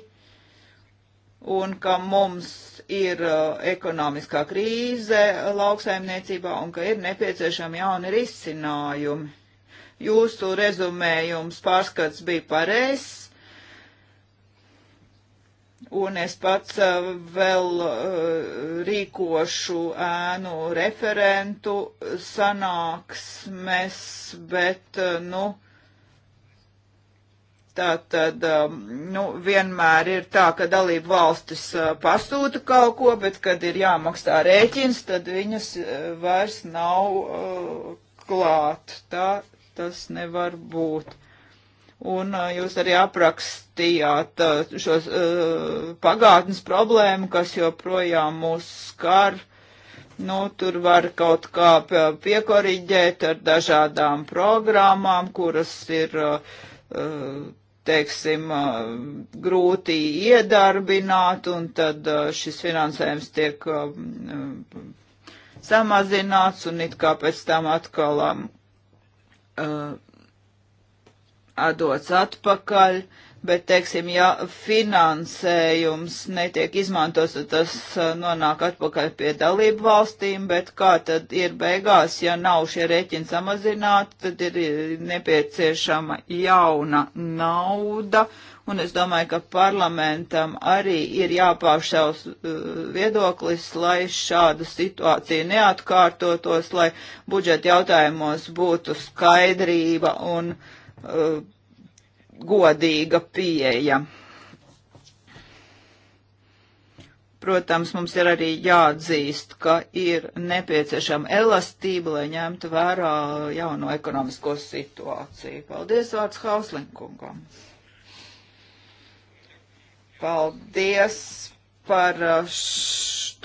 [SPEAKER 3] un ka mums ir uh, ekonomiskā krīze lauksaimniecībā un ka ir nepieciešami jauni risinājumi. Jūsu rezumējums pārskats bija pareizs un es pats uh, vēl uh, rīkošu ēnu referentu sanāksmes, bet, uh, nu, tā tad, um, nu, vienmēr ir tā, ka dalību valstis pasūta kaut ko, bet, kad ir jāmaksā rēķins, tad viņas vairs nav klāt. Tā tas nevar būt. Un jūs arī aprakstījāt šos uh, pagātnes problēmu, kas joprojām mūs skar. Nu, tur var kaut kā piekoriģēt ar dažādām programmām, kuras ir, uh, teiksim, uh, grūti iedarbināt, un tad šis finansējums tiek samazināts, un it kā pēc tam atkal atdots atpakaļ, bet, teiksim, ja finansējums netiek izmantos, tad tas uh, nonāk atpakaļ pie dalību valstīm, bet kā tad ir beigās, ja nav šie rēķini samazināti, tad ir nepieciešama jauna nauda, un es domāju, ka parlamentam arī ir jāpauž savs uh, viedoklis, lai šāda situācija neatkārtotos, lai budžeta jautājumos būtu skaidrība un uh, uh, godīga pieeja. Protams, mums ir arī jāatzīst, ka ir nepieciešama elastība, lai ņemtu vērā jauno ekonomisko situāciju. Paldies vārds Hauslinkungam. Paldies par uh,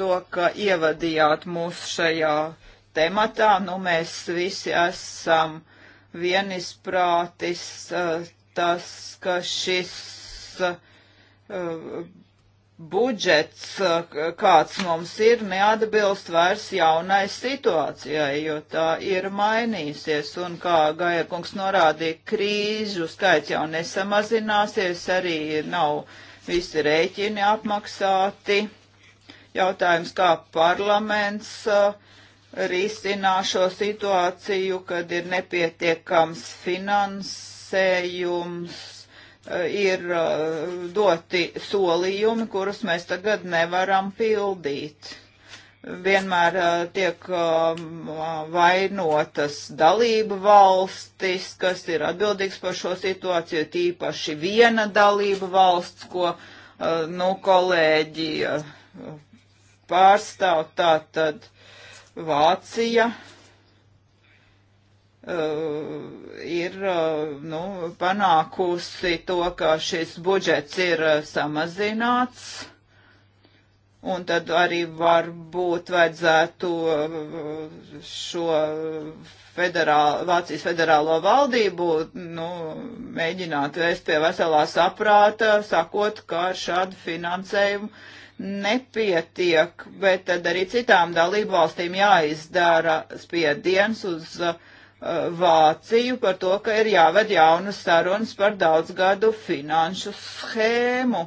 [SPEAKER 3] to, ka ievadījāt mūs šajā tematā. Nu, mēs visi esam vienisprātis eh, tas, ka šis eh, budžets, eh, kāds mums ir, neatbilst vairs jaunai situācijai, jo tā ir mainīsies. Un kā Gairkungs norādīja, krīžu skaits jau nesamazināsies, arī nav visi rēķini apmaksāti. Jautājums, kā parlaments uh, risinā šo situāciju, kad ir nepietiekams finansējums, e, ir e, doti solījumi, kurus mēs tagad nevaram pildīt. Vienmēr e, tiek vainotas dalība valstis, kas ir atbildīgs par šo situāciju, tīpaši viena dalība valsts, ko, nu, kolēģi pārstāv tā tad. Uh, Vācija uh, ir uh, nu, panākusi to, ka šis budžets ir uh, samazināts. Un tad arī varbūt vajadzētu uh, šo federālo, Vācijas federālo valdību nu, mēģināt vēst pie veselā saprāta, sakot, ka ar šādu finansējumu uh, nepietiek, bet tad arī citām dalību valstīm jāizdara spiediens uz uh, Vāciju par to, ka ir jāved jaunas sarunas par daudzgadu finanšu schēmu.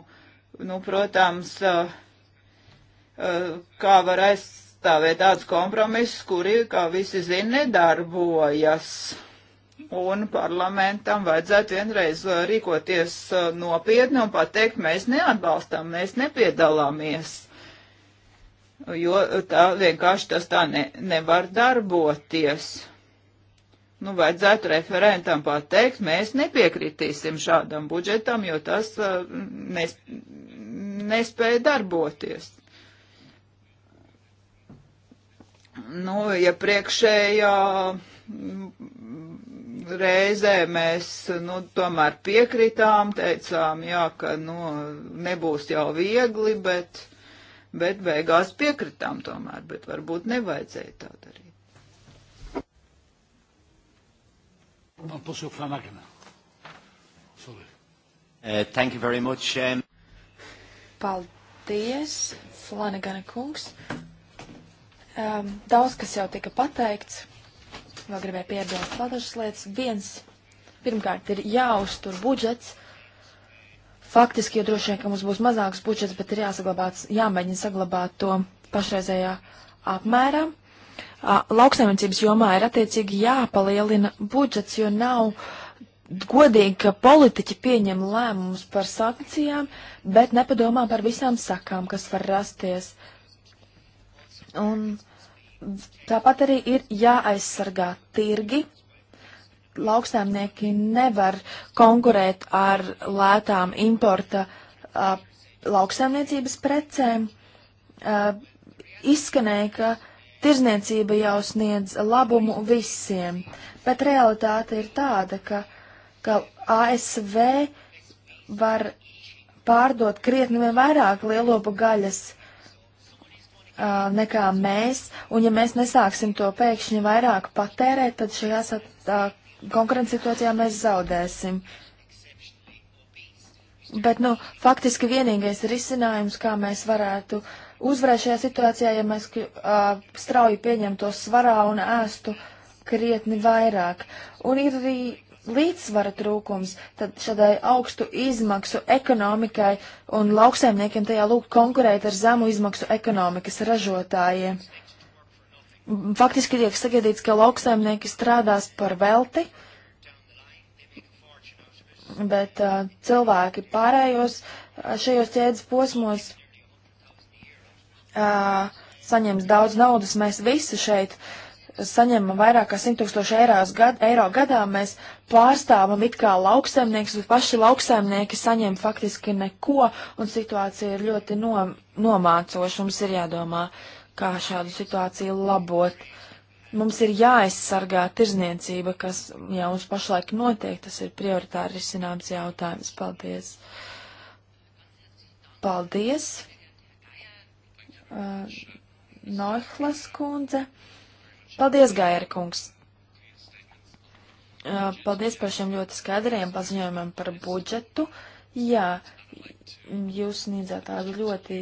[SPEAKER 3] Nu, protams, uh, uh, kā var aizstāvēt tāds kompromiss, kuri, kā visi zina, nedarbojas un parlamentam vajadzētu vienreiz uh, rīkoties uh, nopietni un pateikt, mēs neatbalstam, mēs nepiedalāmies, jo uh, tā vienkārši tas tā ne, nevar darboties. Nu, vajadzētu referentam pateikt, mēs nepiekritīsim šādam budžetam, jo tas nes, nespēja darboties. Nu, ja priekšējā reizē mēs nu, tomēr piekritām, teicām, jā, ka nu, nebūs jau viegli, bet, bet beigās piekritām tomēr, bet varbūt nevajadzēja tā darīt. Uh, thank you very much. Um...
[SPEAKER 4] Paldies, Flanagana kungs. Um, daudz kas jau tika pateikts Vēl gribēju piebilst vēl dažas lietas. Viens, pirmkārt, ir jāuztur budžets. Faktiski, jo droši vien, ka mums būs mazāks budžets, bet ir jāsaglabāt, jāmēģina saglabāt to pašreizējā apmērā. Lauksaimniecības jomā ir attiecīgi jāpalielina budžets, jo nav godīgi, ka politiķi pieņem lēmumus par sankcijām, bet nepadomā par visām sakām, kas var rasties. Un Tāpat arī ir jāaizsargā tirgi. Lauksaimnieki nevar konkurēt ar lētām importa uh, lauksaimniecības precēm. Uh, izskanēja, ka tirzniecība jau sniedz labumu visiem, bet realitāte ir tāda, ka, ka ASV var pārdot krietni vien vairāk lielopu gaļas nekā mēs, un ja mēs nesāksim to pēkšņi vairāk patērēt, tad šajā konkurences situācijā mēs zaudēsim. Bet, nu, faktiski vienīgais risinājums, kā mēs varētu uzvarēt šajā situācijā, ja mēs uh, strauji pieņemtos svarā un ēstu krietni vairāk. Un ir arī līdzsvara trūkums, tad šādai augstu izmaksu ekonomikai un lauksaimniekiem tajā lūk konkurēt ar zemu izmaksu ekonomikas ražotājiem. Faktiski tiek sagaidīts, ka lauksaimnieki strādās par velti, bet uh, cilvēki pārējos uh, šajos ķēdes posmos uh, saņems daudz naudas. Mēs visi šeit uh, saņemam vairāk kā 100 tūkstoši gad, eiro gadā, mēs pārstāvam it kā lauksaimnieks, bet paši lauksaimnieki saņem faktiski neko, un situācija ir ļoti nom nomācoša. Mums ir jādomā, kā šādu situāciju labot. Mums ir jāaizsargā tirzniecība, kas jau mums pašlaik notiek, tas ir prioritāri risināms jautājums. Paldies! Paldies! Uh, Noihlas kundze. Uh, Paldies, Gaira kungs! Paldies par šiem ļoti skaidriem paziņojumiem par budžetu. Jā, jūs sniedzāt tādu ļoti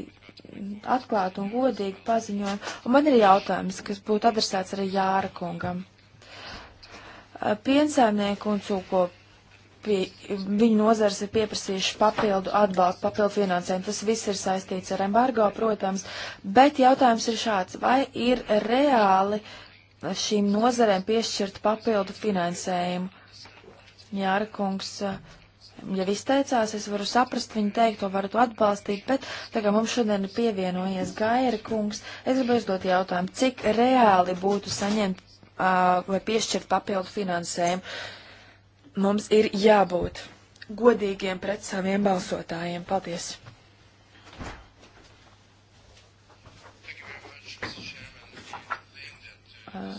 [SPEAKER 4] atklātu un godīgu paziņojumu. Un man ir jautājums, kas būtu adresēts arī Jāra kungam. Piensēmnieku un cūko pie, viņu nozars ir pieprasījuši papildu atbalstu, papildu finansējumu. Tas viss ir saistīts ar embargo, protams. Bet jautājums ir šāds, vai ir reāli uh, šīm nozarēm piešķirt papildu finansējumu. Jāra kungs eh, jau izteicās, es varu saprast viņu teikto, varu to atbalstīt, bet tagad mums šodien ir pievienojies Gaira kungs. Es gribu uzdot jautājumu, cik reāli būtu saņemt uh, vai piešķirt papildu finansējumu. Mums ir jābūt godīgiem pret saviem balsotājiem. Paldies! Eh,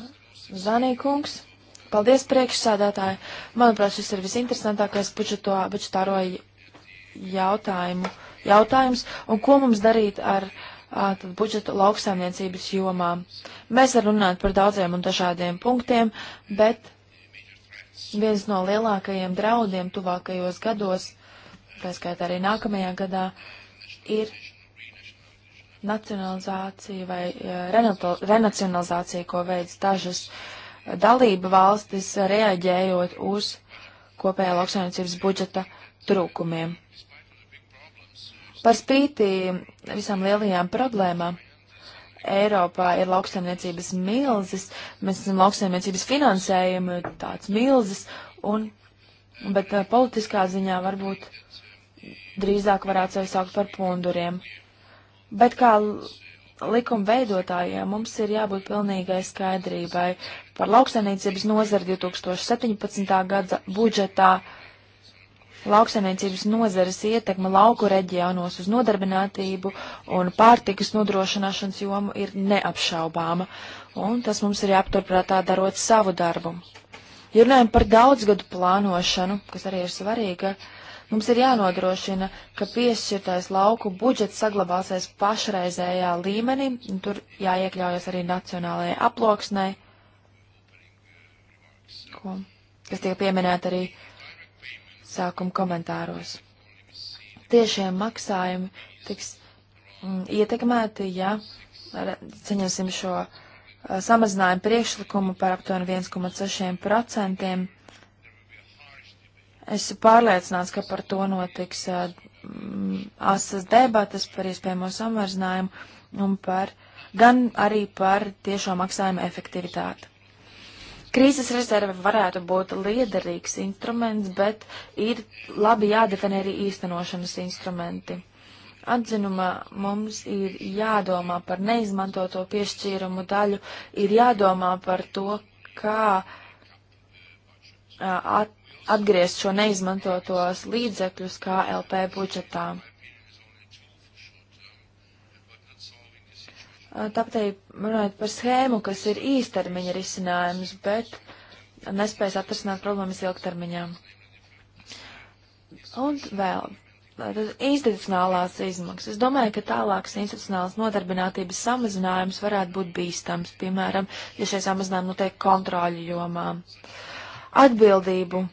[SPEAKER 4] Zanīkungs. Paldies, priekšsādātāji. Manuprāt, šis ir visinteresantākais budžeto, budžetāro jautājumu, jautājums. Un ko mums darīt ar a, tad, budžetu lauksaimniecības jomā? Mēs varam runāt par daudziem un dažādiem punktiem, bet viens no lielākajiem draudiem tuvākajos gados, tā skaitā arī nākamajā gadā, ir nacionalizācija vai eh, renato, renacionalizācija, ko veids dažas eh, dalība valstis, eh, reaģējot uz kopējā lauksaimniecības budžeta trūkumiem. Par spīti visām lielajām problēmām Eiropā ir lauksaimniecības milzis, mēs esam lauksaimniecības finansējumi tāds milzis, un, bet uh, politiskā ziņā varbūt drīzāk varētu sevi saukt par punduriem. Uh, Bet kā likuma veidotājiem mums ir jābūt pilnīgai skaidrībai par lauksainīcības nozari 2017. gada budžetā. Lauksaimniecības nozares ietekme lauku reģionos uz nodarbinātību un pārtikas nodrošināšanas jomu ir neapšaubāma, un tas mums ir jāapturprātā darot savu darbu. Ja runājam par daudzgadu plānošanu, kas arī ir svarīga, uh, Mums ir jānodrošina, ka piešķirtais lauku budžets saglabāsies pašreizējā līmenī, un tur jāiekļaujas arī nacionālajai aploksnai, ko, kas tiek pieminēta arī sākuma komentāros. Tiešie maksājumi tiks mm, ietekmēti, ja saņemsim šo eh, samazinājumu priekšlikumu par aptuveni 1,6%. Esmu pārliecināts, ka par to notiks uh, asas debatas par iespējamo samazinājumu un par, gan arī par tiešo maksājumu efektivitāti. Krīzes rezerve varētu būt liederīgs instruments, bet ir labi jādefinē arī īstenošanas instrumenti. Atzinumā mums ir jādomā par neizmantoto piešķīrumu daļu, ir jādomā par to, kā at, atgriezt šo neizmantotos līdzekļus KLP budžetā. Tāpat arī runājot par schēmu, kas ir īstermiņa risinājums, bet nespējas atrasināt problēmas ilgtermiņā. Un vēl institucionālās izmaksas. Es domāju, ka tālākas institucionālas nodarbinātības samazinājums varētu būt bīstams, piemēram, ja šie samazinājumi notiek kontroļu jomā. Atbildību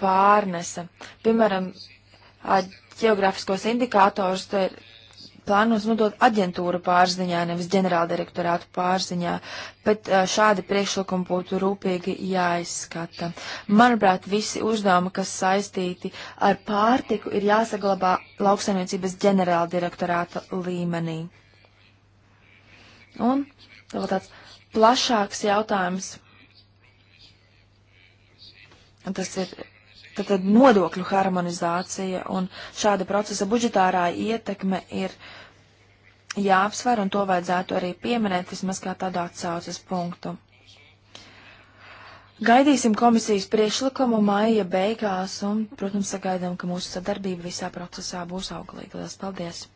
[SPEAKER 4] pārnese. Piemēram, ģeogrāfiskos indikātors te ir plānos nodot aģentūru pārziņā, nevis ģenerāldirektorātu pārziņā, bet šādi priekšlikumi būtu rūpīgi jāizskata. Manuprāt, visi uzdevumi, kas saistīti ar pārtiku, ir jāsaglabā lauksaimniecības ģenerāldirektorāta līmenī. Un vēl tāds plašāks jautājums Tas ir tad nodokļu harmonizācija un šāda procesa budžetārā ietekme ir jāapsver un to vajadzētu arī pieminēt vismaz kā tādu atsauces punktu. Gaidīsim komisijas priekšlikumu maija beigās un, protams, sagaidām, ka mūsu sadarbība visā procesā būs auglīga. Lielas paldies!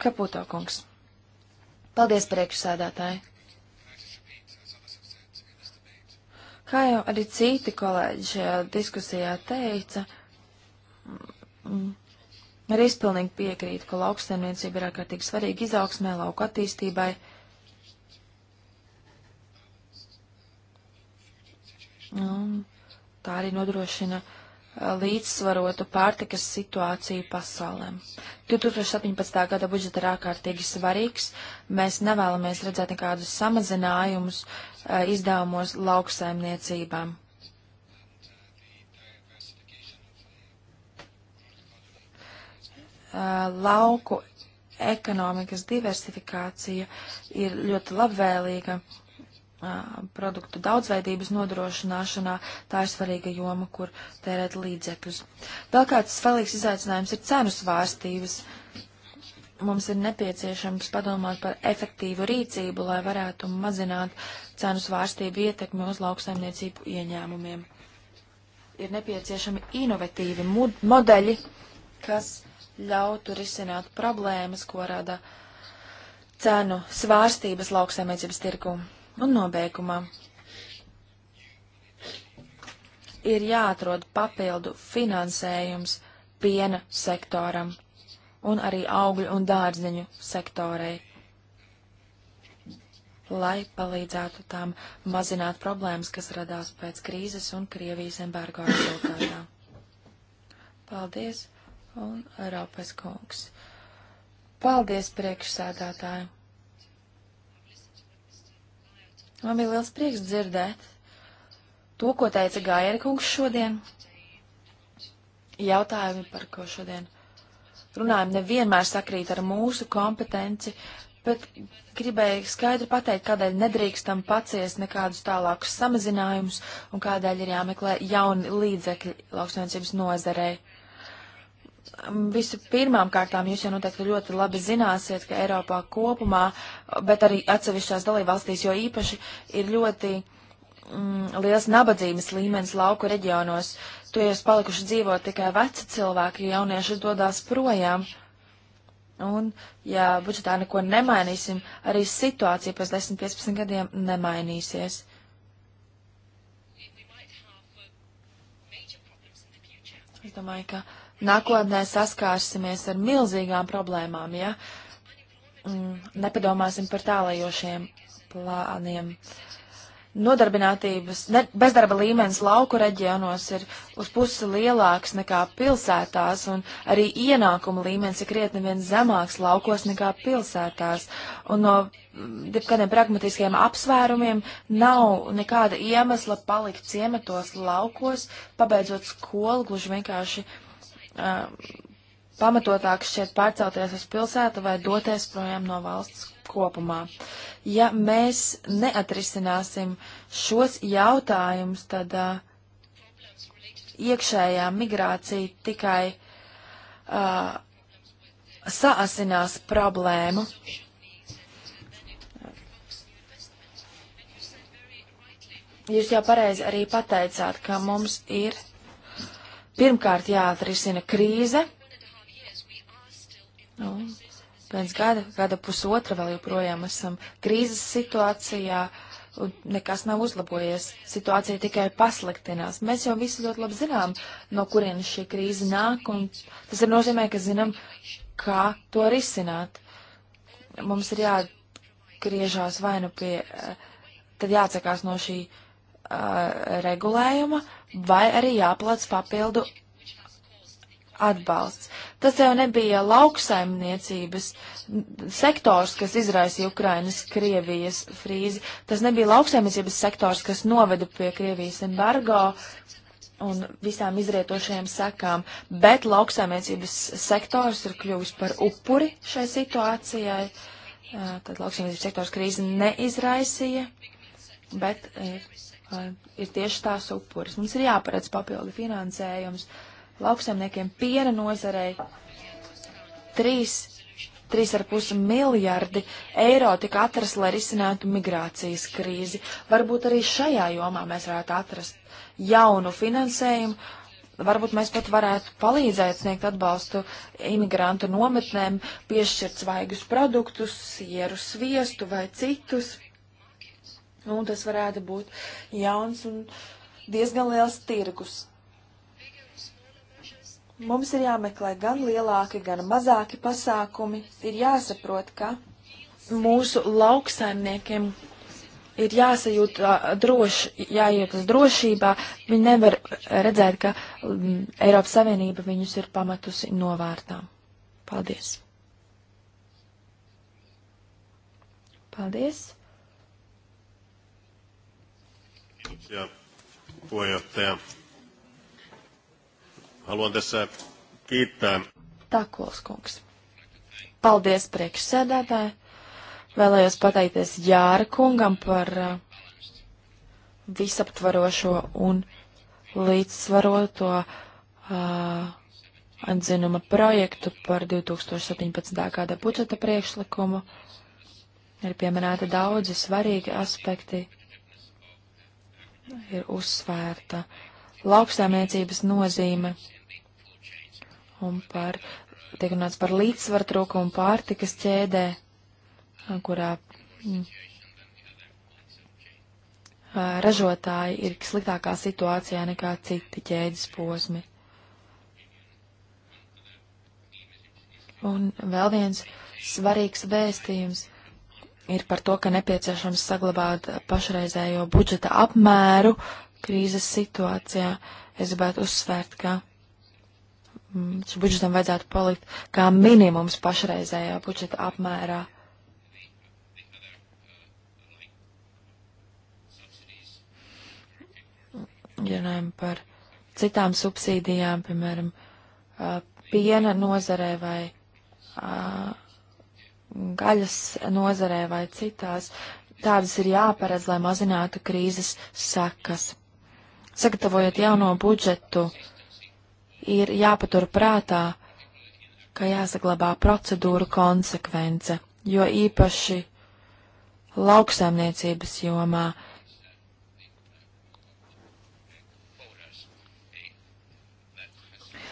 [SPEAKER 4] Kaputo kungs. Paldies, priekšsēdētāji. Kā jau arī citi kolēģi šajā diskusijā teica, mm, arī es pilnīgi piekrītu, ka lauksaimniecība ir ārkārtīgi svarīga izaugsmē, lauku attīstībai. Un tā arī nodrošina uh, līdzsvarotu pārtikas situāciju pasaulē. 2017. gada budžets ir ārkārtīgi svarīgs. Mēs nevēlamies redzēt nekādus samazinājumus eh, izdevumos lauksaimniecībām. Eh, lauku ekonomikas diversifikācija ir ļoti labvēlīga produktu daudzveidības nodrošināšanā tā ir svarīga joma, kur tērēt līdzekļus. Vēl kāds svarīgs izaicinājums ir cenu svārstības. Mums ir nepieciešams padomāt par efektīvu rīcību, lai varētu mazināt cenu svārstību ietekmi uz lauksaimniecību ieņēmumiem. Ir nepieciešami inovatīvi modeļi, kas ļautu risināt problēmas, ko rada cenu svārstības lauksaimniecības tirkumu Un nobeigumā ir jāatrod papildu finansējums piena sektoram un arī augļu un dārzeņu sektorai, lai palīdzētu tām mazināt problēmas, kas radās pēc krīzes un Krievijas embargo rezultātā. Paldies, un Eiropas kungs. Paldies, priekšsēdētāji! Man bija liels prieks dzirdēt to, ko teica Gāja kungs šodien. Jautājumi, par ko šodien runājam, nevienmēr sakrīt ar mūsu kompetenci, bet gribēju skaidri pateikt, kādēļ nedrīkstam paciest nekādus tālākus samazinājumus un kādēļ ir jāmeklē jauni līdzekļi lauksainicības nozarei. Visu pirmām kārtām jūs jau noteikti ļoti labi zināsiet, ka Eiropā kopumā, bet arī atsevišķās dalībvalstīs, jo īpaši ir ļoti mm, liels nabadzības līmenis lauku reģionos. Tujies palikuši dzīvo tikai veci cilvēki, jo jaunieši dodās projām. Un, ja budžetā neko nemainīsim, arī situācija pēc 10-15 gadiem nemainīsies. Es domāju, ka nākotnē saskārsimies ar milzīgām problēmām, ja mm, nepadomāsim par tālajošiem plāniem. Nodarbinātības, ne, bezdarba līmenis lauku reģionos ir uz pusi lielāks nekā pilsētās, un arī ienākuma līmenis ir krietni vien zemāks laukos nekā pilsētās. Un no mm, kādiem pragmatiskiem apsvērumiem nav nekāda iemesla palikt ciematos laukos, pabeidzot skolu, gluži vienkārši uh, Eh, pamatotāks šķiet pārcelties uz pilsētu vai doties projām no valsts kopumā. Ja mēs neatrisināsim šos jautājumus, tad uh, iekšējā migrācija tikai uh, eh, saasinās problēmu. Jūs jau pareizi arī pateicāt, ka mums ir Pirmkārt jāatrisina krīze. Nu, pēc gada, gada pusotra vēl joprojām esam krīzes situācijā un nekas nav uzlabojies. Situācija tikai pasliktinās. Mēs jau visu ļoti labi zinām, no kurienes šī krīze nāk, un tas ir nozīmē, ka zinām, kā to risināt. Mums ir jāgriežās vai nu pie, eh, tad jāatsakās no šī regulējuma, vai arī jāplāc papildu atbalsts. Tas jau nebija lauksaimniecības sektors, kas izraisīja Ukrainas Krievijas frīzi. Tas nebija lauksaimniecības sektors, kas noveda pie Krievijas embargo un visām izrietošajām sekām, bet lauksaimniecības sektors ir kļuvis par upuri šai situācijai. Tad lauksaimniecības sektors krīzi neizraisīja, bet ir ir tieši tās upuris. Mums ir jāparedz papildu finansējums lauksaimniekiem piena nozarei. 3,5 miljardi eiro tika atrast, lai risinātu migrācijas krīzi. Varbūt arī šajā jomā mēs varētu atrast jaunu finansējumu. Varbūt mēs pat varētu palīdzēt sniegt atbalstu imigrantu nometnēm, piešķirt svaigus produktus, sieru, sviestu vai citus. Nu, un tas varētu būt jauns un diezgan liels tirgus. Mums ir jāmeklē gan lielāki, gan mazāki pasākumi. Ir jāsaprot, ka mūsu lauksaimniekiem ir jāsajūt droši, jāiejūtas drošībā. Viņi nevar redzēt, ka m, mm, Eiropas Savienība viņus ir pametusi novārtā. Paldies! Paldies!
[SPEAKER 3] Kiitoksia puheenjohtaja. Haluan tässä kiittää.
[SPEAKER 4] Takols kungs. Paldies priekšsēdētāji. Vēlējos pateikties Jāra kungam par uh, visaptvarošo un līdzsvaroto uh, atzinuma projektu par 2017. gada budžeta priekšlikumu. Ir pieminēti daudzi svarīgi aspekti ir uzsvērta lauksaimniecības nozīme un par, tiek runāts par līdzsvaru trūkumu pārtikas ķēdē, kurā m, mm, ražotāji ir sliktākā situācijā nekā citi ķēdes posmi. Un vēl viens svarīgs vēstījums ir par to, ka nepieciešams saglabāt pašreizējo budžeta apmēru krīzes situācijā. Es gribētu uzsvērt, ka mm, šim budžetam vajadzētu palikt kā minimums pašreizējā budžeta apmērā. Runājam par citām subsīdijām, piemēram, piena nozarē vai gaļas nozarē vai citās, tādas ir jāparedz, lai mazinātu krīzes sekas. Sagatavojot jauno budžetu, ir jāpatur prātā, ka jāsaglabā procedūru konsekvence, jo īpaši lauksaimniecības jomā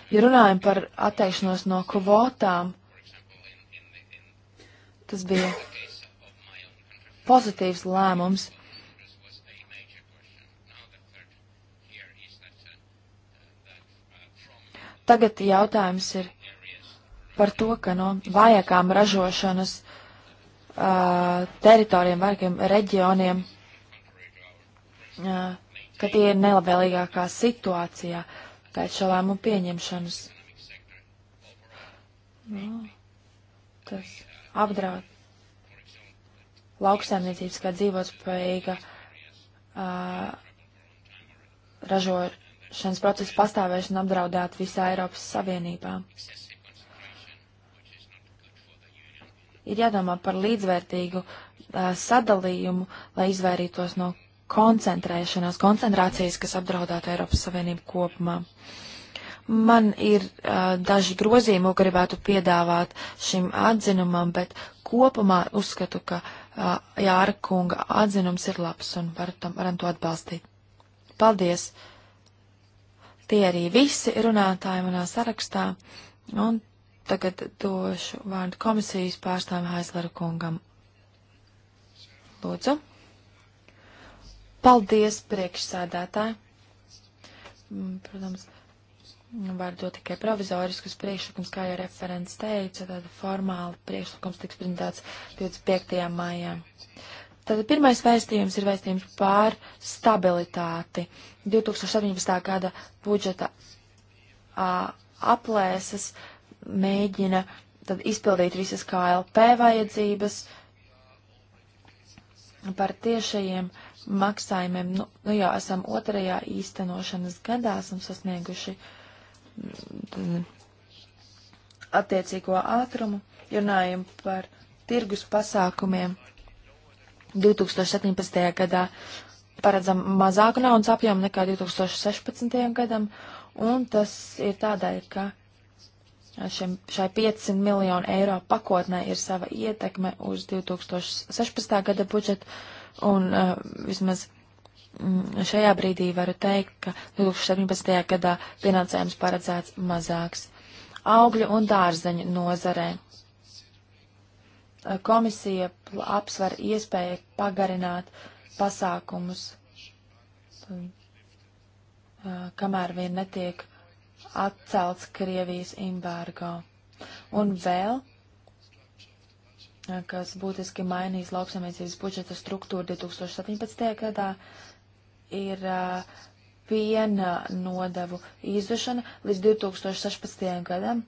[SPEAKER 4] Ja runājam par atteikšanos no kvotām, uh, Tas bija pozitīvs lēmums. Tagad jautājums ir par to, ka no vājākām ražošanas uh, teritorijām, vājākiem reģioniem, uh, ka tie ir nelabvēlīgākā situācijā pēc šo lēmumu pieņemšanas. Nu, tas apdraud lauksaimniecības kā dzīvotspējīga uh, ražošanas procesa pastāvēšana apdraudēt visā Eiropas Savienībā. Ir jādomā par līdzvērtīgu uh, sadalījumu, lai izvairītos no koncentrēšanās, koncentrācijas, kas apdraudētu Eiropas Savienību kopumā. Uh, Man ir uh, daži grozījumi, ko gribētu piedāvāt šim atzinumam, bet kopumā uzskatu, ka uh, Jāra kunga atzinums ir labs un var tam, varam to atbalstīt. Paldies! Tie arī visi runātāji manā sarakstā, un tagad došu vārdu komisijas pārstāvim Haislaru kungam. Lūdzu! Paldies, priekšsēdētāji! Mm, protams var dot tikai provizoriskus priekšlikums, kā jau referents teica, tad formāli priekšlikums tiks prezentēts 25. maijā. Tad pirmais vēstījums ir vēstījums pār stabilitāti. 2017. gada budžeta a, aplēses mēģina tad izpildīt visas KLP vajadzības par tiešajiem maksājumiem. Nu, nu jau esam otrajā īstenošanas gadā, esam sasnieguši uh, attiecīgo ātrumu, runājam par tirgus pasākumiem. 2017. gadā paredzam mazāku naudas apjomu nekā 2016. gadam, un tas ir tādēļ, ka šim, šai 500 miljonu eiro pakotnē ir sava ietekme uz 2016. gada budžetu, un uh, vismaz Mm, šajā brīdī varu teikt, ka 2017. gadā finansējums paredzēts mazāks. Augļu un dārzeņu nozarē. Eh, komisija apsver iespēju pagarināt pasākumus, eh, kamēr vien netiek atcelts Krievijas embargo. Un vēl, eh, kas būtiski mainīs lauksamniecības budžeta struktūru 2017. gadā, uh, ir piena nodevu izdošana līdz 2016. gadam.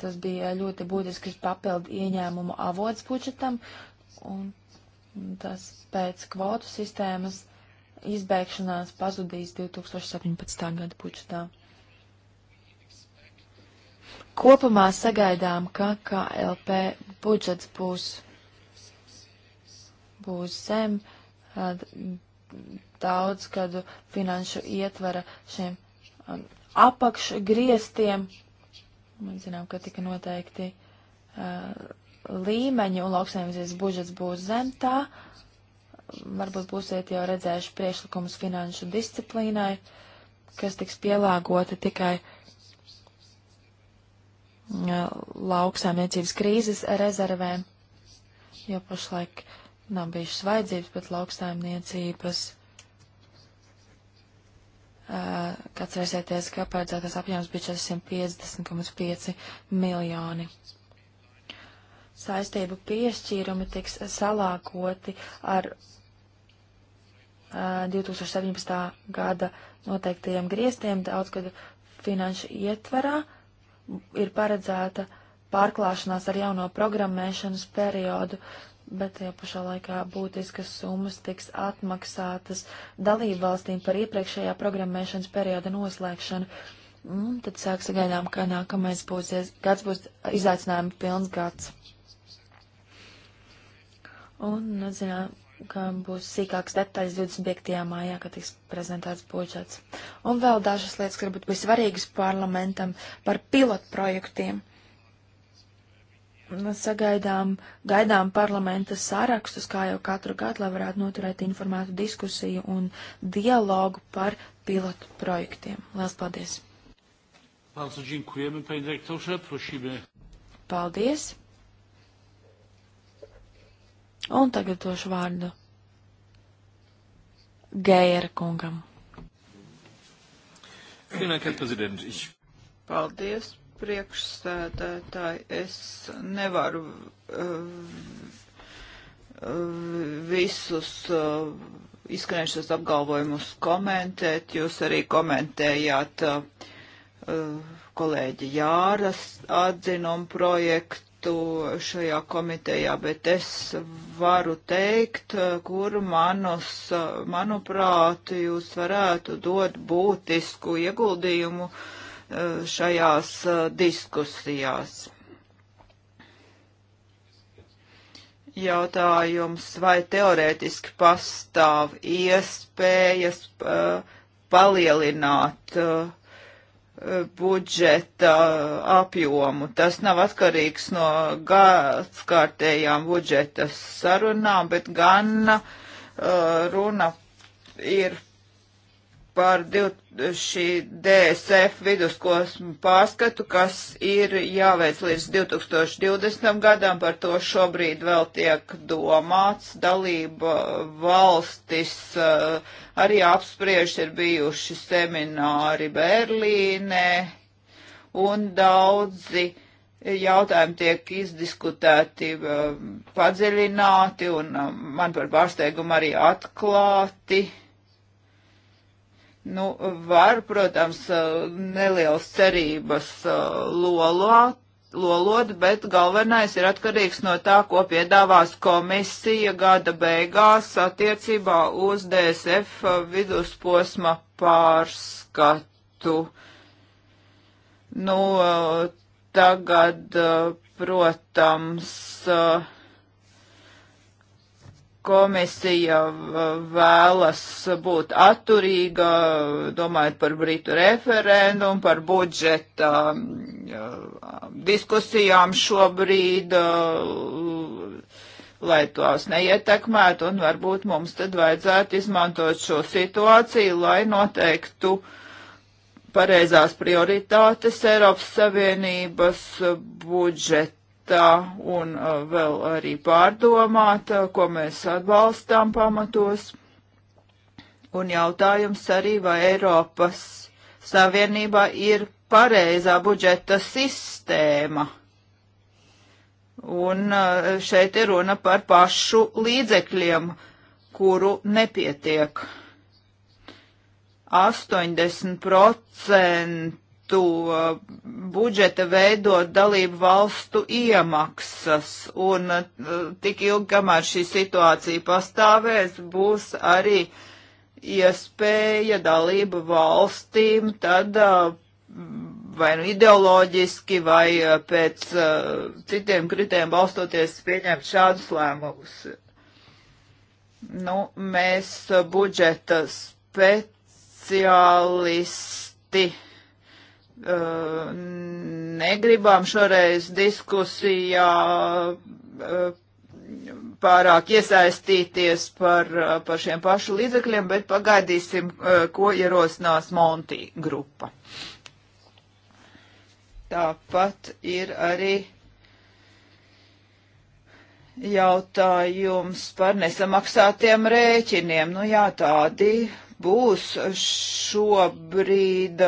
[SPEAKER 4] Tas bija ļoti būtisks papildu ieņēmumu avots budžetam, un tas pēc kvotu sistēmas izbēgšanās pazudīs 2017. gada budžetā. Kopumā sagaidām, ka KLP budžets būs, būs zem daudz gadu finanšu ietvara šiem um, apakšgriestiem. Mēs zinām, ka tika noteikti uh, līmeņi un lauksaimniecības budžets būs zem tā. Varbūt būsiet jau redzējuši priešlikumus finanšu disciplīnai, kas tiks pielāgoti tikai uh, lauksaimniecības krīzes rezervēm, jo pašlaik uh, nav bijušas vajadzības pat lauksaimniecības. Uh, atcerēsieties, ka paredzētais apjoms bija 450,5 miljoni. Saistību piešķīrumi tiks salākoti ar uh, 2017. gada noteiktajiem grieztiem daudzgadu finanšu ietverā. Ir paredzēta pārklāšanās ar jauno programmēšanas periodu, uh, bet tajā pašā laikā būtiskas summas tiks atmaksātas dalību valstīm par iepriekšējā programmēšanas perioda noslēgšanu. Un tad sāk sagaidām, ka nākamais būs, gads būs izaicinājumi pilns gads. Un, zinām, ka būs sīkāks detaļas 25. mājā, kad tiks prezentēts budžets. Un vēl dažas lietas, kas varbūt bija svarīgas parlamentam par pilotprojektiem sagaidām, gaidām parlamenta sārakstus, kā jau katru gadu, lai varētu noturēt informētu diskusiju un dialogu par pilotu projektiem. Lielas paldies! Paldies! Un tagad došu vārdu Gējera kungam.
[SPEAKER 3] Paldies, priekšsēdētāji, es nevaru eh, visus eh, izskanējušos apgalvojumus komentēt. Jūs arī komentējāt eh, kolēģi Jāras atzinumu projektu vietu šajā komitejā, bet es varu teikt, kur manus, manuprāt, jūs varētu dot būtisku ieguldījumu Eh, šajās eh, diskusijās. Jautājums, vai teorētiski pastāv iespējas eh, palielināt uh, budžeta apjomu. Tas nav atkarīgs no gadskārtējām budžeta sarunām, bet gan uh, runa ir par div, šī DSF vidusposmu pārskatu, kas ir jāveic līdz 2020. gadam, par to šobrīd vēl tiek domāts. Dalība valstis eh, arī apspriež ir bijuši semināri Berlīnē un daudzi jautājumi tiek izdiskutēti eh, padziļināti un eh, man par pārsteigumu arī atklāti Nu, var, protams, nelielas cerības lolot, lolot, bet galvenais ir atkarīgs no tā, ko piedāvās komisija gada beigās attiecībā uz DSF vidusposma pārskatu. Nu, tagad, protams, komisija vēlas būt atturīga, domājot par Britu referendumu, par budžeta um, diskusijām šobrīd, uh, lai tos neietekmētu, un varbūt mums tad vajadzētu izmantot šo situāciju, lai noteiktu pareizās prioritātes Eiropas Savienības budžeta izvērtētā un uh, vēl arī pārdomāta, uh, ko mēs atbalstām pamatos. Un jautājums arī, vai Eiropas Savienībā ir pareizā budžeta sistēma. Un uh, šeit ir runa par pašu līdzekļiem, kuru nepietiek. 80% uh, budžeta veidot dalību valstu iemaksas, un uh, tik ilgi, kamēr šī situācija pastāvēs, būs arī iespēja dalību valstīm tad uh, vai nu ideoloģiski, vai uh, pēc uh, citiem kritējiem balstoties pieņemt šādus lēmumus. Nu, mēs budžeta speciālisti uh, negribam šoreiz diskusijā uh, pārāk iesaistīties par, eh, par šiem pašu līdzekļiem, bet pagaidīsim, ko ierosinās Monti grupa. Tāpat ir arī jautājums par nesamaksātiem rēķiniem. Nu jā, tādi būs šobrīd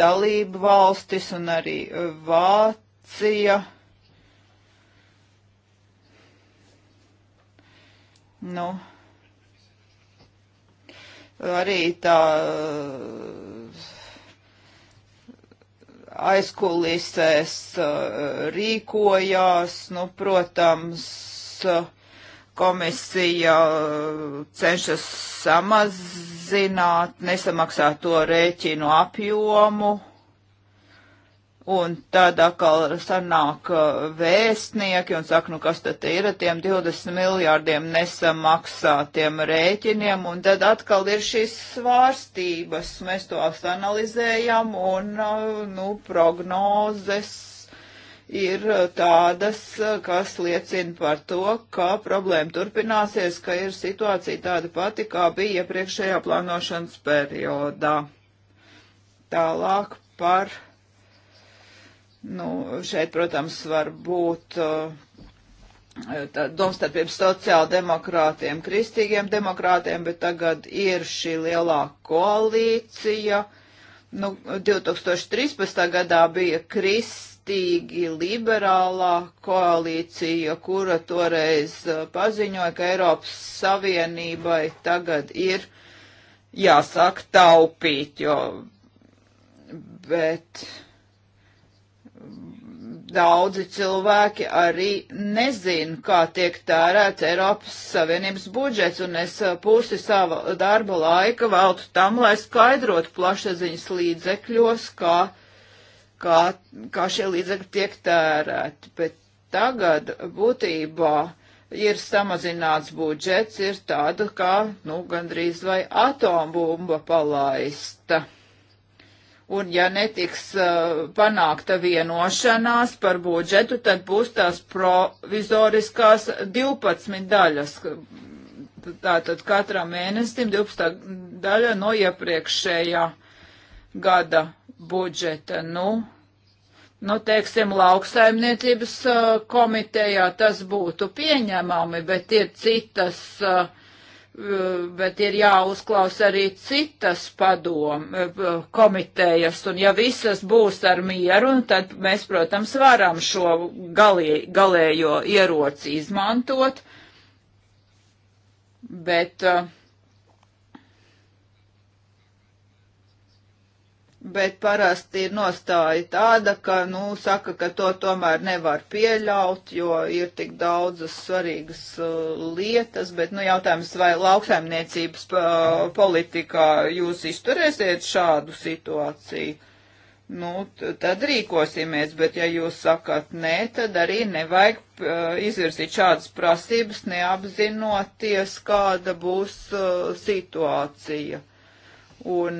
[SPEAKER 3] dalību valstis un arī e, Vācija. Nu, arī tā e, aizkulisēs e, rīkojās, nu, protams, komisija uh, cenšas samazināt nesamaksāto rēķinu apjomu, un tad atkal sanāk uh, vēstnieki un saka, nu kas tad ir tiem 20 miljārdiem nesamaksātiem rēķiniem, un tad atkal ir šīs svārstības, mēs to analizējam, un, uh, nu, prognozes ir uh, tādas, uh, kas liecina par to, ka problēma turpināsies, ka ir situācija tāda pati, kā bija iepriekšējā plānošanas periodā. Tālāk par, nu, šeit, protams, var būt uh, domstarpības sociāldemokrātiem, kristīgiem demokrātiem, bet tagad ir šī lielā koalīcija. Nu, 2013. gadā bija krist pamatīgi liberālā koalīcija, kura toreiz eh, paziņoja, ka Eiropas Savienībai tagad ir jāsāk taupīt, jo, bet daudzi cilvēki arī nezin, kā tiek tērēts Eiropas Savienības budžets, un es eh, pusi sava darba laika veltu tam, lai skaidrotu plašsaziņas līdzekļos, kā kā, kā šie līdzekļi tiek tērēti, bet tagad būtībā ir samazināts budžets, ir tāda kā, nu, gandrīz vai atombumba palaista. Un ja netiks uh, panākta vienošanās par budžetu, tad būs tās provizoriskās 12 daļas. Tātad katram mēnesim 12 daļa no iepriekšējā gada budžeta. Nu, nu teiksim, lauksaimniecības uh, komitejā tas būtu pieņemami, bet ir citas, uh, bet ir jāuzklausa arī citas padom uh, komitejas, un ja visas būs ar mieru, tad mēs, protams, varam šo galie, galējo ieroci izmantot, bet uh, bet parasti ir nostāja tāda, ka, nu, saka, ka to tomēr nevar pieļaut, jo ir tik daudzas svarīgas uh, lietas, bet, nu, jautājums, vai lauksaimniecības uh, politikā jūs izturēsiet šādu situāciju? Nu, tad rīkosimies, bet ja jūs sakat nē, tad arī nevajag uh, izvirzīt šādas prasības, neapzinoties, kāda būs uh, situācija. Un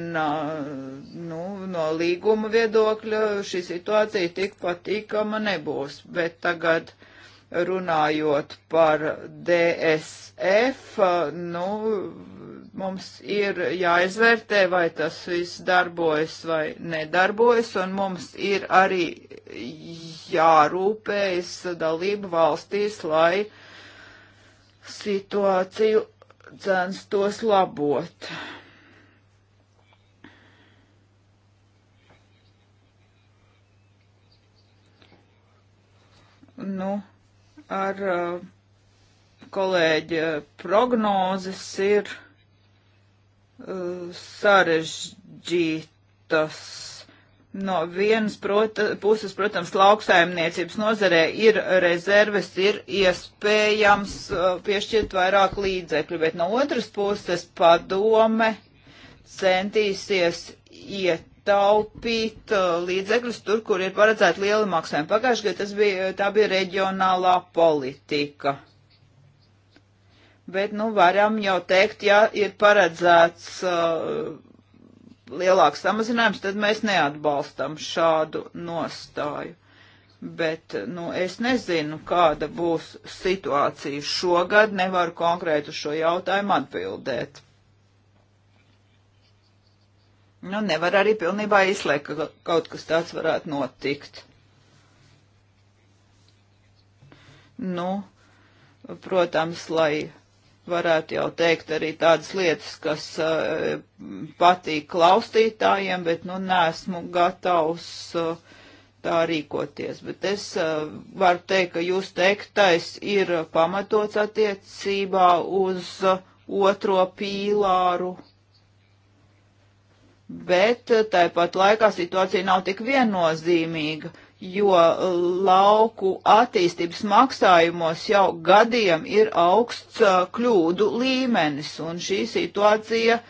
[SPEAKER 3] nu, no līguma viedokļa šī situācija tik patīkama nebūs. Bet tagad runājot par DSF, nu, mums ir jāizvērtē, vai tas viss darbojas vai nedarbojas, un mums ir arī jārūpējas dalību valstīs, lai situāciju censtos labot. nu, ar uh, kolēģi prognozes ir uh, sarežģītas. No vienas prota, puses, protams, lauksaimniecības nozarē ir rezerves, ir iespējams uh, piešķirt vairāk līdzekļu, bet no otras puses padome centīsies iet taupīt uh, līdzekļus tur, kur ir paredzēti lieli maksājumi. Pagājušajā gadā tas bija, uh, tā bija reģionālā politika. Bet, nu, varam jau teikt, ja ir paredzēts uh, lielāks samazinājums, tad mēs neatbalstam šādu nostāju. Bet, nu, es nezinu, kāda būs situācija šogad, nevaru konkrētu šo jautājumu atbildēt. Nu, nevar arī pilnībā izslēgt, ka kaut kas tāds varētu notikt. Nu, protams, lai varētu jau teikt arī tādas lietas, kas uh, patīk klausītājiem, bet nu nesmu gatavs uh, tā rīkoties. Bet es uh, varu teikt, ka jūs teiktais ir pamatots attiecībā uz otro pīlāru bet eh, tāpat laikā situācija nav tik viennozīmīga, jo lauku attīstības maksājumos jau gadiem ir augsts eh, kļūdu līmenis, un šī situācija,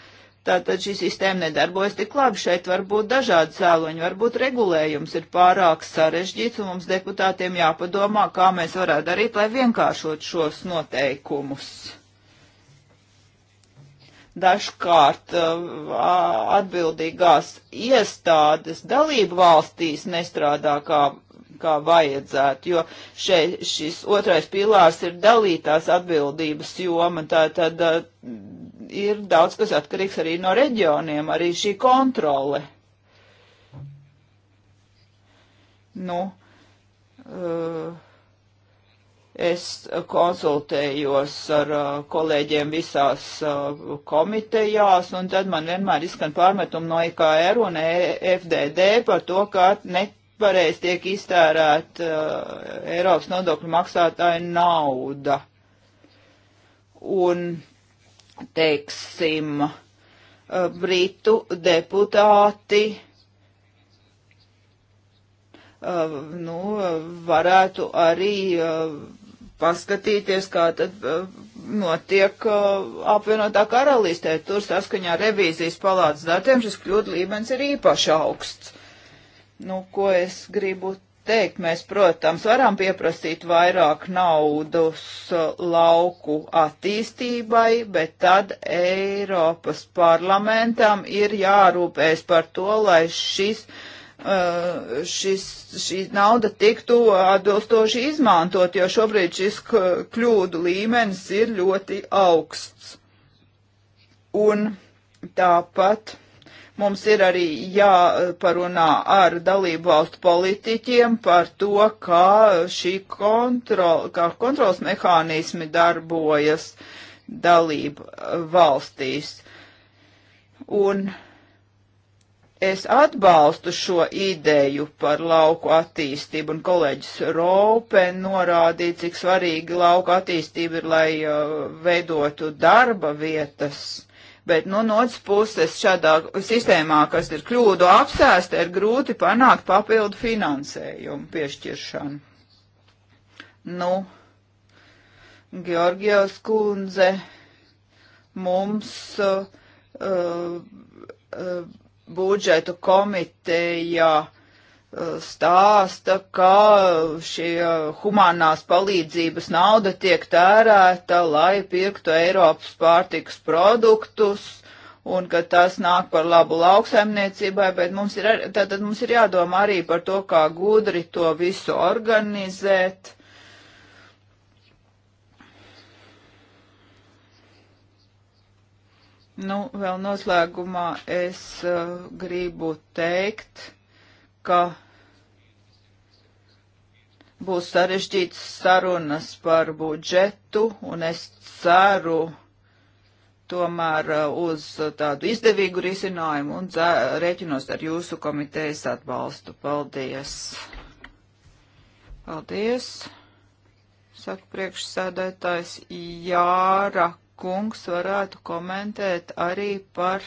[SPEAKER 3] tātad šī sistēma nedarbojas tik labi, šeit var būt dažādi cēloņi, varbūt regulējums ir pārāk sarežģīts, un mums deputātiem jāpadomā, kā mēs varētu darīt, lai vienkāršot šos noteikumus dažkārt uh, atbildīgās iestādes dalību valstīs nestrādā kā, kā vajadzētu, jo šeit šis otrais pilārs ir dalītās atbildības joma, tā tad uh, ir daudz kas atkarīgs arī no reģioniem, arī šī kontrole. Nu, uh, Es konsultējos ar uh, kolēģiem visās uh, komitejās, un tad man vienmēr izskan pārmetumi no IKR e un e, FDD par to, ka nepareiz tiek iztērēt uh, Eiropas nodokļu maksātāju nauda. Un, teiksim, Britu deputāti Uh, nu, varētu arī uh, paskatīties, kā tad eh, notiek eh, apvienotā karalistē. Tur saskaņā revīzijas palātas datiem šis kļūda līmenis ir īpaši augsts. Nu, ko es gribu teikt, mēs, protams, varam pieprasīt vairāk naudas eh, lauku attīstībai, bet tad Eiropas parlamentam ir jārūpēs par to, lai šis uh, Uh, šis, šī nauda tiktu atbilstoši izmantot, jo šobrīd šis kļūdu līmenis ir ļoti augsts. Un tāpat mums ir arī jāparunā ar dalību valstu politiķiem par to, kā šī kontrol, kā kontrols mehānismi darbojas dalību valstīs. Un uh, Es atbalstu šo ideju par lauku attīstību, un kolēģis Raupe norādīja, cik svarīgi lauka attīstība ir, lai uh, veidotu darba vietas. Bet, nu, no otras puses, šādā sistēmā, kas ir kļūdu apsēsta, ir grūti panākt papildu finansējumu piešķiršanu. Nu, Georgijos kundze, mums. Uh, uh, uh budžetu komiteja uh, stāsta, ka šī humanās palīdzības nauda tiek tērēta, lai pirktu Eiropas pārtikas produktus un ka tas nāk par labu lauksaimniecībai, bet mums ir, tātad mums ir jādomā arī par to, kā gudri to visu organizēt Nu, vēl noslēgumā es uh, gribu teikt, ka būs sarežģīts sarunas par budžetu, un es ceru tomēr uh, uz tādu izdevīgu risinājumu un rēķinos ar jūsu komitejas atbalstu. Paldies! Paldies! Saka priekšsēdētājs Jāra kungs varētu komentēt arī par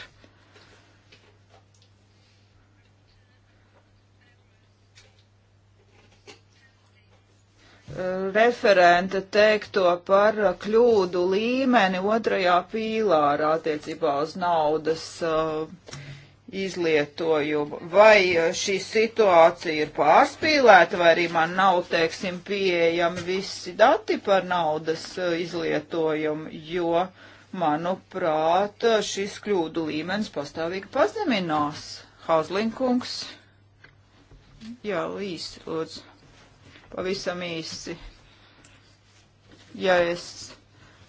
[SPEAKER 3] referenta teikto par kļūdu līmeni otrajā pīlārā attiecībā uz naudas uh, izlietojumu. Vai e, šī situācija ir pārspīlēta, vai arī man nav, teiksim, pieejami visi dati par naudas e, izlietojumu, jo, manuprāt, e, šis kļūdu līmenis pastāvīgi pazeminās. Hauslinkungs. Jā, īsi, lūdzu. Pavisam īsi. Ja es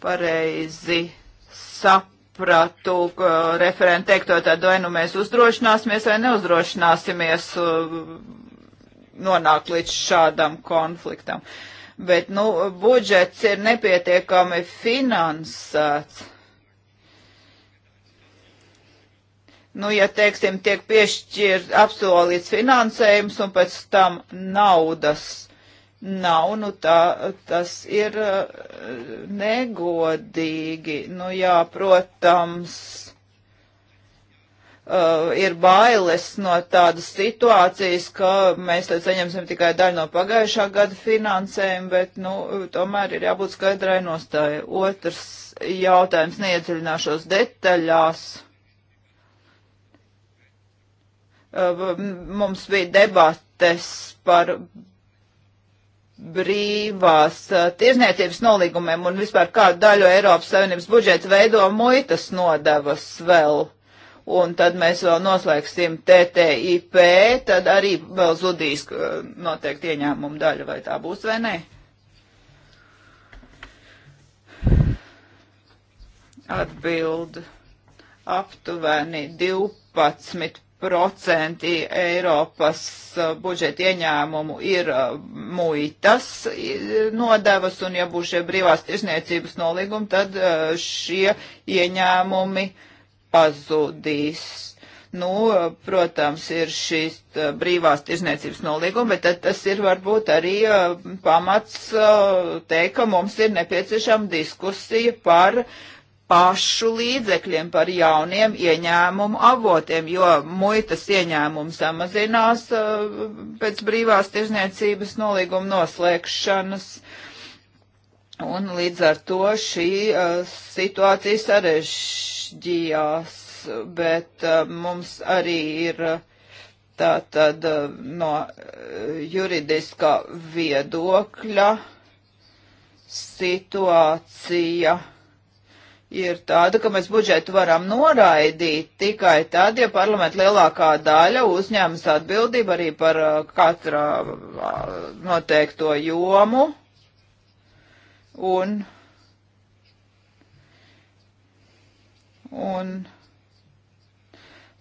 [SPEAKER 3] pareizi saprotu sapratu referentu teikto, tad vai nu mēs uzdrošināsimies vai neuzdrošināsimies uh, nonākt līdz šādam konfliktam. Bet, nu, budžets ir nepietiekami finansēts. nu, ja, teiksim, tiek piešķirt apsolīts finansējums un pēc tam naudas nav, nu tā, tas ir eh, negodīgi. Nu jā, protams, uh, ir bailes no tādas situācijas, ka mēs tad saņemsim tikai daļu no pagājušā gada finansējuma, bet, nu, tomēr ir jābūt skaidrai nostāja. Otrs jautājums neiedziļināšos detaļās. Uh, mums bija debates par brīvās tirzniecības nolīgumiem un vispār kādu daļu Eiropas Savienības budžeta veido muitas nodevas vēl. Un tad mēs vēl noslēgsim TTIP, tad arī vēl zudīs noteikti ieņēmumu daļa, vai tā būs vai nē. Atbild aptuveni 12 procenti Eiropas uh, budžeta ieņēmumu ir uh, muitas nodevas, un ja būs šie brīvās tirsniecības nolīgumi, tad uh, šie ieņēmumi pazudīs. Nu, protams, ir šīs brīvās tirsniecības nolīgumi, bet tad tas ir varbūt arī pamats teikt, ka mums ir nepieciešama diskusija par uh, pašu līdzekļiem, par jauniem ieņēmumu avotiem, jo muitas ieņēmumi samazinās uh, pēc brīvās tirzniecības nolīguma noslēgšanas. Un līdz ar to šī uh, situācija sarežģījās, bet uh, mums arī ir tātad no juridiskā viedokļa situācija ir tāda, ka mēs budžetu varam noraidīt tikai tad, ja parlamenta lielākā daļa uzņēmas atbildību arī par uh, katru uh, noteikto jomu. Un, un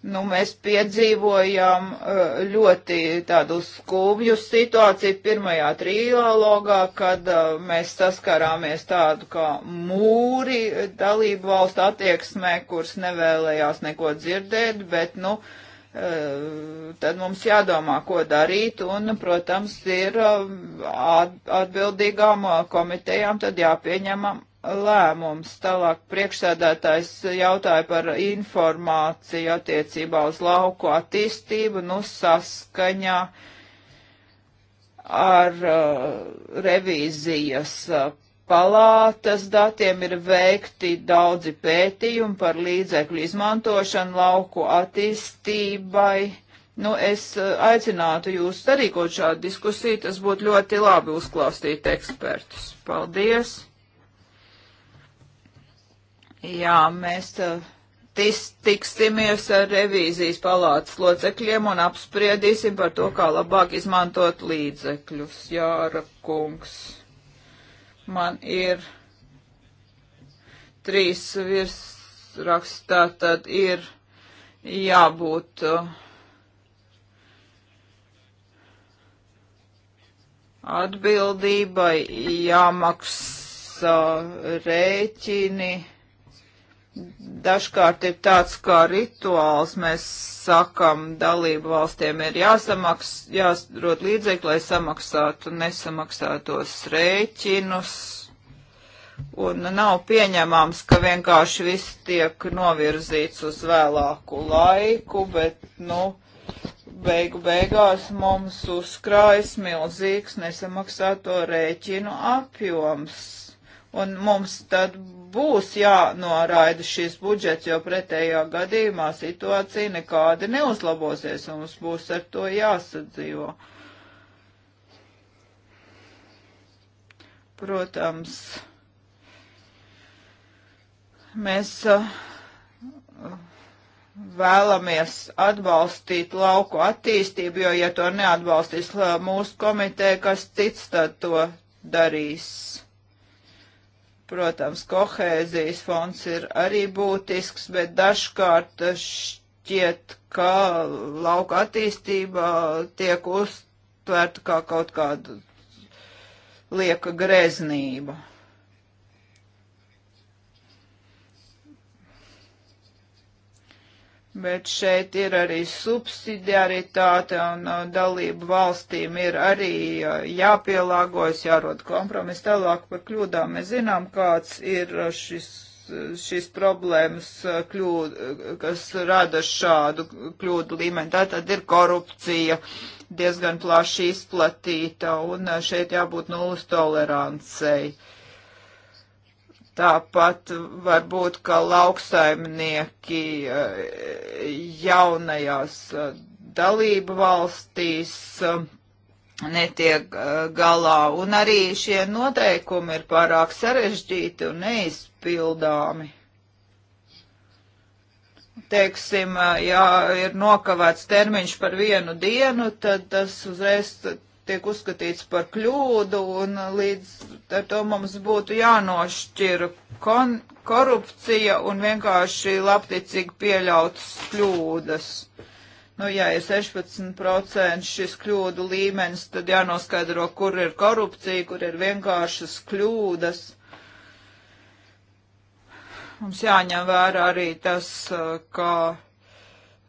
[SPEAKER 3] Nu, mēs piedzīvojām eh, ļoti tādu skumju situāciju pirmajā trijālogā, kad eh, mēs saskarāmies tādu kā mūri dalību valstu attieksmē, kuras nevēlējās neko dzirdēt, bet, nu, eh, tad mums jādomā, ko darīt, un, protams, ir atbildīgām komitejām tad jāpieņemam lēmums. Tālāk priekšsēdētājs jautāja par informāciju attiecībā uz lauku attīstību, nu saskaņā ar uh, revīzijas uh, palātas datiem ir veikti daudzi pētījumi par līdzekļu izmantošanu lauku attīstībai. Nu, es uh, aicinātu jūs sarīkot šādu diskusiju, tas būtu ļoti labi uzklausīt ekspertus. Paldies! Jā, mēs uh, tis, tiksimies ar revīzijas palātas locekļiem un apspriedīsim par to, kā labāk izmantot līdzekļus. Jāra kungs, man ir trīs virsrakstā, tad ir jābūt uh, atbildībai, jāmaksā rēķini dažkārt ir tāds kā rituāls. Mēs sakam, dalību valstiem ir jāsamaks, jāsrot līdzekļi, lai samaksātu nesamaksātos rēķinus. Un nav pieņemams, ka vienkārši viss tiek novirzīts uz vēlāku laiku, bet, nu, beigu beigās mums uzkrājas milzīgs nesamaksāto rēķinu apjoms. Un mums tad būs jānoraida šis budžets, jo pretējā gadījumā situācija nekādi neuzlabosies un mums būs ar to jāsadzīvo. Protams, mēs uh, vēlamies atbalstīt lauku attīstību, jo ja to neatbalstīs uh, mūsu komiteja, kas cits tad to darīs. Protams, kohēzijas fonds ir arī būtisks, bet dažkārt šķiet, ka lauka attīstība tiek uztverta kā kaut kāda lieka greznība. bet šeit ir arī subsidiaritāte un uh, dalību valstīm ir arī uh, jāpielāgojas, jārod kompromis tālāk par kļūdām. Mēs zinām, kāds ir uh, šis, šis problēmas, kļūd, kas rada šādu kļūdu līmeni. Tā tad ir korupcija diezgan plaši izplatīta un šeit jābūt nulles tolerancei. Uh, Tāpat varbūt, ka lauksaimnieki eh, jaunajās eh, dalību valstīs eh, netiek galā, un arī šie noteikumi ir pārāk sarežģīti un neizpildāmi. Teiksim, ja ir nokavēts termiņš par vienu dienu, tad tas uzreiz tiek uzskatīts par kļūdu, un līdz ar to mums būtu jānošķir kon, korupcija un vienkārši labticīgi pieļautas kļūdas. Nu, ja ir 16% šis kļūdu līmenis, tad jānoskaidro, kur ir korupcija, kur ir vienkāršas kļūdas. Mums jāņem vērā arī tas, ka. Uh,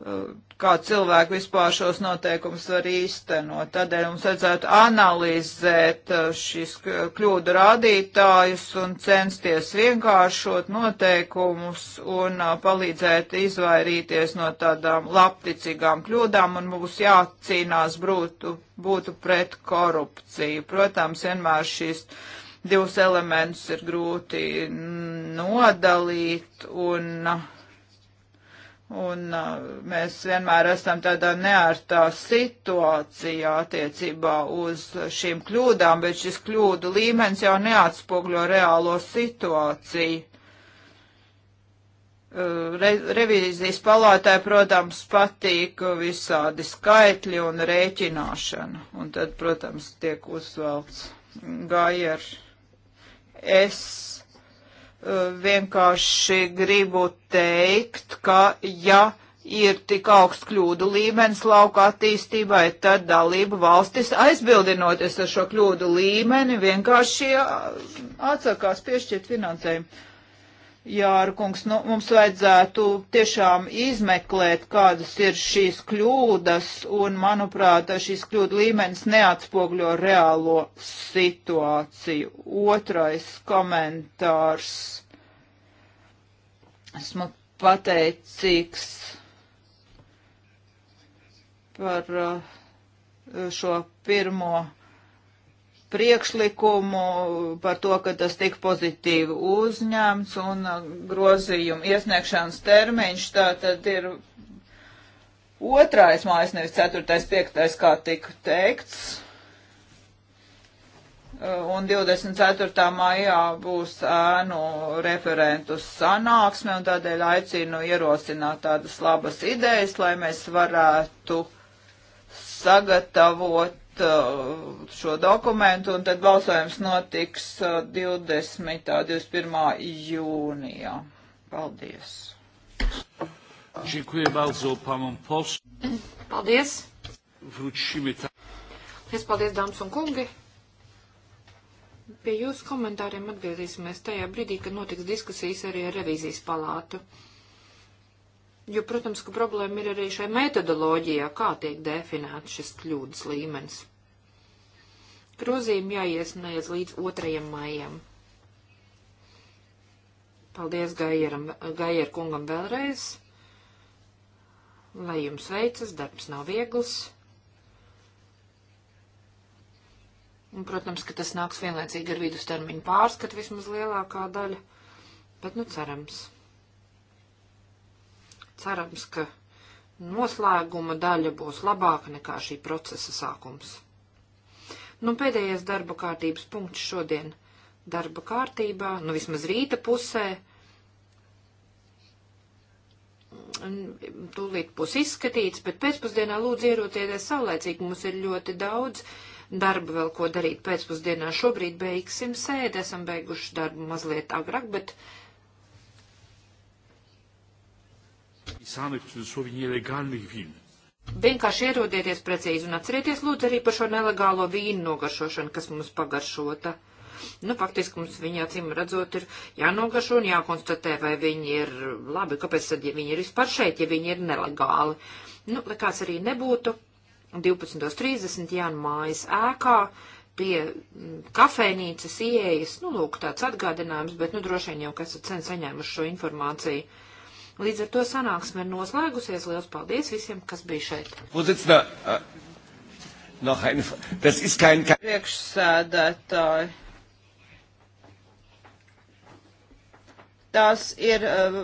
[SPEAKER 3] Eh, kā cilvēki vispār šos noteikumus var īstenot. Tādēļ mums vajadzētu analizēt eh, šīs kļūdu rādītājus un censties vienkāršot noteikumus un eh, palīdzēt izvairīties no tādām lapticīgām kļūdām un mums jācīnās būtu, būtu pret korupciju. Protams, vienmēr šīs divus elementus ir grūti nodalīt un uh, Un mēs vienmēr esam tādā neārtā situācijā attiecībā uz šīm kļūdām, bet šis kļūdu līmenis jau neatspogļo reālo situāciju. Re, revīzijas palātē, protams, patīk visādi skaitļi un rēķināšana. Un tad, protams, tiek uzvelts gājers. Es vienkārši gribu teikt, ka ja ir tik augsts kļūdu līmenis lauka attīstībai, tad dalību valstis aizbildinoties ar šo kļūdu līmeni vienkārši atsakās piešķirt finansējumu. Jāra kungs, nu, mums vajadzētu tiešām izmeklēt, kādas ir šīs kļūdas, un, manuprāt, šīs kļūda līmenis neatspogļo reālo situāciju. Otrais komentārs. Esmu pateicīgs par uh, šo pirmo priekšlikumu par to, ka tas tik pozitīvi uzņemts un uh, grozījumu iesniegšanas termiņš tā tad ir otrais mājas, nevis ceturtais, piektais, kā tika teikts. Uh, un 24. maijā būs ēnu referentu sanāksme, un tādēļ aicinu ierosināt tādas labas idejas, lai mēs varētu sagatavot Uh, šo dokumentu, un tad balsojums notiks 20. un 21. jūnijā. Paldies!
[SPEAKER 1] Dziękuję bardzo panom posłom. Paldies. Wrócimy tam.
[SPEAKER 2] Paldies, paldies, dāmas un kungi. Pie jūsu komentāriem atgriezīsimies tajā brīdī, kad notiks diskusijas arī ar revīzijas palātu. Jo, protams, ka problēma ir arī šai metodoloģijā, kā tiek definēts šis kļūdas līmenis. Grozījumi jāiesniedz līdz 2. maijam. Paldies Gaieram, Gaier kungam vēlreiz. Lai jums veicas, darbs nav viegls. Un, protams, ka tas nāks vienlaicīgi ar vidustermiņu pārskatu vismaz lielākā daļa, bet nu cerams. Cerams, ka noslēguma daļa būs labāka nekā šī procesa sākums. Nu, pēdējais darba kārtības punkts šodien darba kārtībā, nu vismaz rīta pusē, tūlīt būs izskatīts, bet pēcpusdienā lūdzu ierotieties saulēcīgi, mums ir ļoti daudz darba vēl ko darīt pēcpusdienā. Šobrīd beigsim sēdi, esam beiguši darbu mazliet agrāk, bet
[SPEAKER 1] pisanych, w cudzysłowie, nielegalnych vin.
[SPEAKER 2] Vienkārši ierodieties precīzi un atcerieties lūdzu arī par šo nelegālo vīnu nogaršošanu, kas mums pagaršota. Nu, faktiski mums viņa acīm redzot ir jānogaršo un jākonstatē, vai viņi ir labi, kāpēc tad, ja viņi ir vispār šeit, ja viņi ir nelegāli. Nu, lai kāds arī nebūtu, 12.30 janmājas ēkā pie mm, kafejnīcas ieejas, nu, lūk, tāds atgādinājums, bet, nu, droši vien jau, kas esat sen saņēmuši šo informāciju. Līdz ar to sanāksme ir noslēgusies. Liels paldies visiem, kas bija šeit.
[SPEAKER 1] Eh,
[SPEAKER 3] Priekšsēdētāji. Tas ir eh,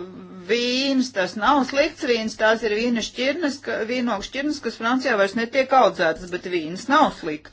[SPEAKER 3] vīns, tas nav slikts vīns, tās ir vīna šķirnes, vīnogu šķirnes, kas Francijā vairs netiek audzētas, bet vīns nav slikts.